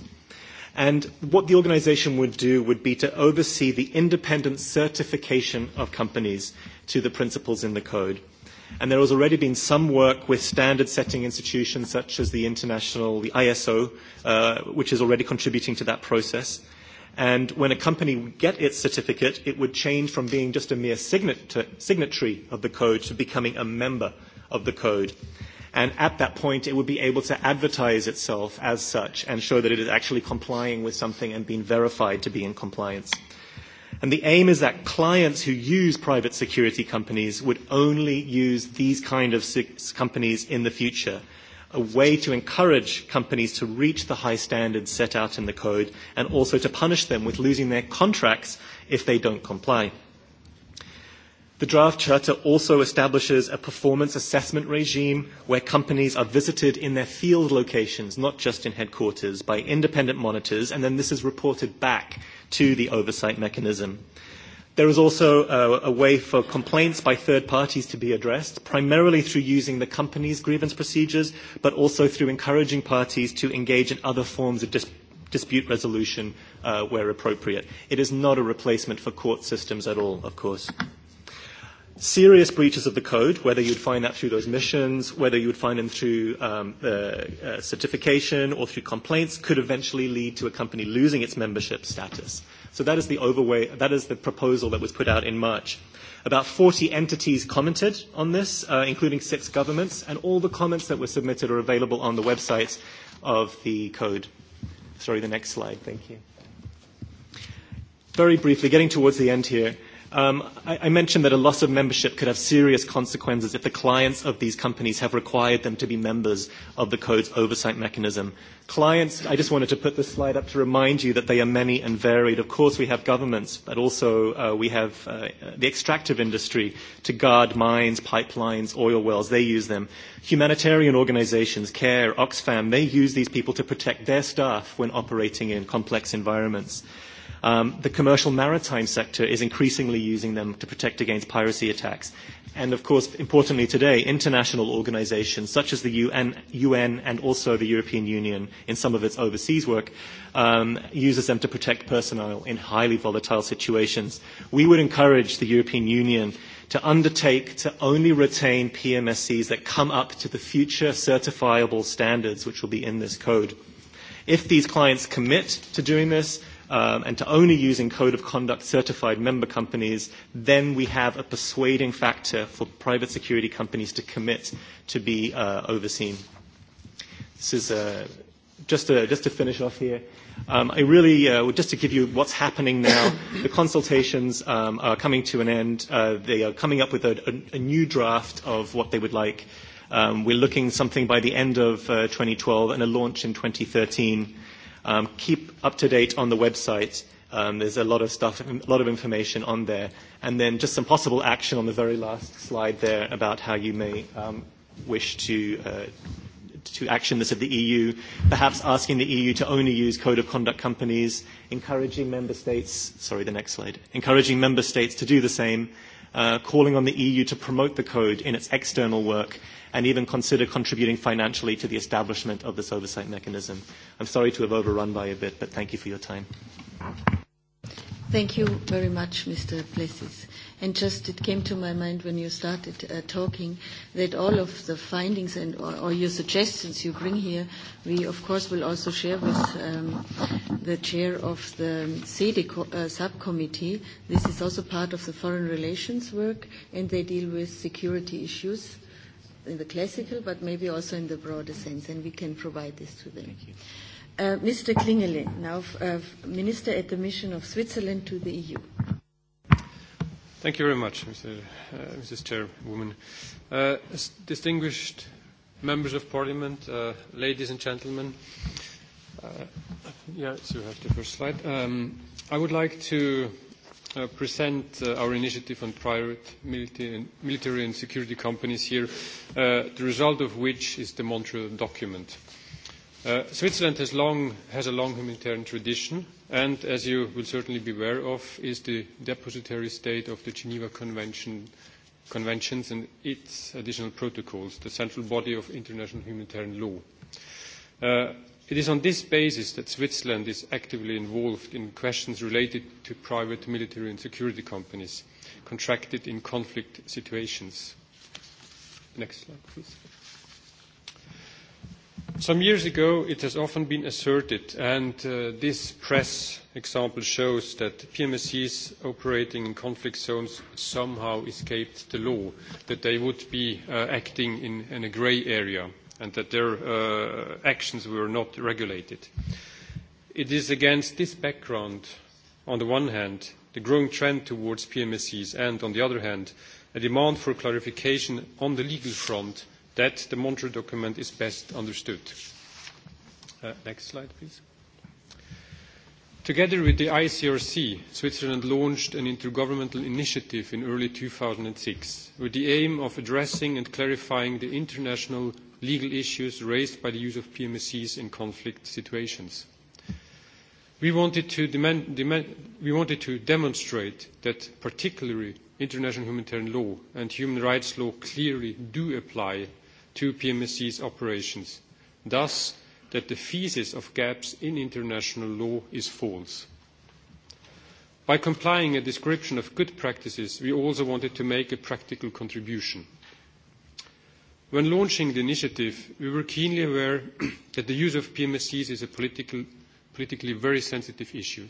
And what the organization would do would be to oversee the independent certification of companies to the principles in the code. And there has already been some work with standard-setting institutions such as the international, the ISO, which is already contributing to that process. And when a company would get its certificate, it would change from being just a mere signatory of the code to becoming a member of the code. And at that point, it would be able to advertise itself as such and show that it is actually complying with something and being verified to be in compliance. And the aim is that clients who use private security companies would only use these kind of companies in the future a way to encourage companies to reach the high standards set out in the code and also to punish them with losing their contracts if they don't comply. The draft charter also establishes a performance assessment regime where companies are visited in their field locations, not just in headquarters, by independent monitors, and then this is reported back to the oversight mechanism. There is also a way for complaints by third parties to be addressed, primarily through using the company's grievance procedures, but also through encouraging parties to engage in other forms of dispute resolution where appropriate. It is not a replacement for court systems at all, of course. Serious breaches of the code, whether you'd find that through those missions, whether you would find them through certification or through complaints, could eventually lead to a company losing its membership status. So that is the that is the proposal that was put out in March. About 40 entities commented on this, including six governments, and all the comments that were submitted are available on the website of the code. Sorry, the next slide. Thank you. Very briefly, getting towards the end here. I mentioned that a loss of membership could have serious consequences if the clients of these companies have required them to be members of the code's oversight mechanism. Clients, I just wanted to put this slide up to remind you that they are many and varied. Of course, we have governments, but also we have the extractive industry to guard mines, pipelines, oil wells. They use them. Humanitarian organizations, CARE, Oxfam, they use these people to protect their staff when operating in complex environments. The commercial maritime sector is increasingly using them to protect against piracy attacks. And, of course, importantly today, international organizations such as the UN and also the European Union in some of its overseas work uses them to protect personnel in highly volatile situations. We would encourage the European Union to undertake to only retain PMSCs that come up to the future certifiable standards which will be in this code. If these clients commit to doing this, and to only using code of conduct certified member companies, then we have a persuading factor for private security companies to commit to be overseen. This is just to just to finish off here. I really, just to give you what's happening now, the consultations are coming to an end. They are coming up with a new draft of what they would like. We're looking something by the end of 2012 and a launch in 2013. Keep up to date on the website. There's a lot of stuff, a lot of information on there. And then just some possible action on the very last slide there about how you may wish to to action this at the EU, perhaps asking the EU to only use code of conduct companies, encouraging member states, sorry, the next slide, encouraging member states to do the same, calling on the EU to promote the Code in its external work and even consider contributing financially to the establishment of this oversight mechanism. I'm sorry to have overrun by a bit, but thank you for your time. Thank you very much, Mr. Plessis. And just it came to my mind when you started talking that all of the findings and or your suggestions you bring here, we of course will also share with the chair of the uh, subcommittee. This is also part of the foreign relations work, and they deal with security issues in the classical, but maybe also in the broader sense, and we can provide this to them. Mr. Klingele, now Minister at the Mission of Switzerland to the EU. Thank you very much, Mrs. Chairwoman. Distinguished members of Parliament, ladies and gentlemen, have the first slide. I would like to present our initiative on private military and security companies here, the result of which is the Montreal document. Switzerland has long has a long humanitarian tradition and, as you will certainly be aware of, is the depository state of the Geneva Convention Conventions and its additional protocols, the central body of international humanitarian law. It is on this basis that Switzerland is actively involved in questions related to private military and security companies contracted in conflict situations. Next slide, Some years ago, it has often been asserted, and this press example shows that PMSEs operating in conflict zones somehow escaped the law, that they would be acting in a grey area, and that their actions were not regulated. It is against this background, on the one hand, the growing trend towards PMSEs, and on the other hand, a demand for clarification on the legal front that the Montreux document is best understood. Next slide, please. Together with the ICRC, Switzerland launched an intergovernmental initiative in early 2006 with the aim of addressing and clarifying the international legal issues raised by the use of PMSCs in conflict situations. We wanted to demonstrate that particularly international humanitarian law and human rights law clearly do apply to PMSC's operations, thus that the thesis of gaps in international law is false. By complying a description of good practices, we also wanted to make a practical contribution. When launching the initiative, we were keenly aware that the use of PMSCs is a politically very sensitive issue.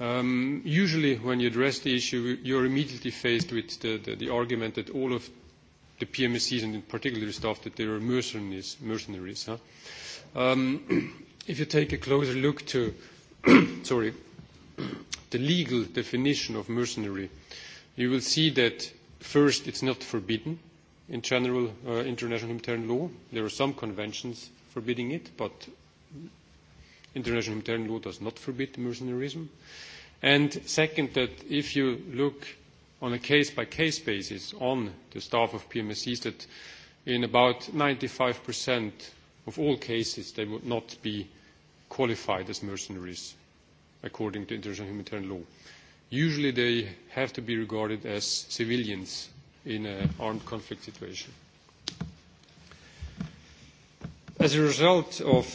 Usually when you address the issue, you are immediately faced with the argument that all of the PMSCs and in particular staff that they are mercenaries. mercenaries If you take a closer look to sorry, the legal definition of mercenary, you will see that first it's not forbidden in general international humanitarian law. There are some conventions forbidding it, but international humanitarian law does not forbid mercenarism. And second, that if you look on a case-by-case basis on the staff of PMSEs that in about 95% of all cases they would not be qualified as mercenaries according to international humanitarian law. Usually they have to be regarded as civilians in an armed conflict situation. As a result of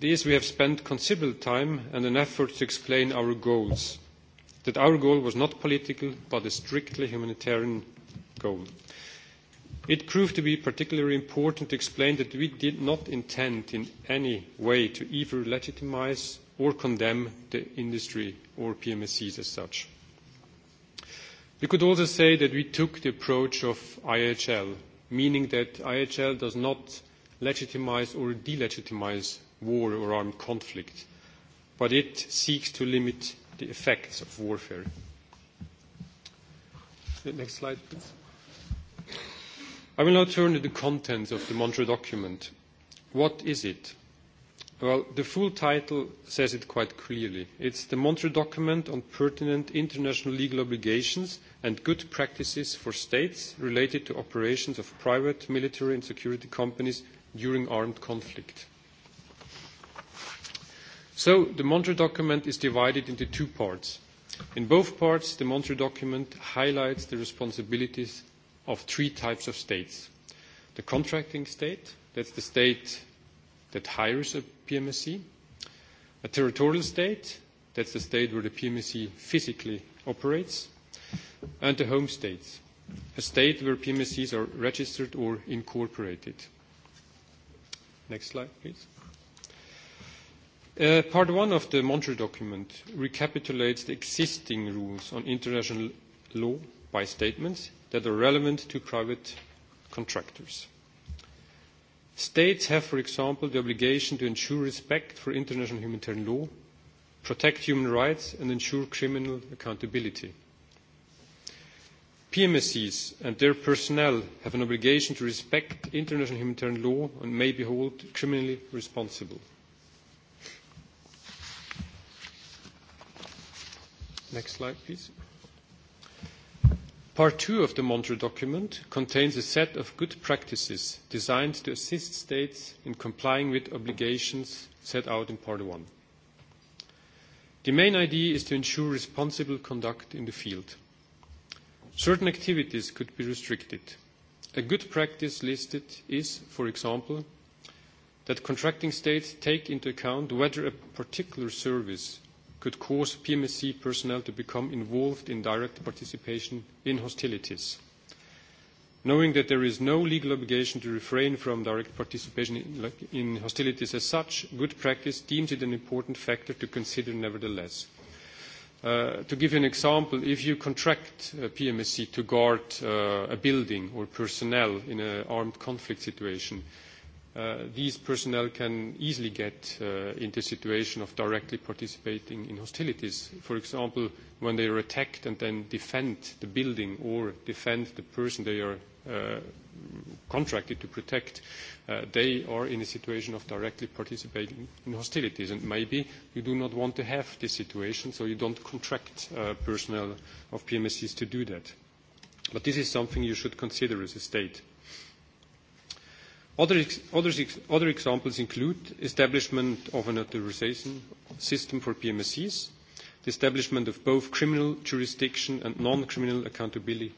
this, we have spent considerable time and an effort to explain our goals that our goal was not political but a strictly humanitarian goal. It proved to be particularly important to explain that we did not intend in any way to either legitimise or condemn the industry or PMSCs as such. We could also say that we took the approach of IHL, meaning that IHL does not legitimise or delegitimise war or armed conflict, but it seeks to limit the effects of warfare. Next slide, please. I will now turn to the contents of the Montreux document. What is it? Well, the full title says it quite clearly. It's the Montreux document on pertinent international legal obligations and good practices for states related to operations of private military and security companies during armed conflict. So the Montreux document is divided into two parts. In both parts, the Montreux document highlights the responsibilities of three types of states. The contracting state, that's the state that hires a PMSC. A territorial state, that's the state where the PMSC physically operates. And the home states, a state where PMSCs are registered or incorporated. Next slide, please. Part one of the Montreal document recapitulates the existing rules on international law by statements that are relevant to private contractors. States have, for example, the obligation to ensure respect for international humanitarian law, protect human rights, and ensure criminal accountability. PMSEs and their personnel have an obligation to respect international humanitarian law and may be held criminally responsible. Next slide, please. Part two of the Montreux document contains a set of good practices designed to assist states in complying with obligations set out in Part one. The main idea is to ensure responsible conduct in the field. Certain activities could be restricted. A good practice listed is, for example, that contracting states take into account whether a particular service could cause PMSC personnel to become involved in direct participation in hostilities. Knowing that there is no legal obligation to refrain from direct participation in hostilities as such, good practice deems it an important factor to consider nevertheless. To give you an example, if you contract a PMSC to guard a building or personnel in an armed conflict situation, these personnel can easily get into a situation of directly participating in hostilities. For example, when they are attacked and then defend the building or defend the person they are contracted to protect, they are in a situation of directly participating in hostilities. And maybe you do not want to have this situation, so you don't contract personnel of PMSCs to do that. But this is something you should consider as a state. Other examples include establishment of an authorization system for PMSEs, the establishment of both criminal jurisdiction and non-criminal accountability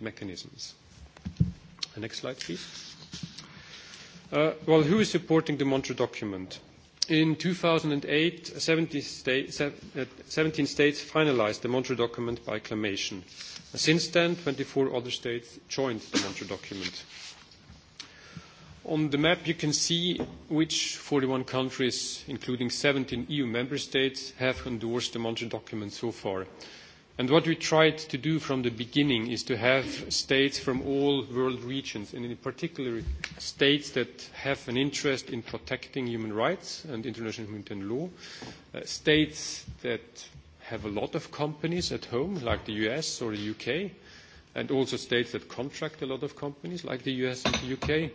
mechanisms. next slide, please. Well, who is supporting the Montreux document? In 2008, 17 states finalized the Montreux document by acclamation. Since then, 24 other states joined the Montreux document. On the map, you can see which 41 countries, including 17 EU member states, have endorsed the Montreal document so far. And what we tried to do from the beginning is to have states from all world regions, and in particular states that have an interest in protecting human rights and international humanitarian law, states that have a lot of companies at home, like the US or the UK, and also states that contract a lot of companies, like the US and the UK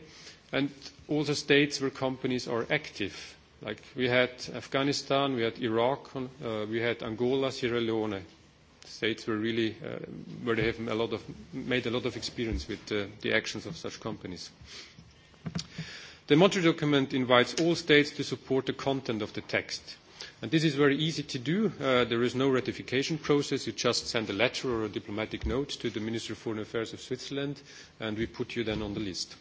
and also states where companies are active. Like we had Afghanistan, we had Iraq, we had Angola, Sierra Leone. States were really where they have a lot of made a lot of experience with the actions of such companies. The Montreal document invites all states to support the content of the text. And this is very easy to do. There is no ratification process. You just send a letter or a diplomatic note to the Minister of Foreign Affairs of Switzerland, and we put you then on the list.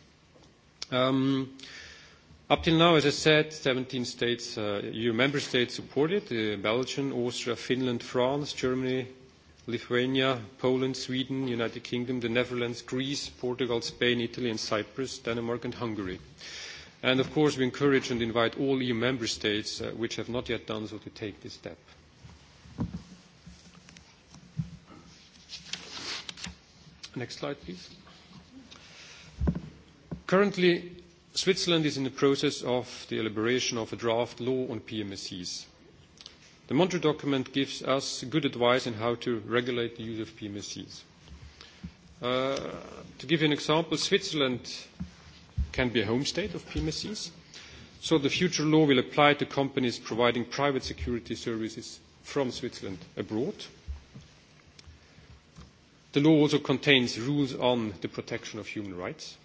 Up till now, as I said, 17 states, EU member states supported, Belgium, Austria, Finland, France, Germany, Lithuania, Poland, Sweden, United Kingdom, the Netherlands, Greece, Portugal, Spain, Italy and Cyprus, Denmark and Hungary. And of course we encourage and invite all EU member states which have not yet done so to take this step. Next slide please. Currently, Switzerland is in the process of the elaboration of a draft law on PMSEs. The Montreux document gives us good advice on how to regulate the use of PMSEs. To give you an example, Switzerland can be a home state of PMSEs, so the future law will apply to companies providing private security services from Switzerland abroad. The law also contains rules on the protection of human rights.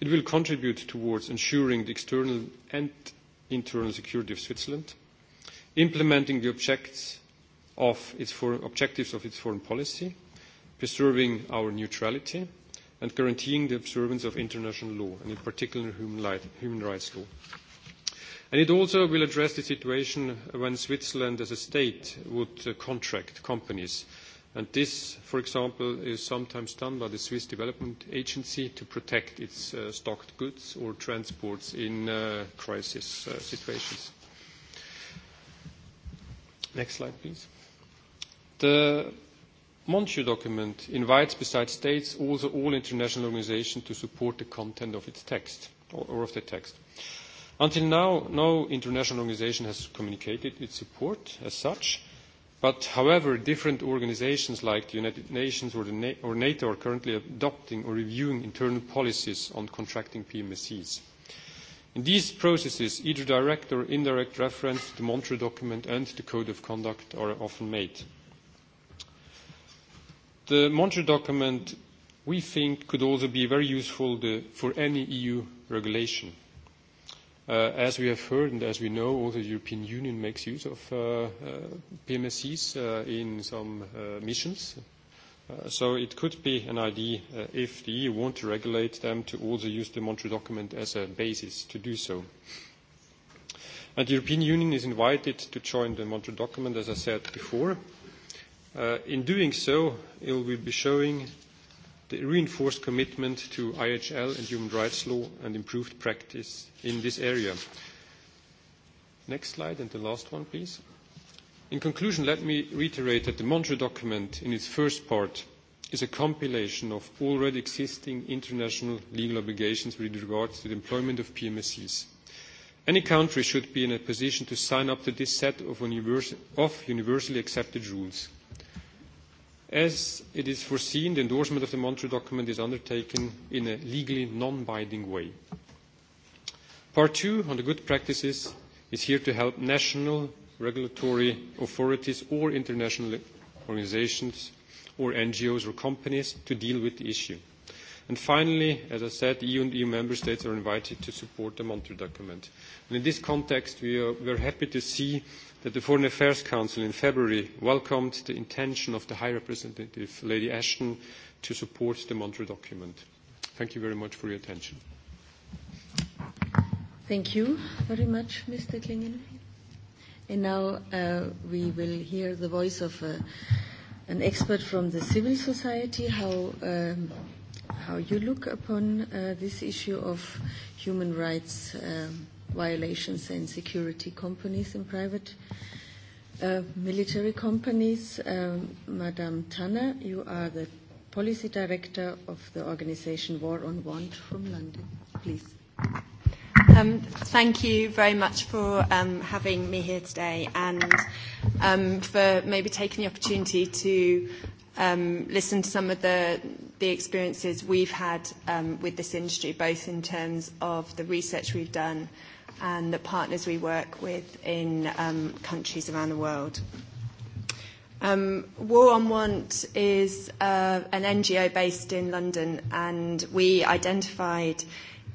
It will contribute towards ensuring the external and internal security of Switzerland, implementing the objectives of its foreign policy, preserving our neutrality, and guaranteeing the observance of international law, and in particular human rights law. And it also will address the situation when Switzerland as a state would contract companies And this, for example, is sometimes done by the Swiss Development Agency to protect its stocked goods or transports in crisis situations. Next slide, please. The Montreux document invites, besides states, also all international organizations to support the content of its text or of the text. Until now, no international organization has communicated its support as such But however, different organisations like the United Nations or NATO are currently adopting or reviewing internal policies on contracting PMSEs. In these processes, either direct or indirect reference to the Montreux document and the Code of Conduct are often made. The Montreux document, we think, could also be very useful for any EU regulation. As we have heard and as we know, also the European Union makes use of PMSCs in some missions. So it could be an idea if the EU want to regulate them to also use the Montreal document as a basis to do so. And the European Union is invited to join the Montreal document, as I said before. In doing so, it will be showing the reinforced commitment to IHL and human rights law and improved practice in this area. Next slide, and the last one, please. In conclusion, let me reiterate that the Montreux document, in its first part, is a compilation of already existing international legal obligations with regard to the employment of PMSEs. Any country should be in a position to sign up to this set of universally accepted rules. As it is foreseen, the endorsement of the Montreux document is undertaken in a legally non-binding way. Part two on the good practices is here to help national regulatory authorities or international organizations or NGOs or companies to deal with the issue. And finally, as I said, EU and EU member states are invited to support the Montreux document. And In this context, we are happy to see that the Foreign Affairs Council in February welcomed the intention of the High Representative, Lady Ashton, to support the Montreux document. Thank you very much for your attention. Thank you very much, Mr. Klingen. And now we will hear the voice of an expert from the civil society, how how you look upon this issue of human rights violations in security companies and private military companies. Madame Tanner, you are the Policy Director of the organization War on Want from London. Please. Thank you very much for having me here today and for maybe taking the opportunity to listen to some of the the experiences we've had with this industry, both in terms of the research we've done and the partners we work with in countries around the world. War on Want is an NGO based in London and we identified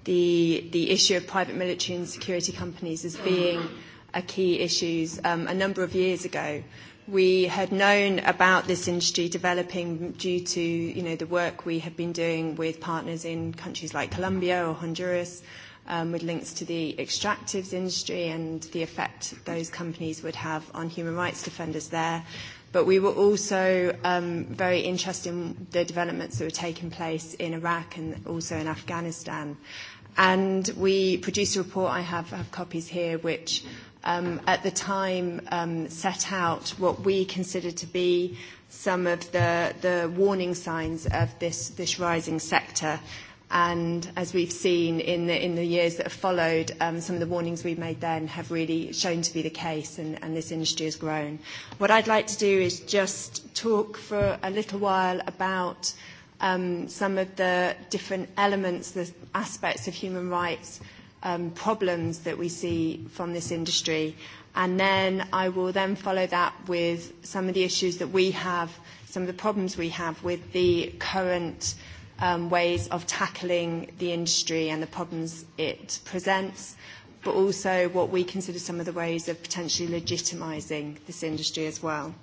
the the issue of private military and security companies as being a key issue a number of years ago. We had known about this industry developing due to you know the work we had been doing with partners in countries like Colombia or Honduras with links to the extractives industry and the effect those companies would have on human rights defenders there. But we were also very interested in the developments that were taking place in Iraq and also in Afghanistan. And we produced a report, I have copies here, which at the time set out what we considered to be some of the warning signs of this rising sector And as we've seen in the years that have followed, some of the warnings we've made then have really shown to be the case, and this industry has grown. What I'd like to do is just talk for a little while about some of the different elements, the aspects of human rights problems that we see from this industry. And then I will then follow that with some of the issues that we have, some of the problems we have with the current ways of tackling the industry and the problems it presents, but also what we consider some of the ways of potentially legitimising this industry as well.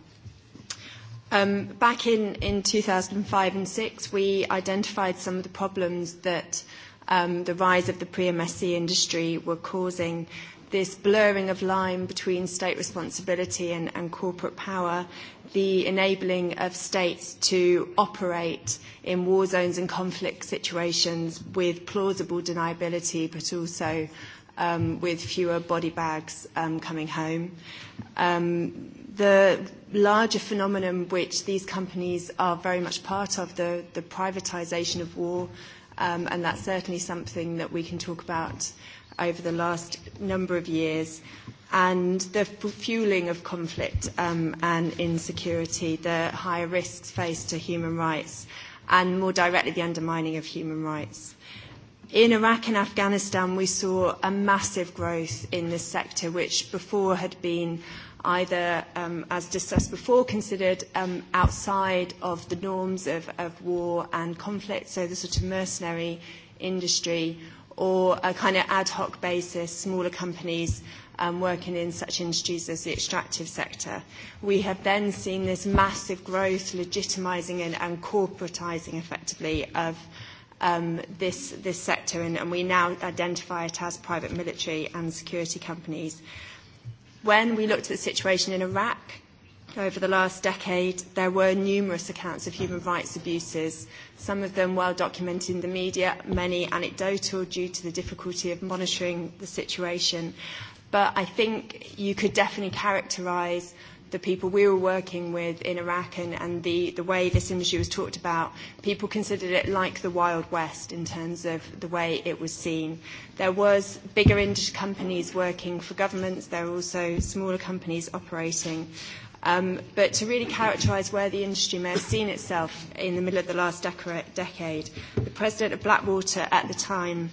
Back in 2005 and 6, we identified some of the problems that the rise of the pre-MSC industry were causing, this blurring of line between state responsibility and corporate power, the enabling of states to operate in war zones and conflict situations with plausible deniability, but also with fewer body bags coming home. The larger phenomenon which these companies are very much part of, the privatisation of war, and that's certainly something that we can talk about over the last number of years and the fueling of conflict and insecurity, the higher risks faced to human rights and more directly the undermining of human rights. In Iraq and Afghanistan we saw a massive growth in this sector which before had been either, as discussed before, considered outside of the norms of war and conflict, so the sort of mercenary industry or a kind of ad hoc basis, smaller companies working in such industries as the extractive sector. We have then seen this massive growth, legitimising and corporatising effectively of this this sector, and we now identify it as private military and security companies. When we looked at the situation in Iraq, Over the last decade, there were numerous accounts of human rights abuses, some of them well documented in the media, many anecdotal due to the difficulty of monitoring the situation. But I think you could definitely characterise the people we were working with in Iraq and, the, the way this industry was talked about, people considered it like the Wild West in terms of the way it was seen. There was bigger industry companies working for governments. There were also smaller companies operating but to really characterise where the industry may have seen itself in the middle of the last decade. The president of Blackwater at the time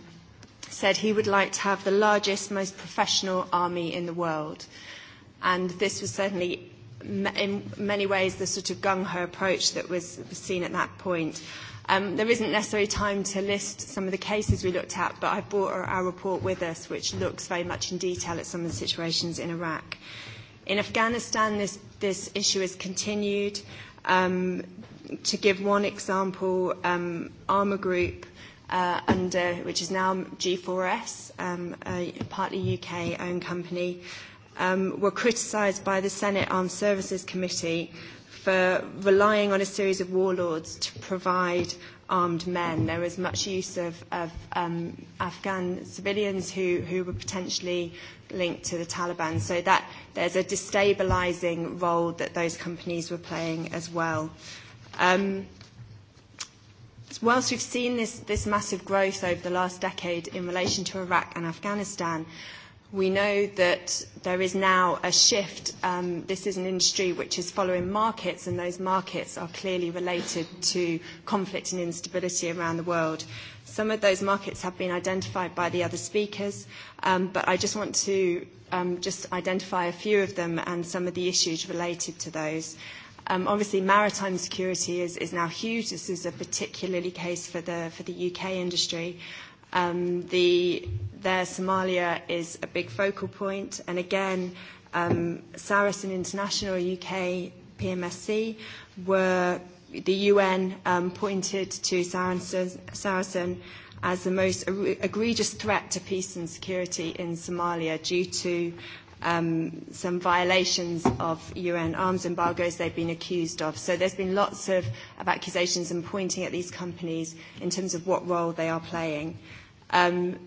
said he would like to have the largest, most professional army in the world. And this was certainly in many ways the sort of gung-ho approach that was seen at that point. There isn't necessarily time to list some of the cases we looked at, but I brought our report with us, which looks very much in detail at some of the situations in Iraq. In Afghanistan, this this issue has continued. To give one example, Armour Group, under which is now G4S, a partly UK-owned company, were criticised by the Senate Armed Services Committee for relying on a series of warlords to provide armed men. There was much use of Afghan civilians who were potentially linked to the Taliban, so that there's a destabilising role that those companies were playing as well. Whilst we've seen this this massive growth over the last decade in relation to Iraq and Afghanistan, we know that there is now a shift. This is an industry which is following markets, and those markets are clearly related to conflict and instability around the world. Some of those markets have been identified by the other speakers, but I just want to just identify a few of them and some of the issues related to those. Obviously, maritime security is now huge. This is a particularly case for the for the UK industry. There, Somalia is a big focal point, and again, Saracen International UK PMSC were the UN um, pointed to Saracen as the most egregious threat to peace and security in Somalia due to um, some violations of UN arms embargoes they've been accused of. So there's been lots of, accusations and pointing at these companies in terms of what role they are playing. Um,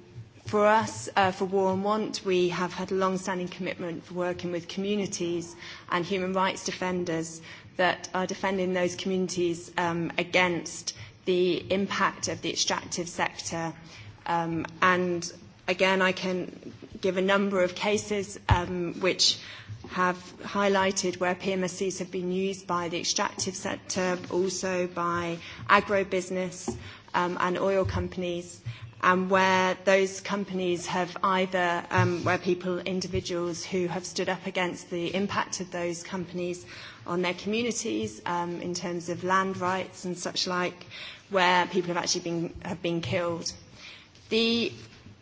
For us, for War and Want, we have had a long-standing commitment for working with communities and human rights defenders that are defending those communities against the impact of the extractive sector. And again, I can give a number of cases which have highlighted where PMSCs have been used by the extractive sector, also by agribusiness business and oil companies, and where those companies have either, where people, individuals who have stood up against the impact of those companies on their communities in terms of land rights and such like, where people have actually been have been killed. The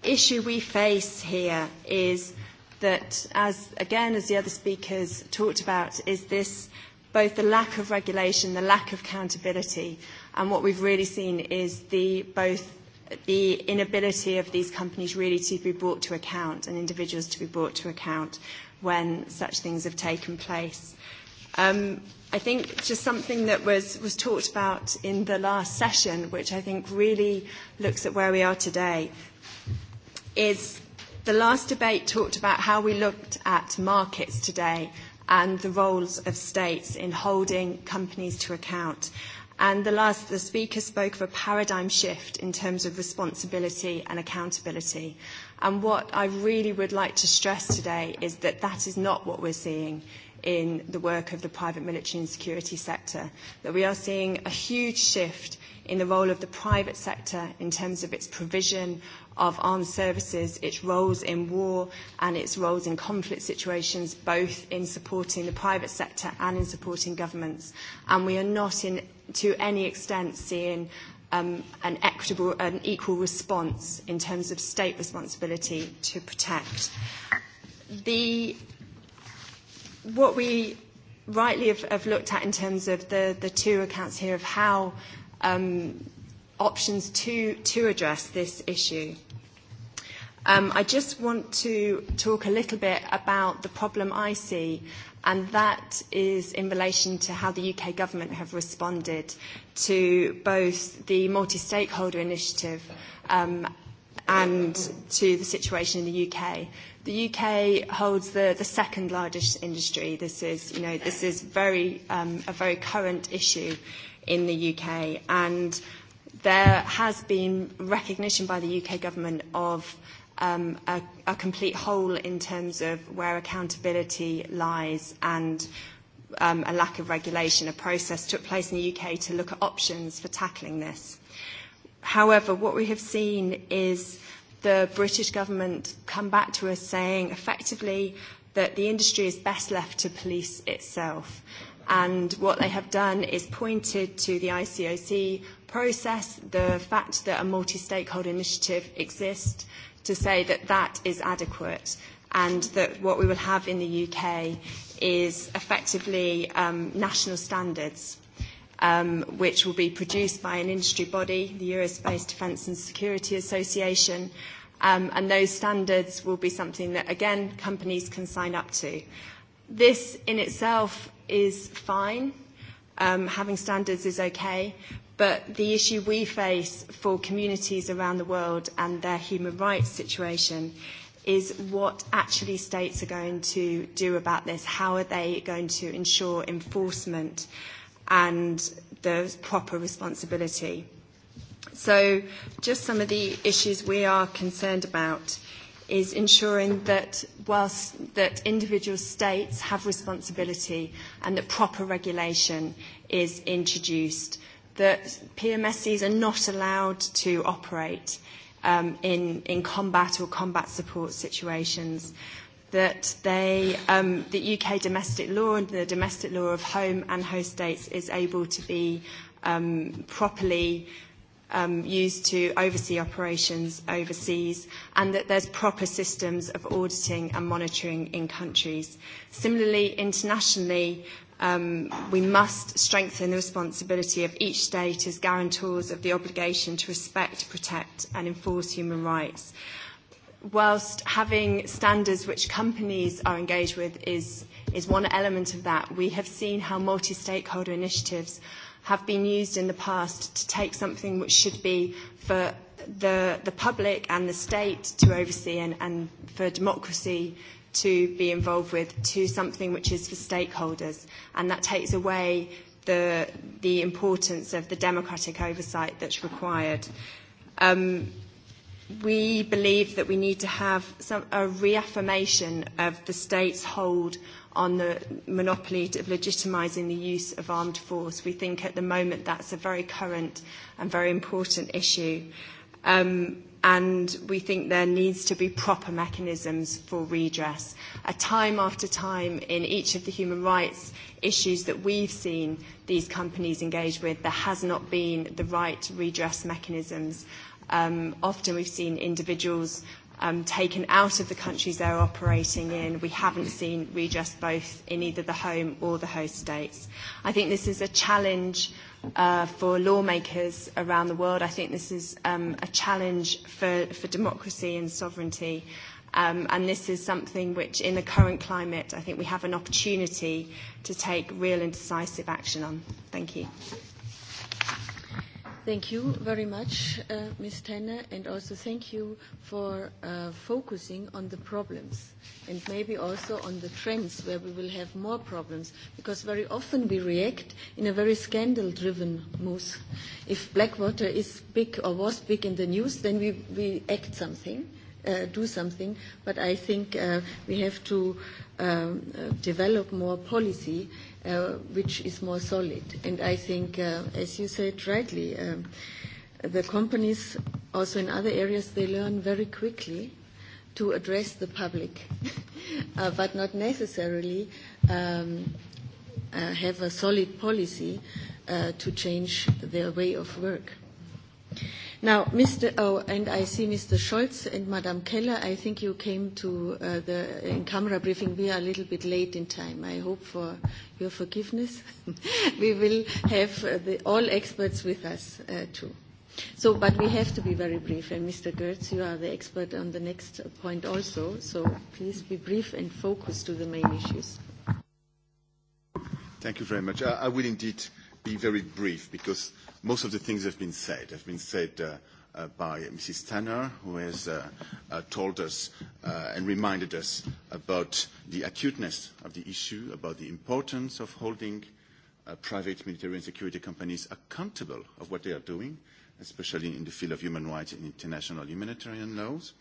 issue we face here is that, as again as the other speakers talked about, is this both the lack of regulation, the lack of accountability, and what we've really seen is the both the inability of these companies really to be brought to account and individuals to be brought to account when such things have taken place. I think just something that was was talked about in the last session, which I think really looks at where we are today, is the last debate talked about how we looked at markets today and the roles of states in holding companies to account. And the last, the speaker spoke of a paradigm shift in terms of responsibility and accountability. And what I really would like to stress today is that that is not what we're seeing in the work of the private military and security sector, that we are seeing a huge shift in the role of the private sector in terms of its provision of armed services, its roles in war and its roles in conflict situations, both in supporting the private sector and in supporting governments. And we are not to any extent seeing an equitable an equal response in terms of state responsibility to protect. The what we rightly have looked at in terms of the the two accounts here of how options to to address this issue. I just want to talk a little bit about the problem I see, and that is in relation to how the UK government have responded to both the multi-stakeholder initiative and to the situation in the UK. The UK holds the the second largest industry. This is you know this is very a very current issue in the UK and there has been recognition by the UK government of a complete hole in terms of where accountability lies and a lack of regulation. A process took place in the UK to look at options for tackling this. However, what we have seen is the British government come back to us saying effectively that the industry is best left to police itself. And what they have done is pointed to the ICOC process, the fact that a multi-stakeholder initiative exists, to say that that is adequate and that what we will have in the UK is effectively national standards which will be produced by an industry body, the Eurospace Defence and Security Association, and those standards will be something that, again, companies can sign up to. This in itself is fine. Having standards is okay, but the issue we face for communities around the world and their human rights situation is what actually states are going to do about this. How are they going to ensure enforcement? and the proper responsibility. So just some of the issues we are concerned about is ensuring that whilst that individual states have responsibility and that proper regulation is introduced, that PMSCs are not allowed to operate in combat or combat support situations that they, the UK domestic law and the domestic law of home and host states is able to be properly used to oversee operations overseas and that there's proper systems of auditing and monitoring in countries. Similarly, internationally, we must strengthen the responsibility of each state as guarantors of the obligation to respect, protect and enforce human rights whilst having standards which companies are engaged with is is one element of that, we have seen how multi-stakeholder initiatives have been used in the past to take something which should be for the the public and the state to oversee and for democracy to be involved with to something which is for stakeholders and that takes away the the importance of the democratic oversight that's required um we believe that we need to have some, a reaffirmation of the state's hold on the monopoly of legitimising the use of armed force. We think at the moment that's a very current and very important issue. Um, and we think there needs to be proper mechanisms for redress. A time after time in each of the human rights issues that we've seen these companies engage with, there has not been the right redress mechanisms Often we've seen individuals taken out of the countries they're operating in. We haven't seen redress both in either the home or the host states. I think this is a challenge for lawmakers around the world. I think this is a challenge for democracy and sovereignty. And this is something which, in the current climate, I think we have an opportunity to take real and decisive action on. Thank you. Thank you very much, Ms. Tanner, and also thank you for focusing on the problems and maybe also on the trends where we will have more problems, because very often we react in a very scandal-driven mood. If Blackwater is big or was big in the news, then we we act something, do something. But I think we have to develop more policy which is more solid. And I think, as you said rightly, the companies also in other areas, they learn very quickly to address the public, but not necessarily have a solid policy to change their way of work. Now, Mr. Oh, and I see Mr. Scholz and Madam Keller. I think you came to the in-camera briefing. We are a little bit late in time. I hope for your forgiveness. We will have all experts with us too. So, but we have to be very brief. And Mr. Gertz, you are the expert on the next point also. So please be brief and focus to the main issues. Thank you very much. I will indeed be very brief because Most of the things have been said. Have been said by Mrs. Tanner, who has told us and reminded us about the acuteness of the issue, about the importance of holding private military and security companies accountable of what they are doing, especially in the field of human rights and international humanitarian laws.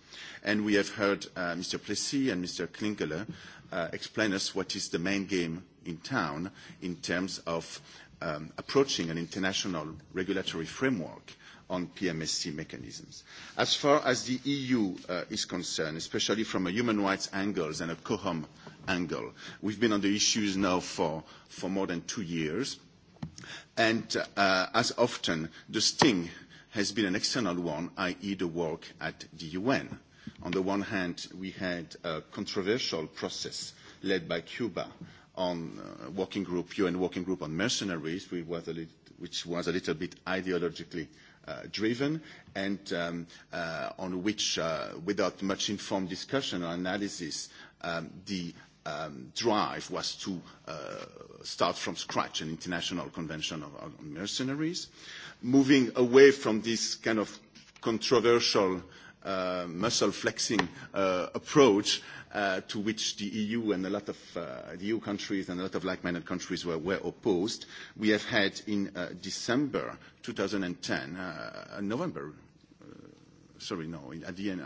And we have heard Mr. Plessis and Mr. uh explain us what is the main game in town in terms of approaching an international regulatory framework on PMSC mechanisms. As far as the EU is concerned, especially from a human rights angle and a COHOM angle, we've been on the issues now for more than two years, and as often, the sting has been an external one, i.e. the work at the UN. On the one hand, we had a controversial process led by Cuba on working group, UN working group on mercenaries, which was a little bit ideologically driven and on which, without much informed discussion or analysis, the drive was to start from scratch an international convention on mercenaries, moving away from this kind of controversial muscle flexing approach to which the EU and a lot of the EU countries and a lot of like-minded countries were opposed. We have had in December 2010, November, sorry, no, at the end,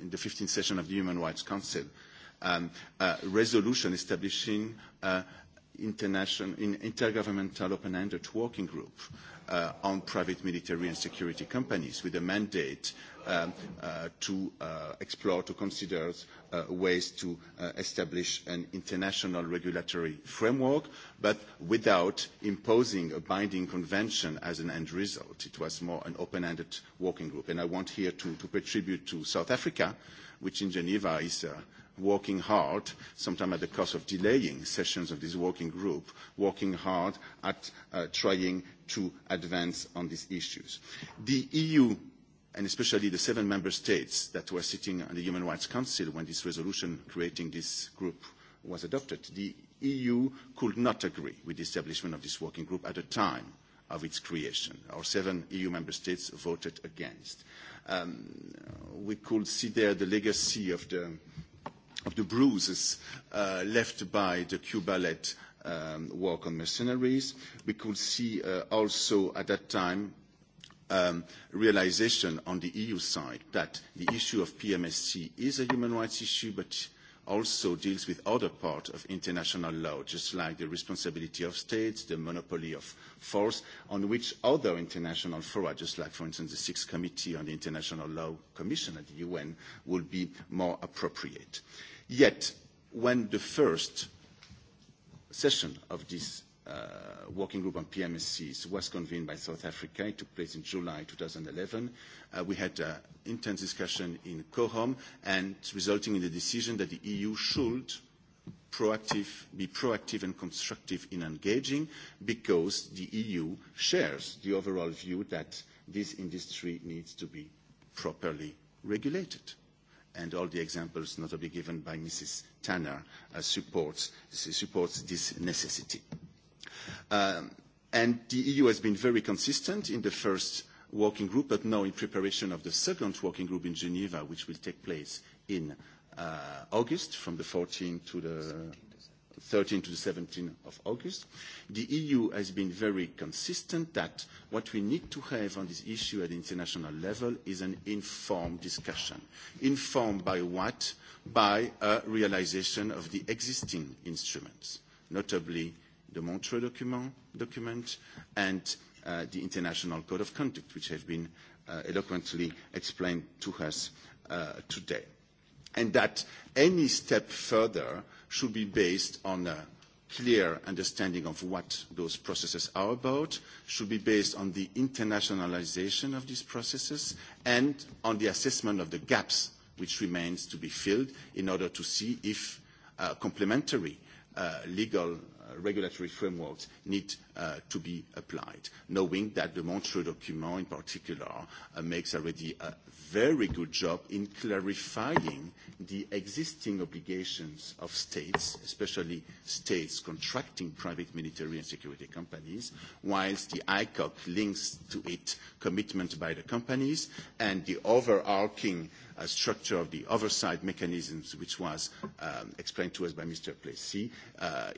in the 15th session of the Human Rights Council, a resolution establishing International intergovernmental open-ended working group on private military and security companies with a mandate to explore, to consider ways to establish an international regulatory framework, but without imposing a binding convention as an end result. It was more an open-ended working group. And I want here to pay tribute to South Africa, which in Geneva is working hard, sometimes at the cost of delaying sessions of this working group, working hard at trying to advance on these issues. The EU and especially the seven member states that were sitting on the Human Rights Council when this resolution creating this group was adopted, the EU could not agree with the establishment of this working group at the time of its creation. Our seven EU member states voted against. We could see there the legacy of the of the bruises left by the Cuba-led work on mercenaries. We could see also at that time realization on the EU side that the issue of PMSC is a human rights issue, but also deals with other parts of international law, just like the responsibility of states, the monopoly of force, on which other international fora, just like, for instance, the Sixth Committee on the International Law Commission at the UN, would be more appropriate. Yet, when the first session of this working group on PMSCs was convened by South Africa, it took place in July 2011, we had an intense discussion in COHOM and resulting in the decision that the EU should be proactive and constructive in engaging because the EU shares the overall view that this industry needs to be properly regulated and all the examples notably given by Mrs. Tanner supports this necessity. And the EU has been very consistent in the first working group, but now in preparation of the second working group in Geneva, which will take place in August from the 14th to the 13 to the 17 of August. The EU has been very consistent that what we need to have on this issue at international level is an informed discussion. Informed by what? By a realization of the existing instruments, notably the Montreux document and the International Code of Conduct, which have been eloquently explained to us today. And that any step further should be based on a clear understanding of what those processes are about, should be based on the internationalization of these processes, and on the assessment of the gaps which remains to be filled in order to see if complementary legal regulatory frameworks need to be applied, knowing that the Montreux document in particular makes already a very good job in clarifying the existing obligations of states, especially states contracting private military and security companies, whilst the ICOC links to it commitment by the companies and the overarching structure of the oversight mechanisms, which was explained to us by Mr. Plessy,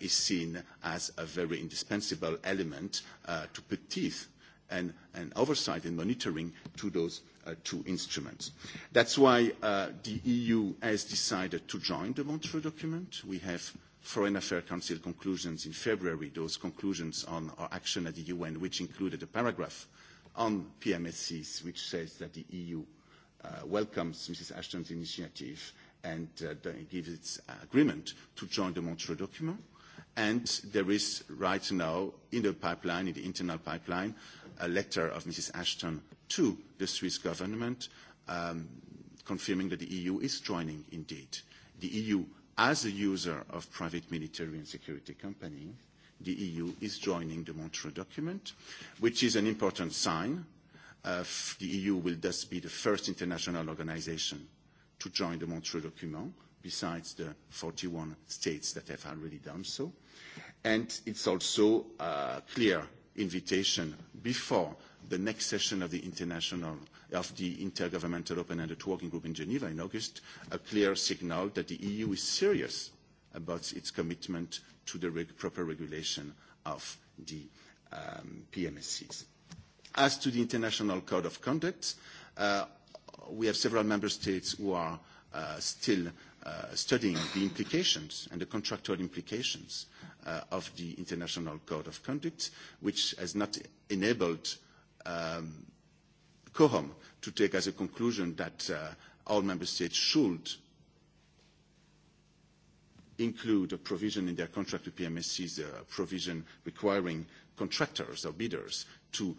is seen as a very indispensable element to put teeth and oversight and monitoring to those two instruments. That's why the EU has decided to join the Montreux document. We have Foreign Affairs Council conclusions in February, those conclusions on our action at the UN, which included a paragraph on PMSCs, which says that the EU welcomes Mrs. Ashton's initiative and gives its agreement to join the Montreux document. And there is right now in the pipeline, in the internal pipeline, a letter of Mrs. Ashton to the Swiss government confirming that the EU is joining indeed. The EU, as a user of private military and security companies, the EU is joining the Montreux document, which is an important sign the EU will thus be the first international organization to join the Montreux document, besides the 41 states that have already done so. And it's also a clear invitation before the next session of the international of the Intergovernmental Open-Ended Working Group in Geneva in August, a clear signal that the EU is serious about its commitment to the proper regulation of the PMSCs. As to the International Code of Conduct, we have several member states who are still studying the implications and the contractual implications of the International Code of Conduct, which has not enabled COHOM to take as a conclusion that all member states should include a provision in their contract with PMSCs, a provision requiring contractors or bidders to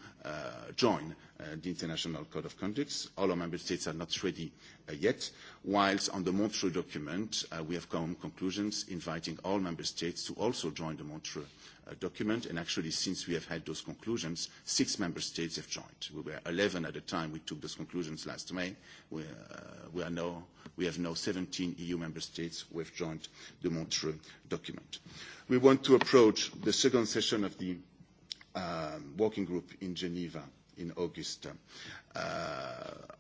join the International Code of Conduct. All our member states are not ready yet, whilst on the Montreux document, we have come conclusions inviting all member states to also join the Montreux document, and actually since we have had those conclusions, six member states have joined. We were 11 at the time we took those conclusions last May. We have now 17 EU member states who have joined the Montreux document. We want to approach the second session of the working group in Geneva in August.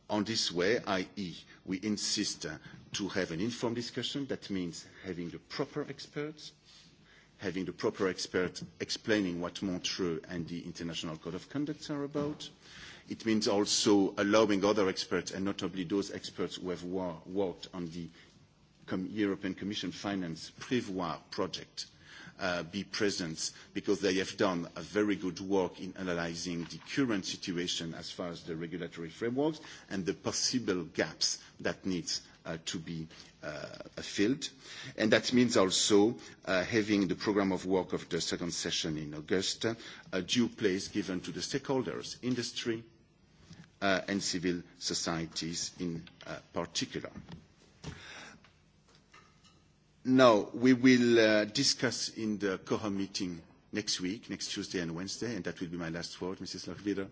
On this way, i.e., we insist to have an informed discussion. That means having the proper experts, having the proper experts explaining what Montreux and the International Code of Conduct are about. It means also allowing other experts, and notably those experts who have worked on the European Commission Finance Prévoir project, be present because they have done a very good work in analyzing the current situation as far as the regulatory frameworks and the possible gaps that needs to be filled. And that means also having the programme of work of the second session in August a due place given to the stakeholders, industry and civil societies in particular. No, we will discuss in the COHOM meeting next week, next Tuesday and Wednesday, and that will be my last word, Mrs.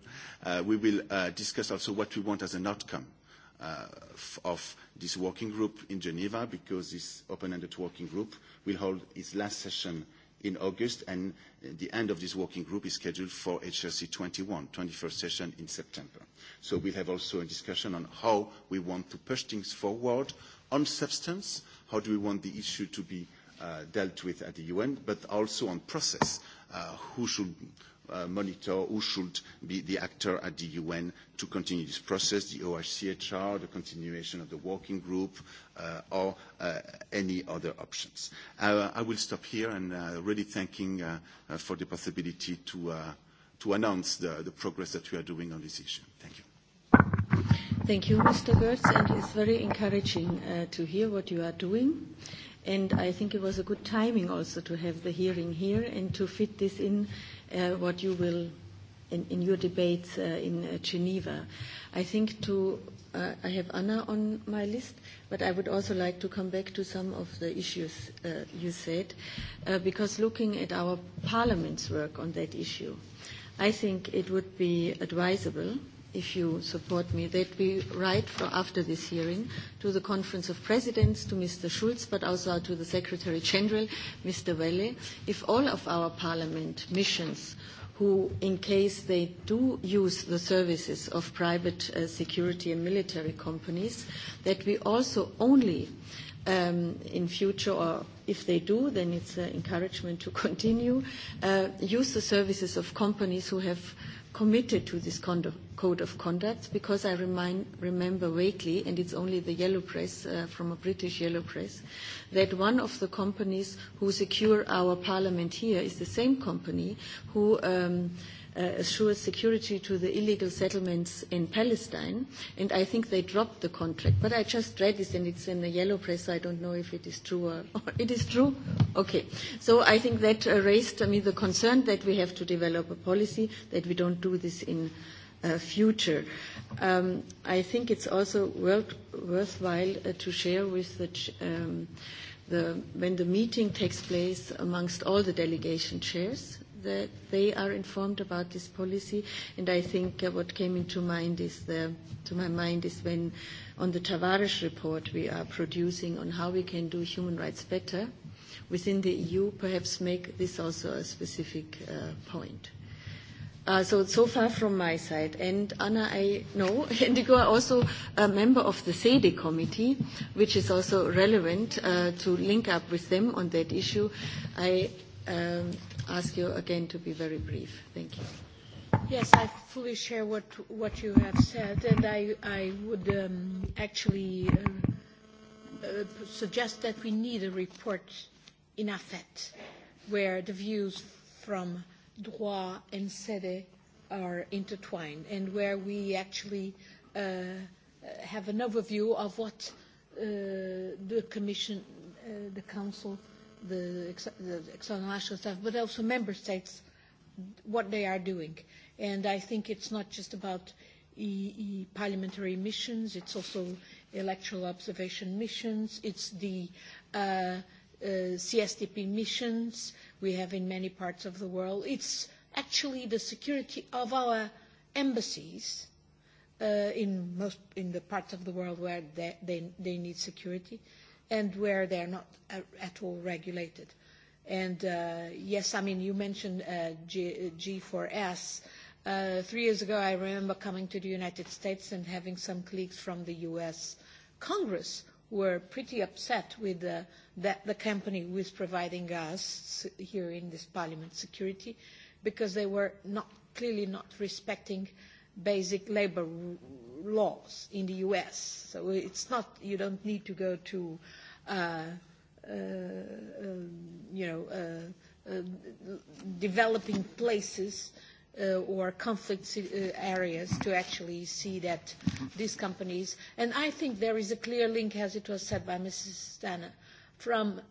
Uh We will discuss also what we want as an outcome of this working group in Geneva, because this open-ended working group will hold its last session in August, and the end of this working group is scheduled for HRC 21, 21st session in September. So we'll have also a discussion on how we want to push things forward on substance, how do we want the issue to be dealt with at the UN, but also on process, who should monitor, who should be the actor at the UN to continue this process, the OHCHR, the continuation of the working group, or any other options. I will stop here and really thanking for the possibility to announce the progress that we are doing on this issue. Thank you. Thank you, Mr. Gertz, and it's very encouraging to hear what you are doing. And I think it was a good timing also to have the hearing here and to fit this in what you will in your debates in Geneva. I think to I have Anna on my list, but I would also like to come back to some of the issues you said, because looking at our Parliament's work on that issue, I think it would be advisable if you support me, that we write for after this hearing to the Conference of Presidents, to Mr. Schulz, but also to the Secretary General, Mr. Welle, if all of our Parliament missions who, in case they do use the services of private security and military companies, that we also only in future, or if they do, then it's an encouragement to continue, use the services of companies who have committed to this conduct code of conduct because I remember vaguely, and it's only the yellow press from a British yellow press, that one of the companies who secure our parliament here is the same company who assures security to the illegal settlements in Palestine, and I think they dropped the contract. But I just read this, and it's in the yellow press. I don't know if it is true or it is true. Okay. So I think that raised, I mean, the concern that we have to develop a policy that we don't do this in future. I think it's also worthwhile to share with the when the meeting takes place amongst all the delegation chairs that they are informed about this policy and I think what came into mind is the to my mind is when on the Tavares report we are producing on how we can do human rights better within the EU perhaps make this also a specific point So, so far from my side. And Anna, I know, and you are also a member of the SEDE committee, which is also relevant to link up with them on that issue. I ask you again to be very brief. Thank you. Yes, I fully share what what you have said, and I I would actually suggest that we need a report in AFET where the views from droit and sede are intertwined and where we actually have an overview of what the Commission, the Council, the the external national staff, but also member states, what they are doing. And I think it's not just about parliamentary missions, it's also electoral observation missions, it's the CSDP missions, we have in many parts of the world. It's actually the security of our embassies in most in the parts of the world where they they need security and where they are not at all regulated. And yes, I mean you mentioned G4S. Three years ago, I remember coming to the United States and having some colleagues from the U.S. Congress were pretty upset with the company was providing us here in this parliament security because they were not clearly not respecting basic labor laws in the US. So it's not, you don't need to go to, you know, developing places or conflict areas to actually see that these companies. And I think there is a clear link, as it was said by Mrs. Stana, from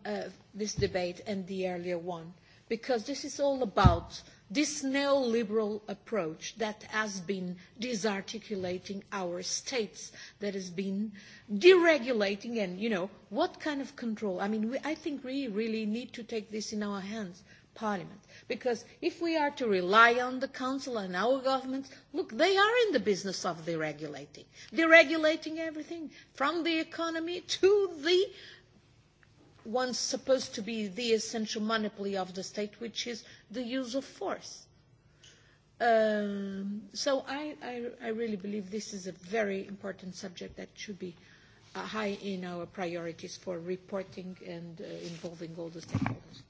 this debate and the earlier one, because this is all about this neoliberal approach that has been disarticulating our states, that has been deregulating and, you know, what kind of control? I mean, I think we really need to take this in our hands Parliament. Because if we are to rely on the Council and our governments, look, they are in the business of deregulating. Deregulating everything, from the economy to the one supposed to be the essential monopoly of the state, which is the use of force. So I really believe this is a very important subject that should be high in our priorities for reporting and involving all the stakeholders.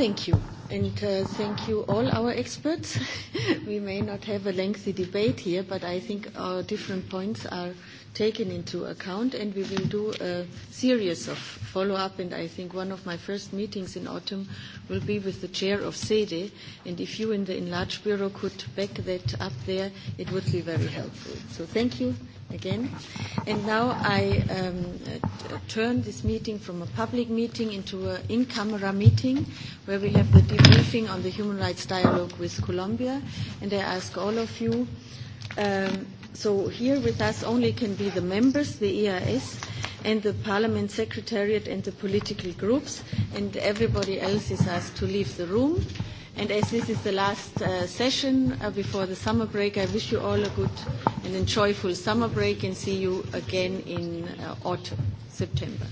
Thank you. And thank you all our experts. We may not have a lengthy debate here, but I think our different points are taken into account and we will do a series of follow-up and I think one of my first meetings in autumn will be with the chair of SEDE and if you in the enlarged bureau could back that up there it would be very helpful. So thank you again. And now I turn this meeting from a public meeting into an in-camera meeting where we have the debriefing on the human rights dialogue with Colombia and I ask all of you So here with us only can be the members, the EIS, and the Parliament Secretariat and the political groups, and everybody else is asked to leave the room. And as this is the last session before the summer break, I wish you all a good and enjoyable summer break and see you again in autumn, September.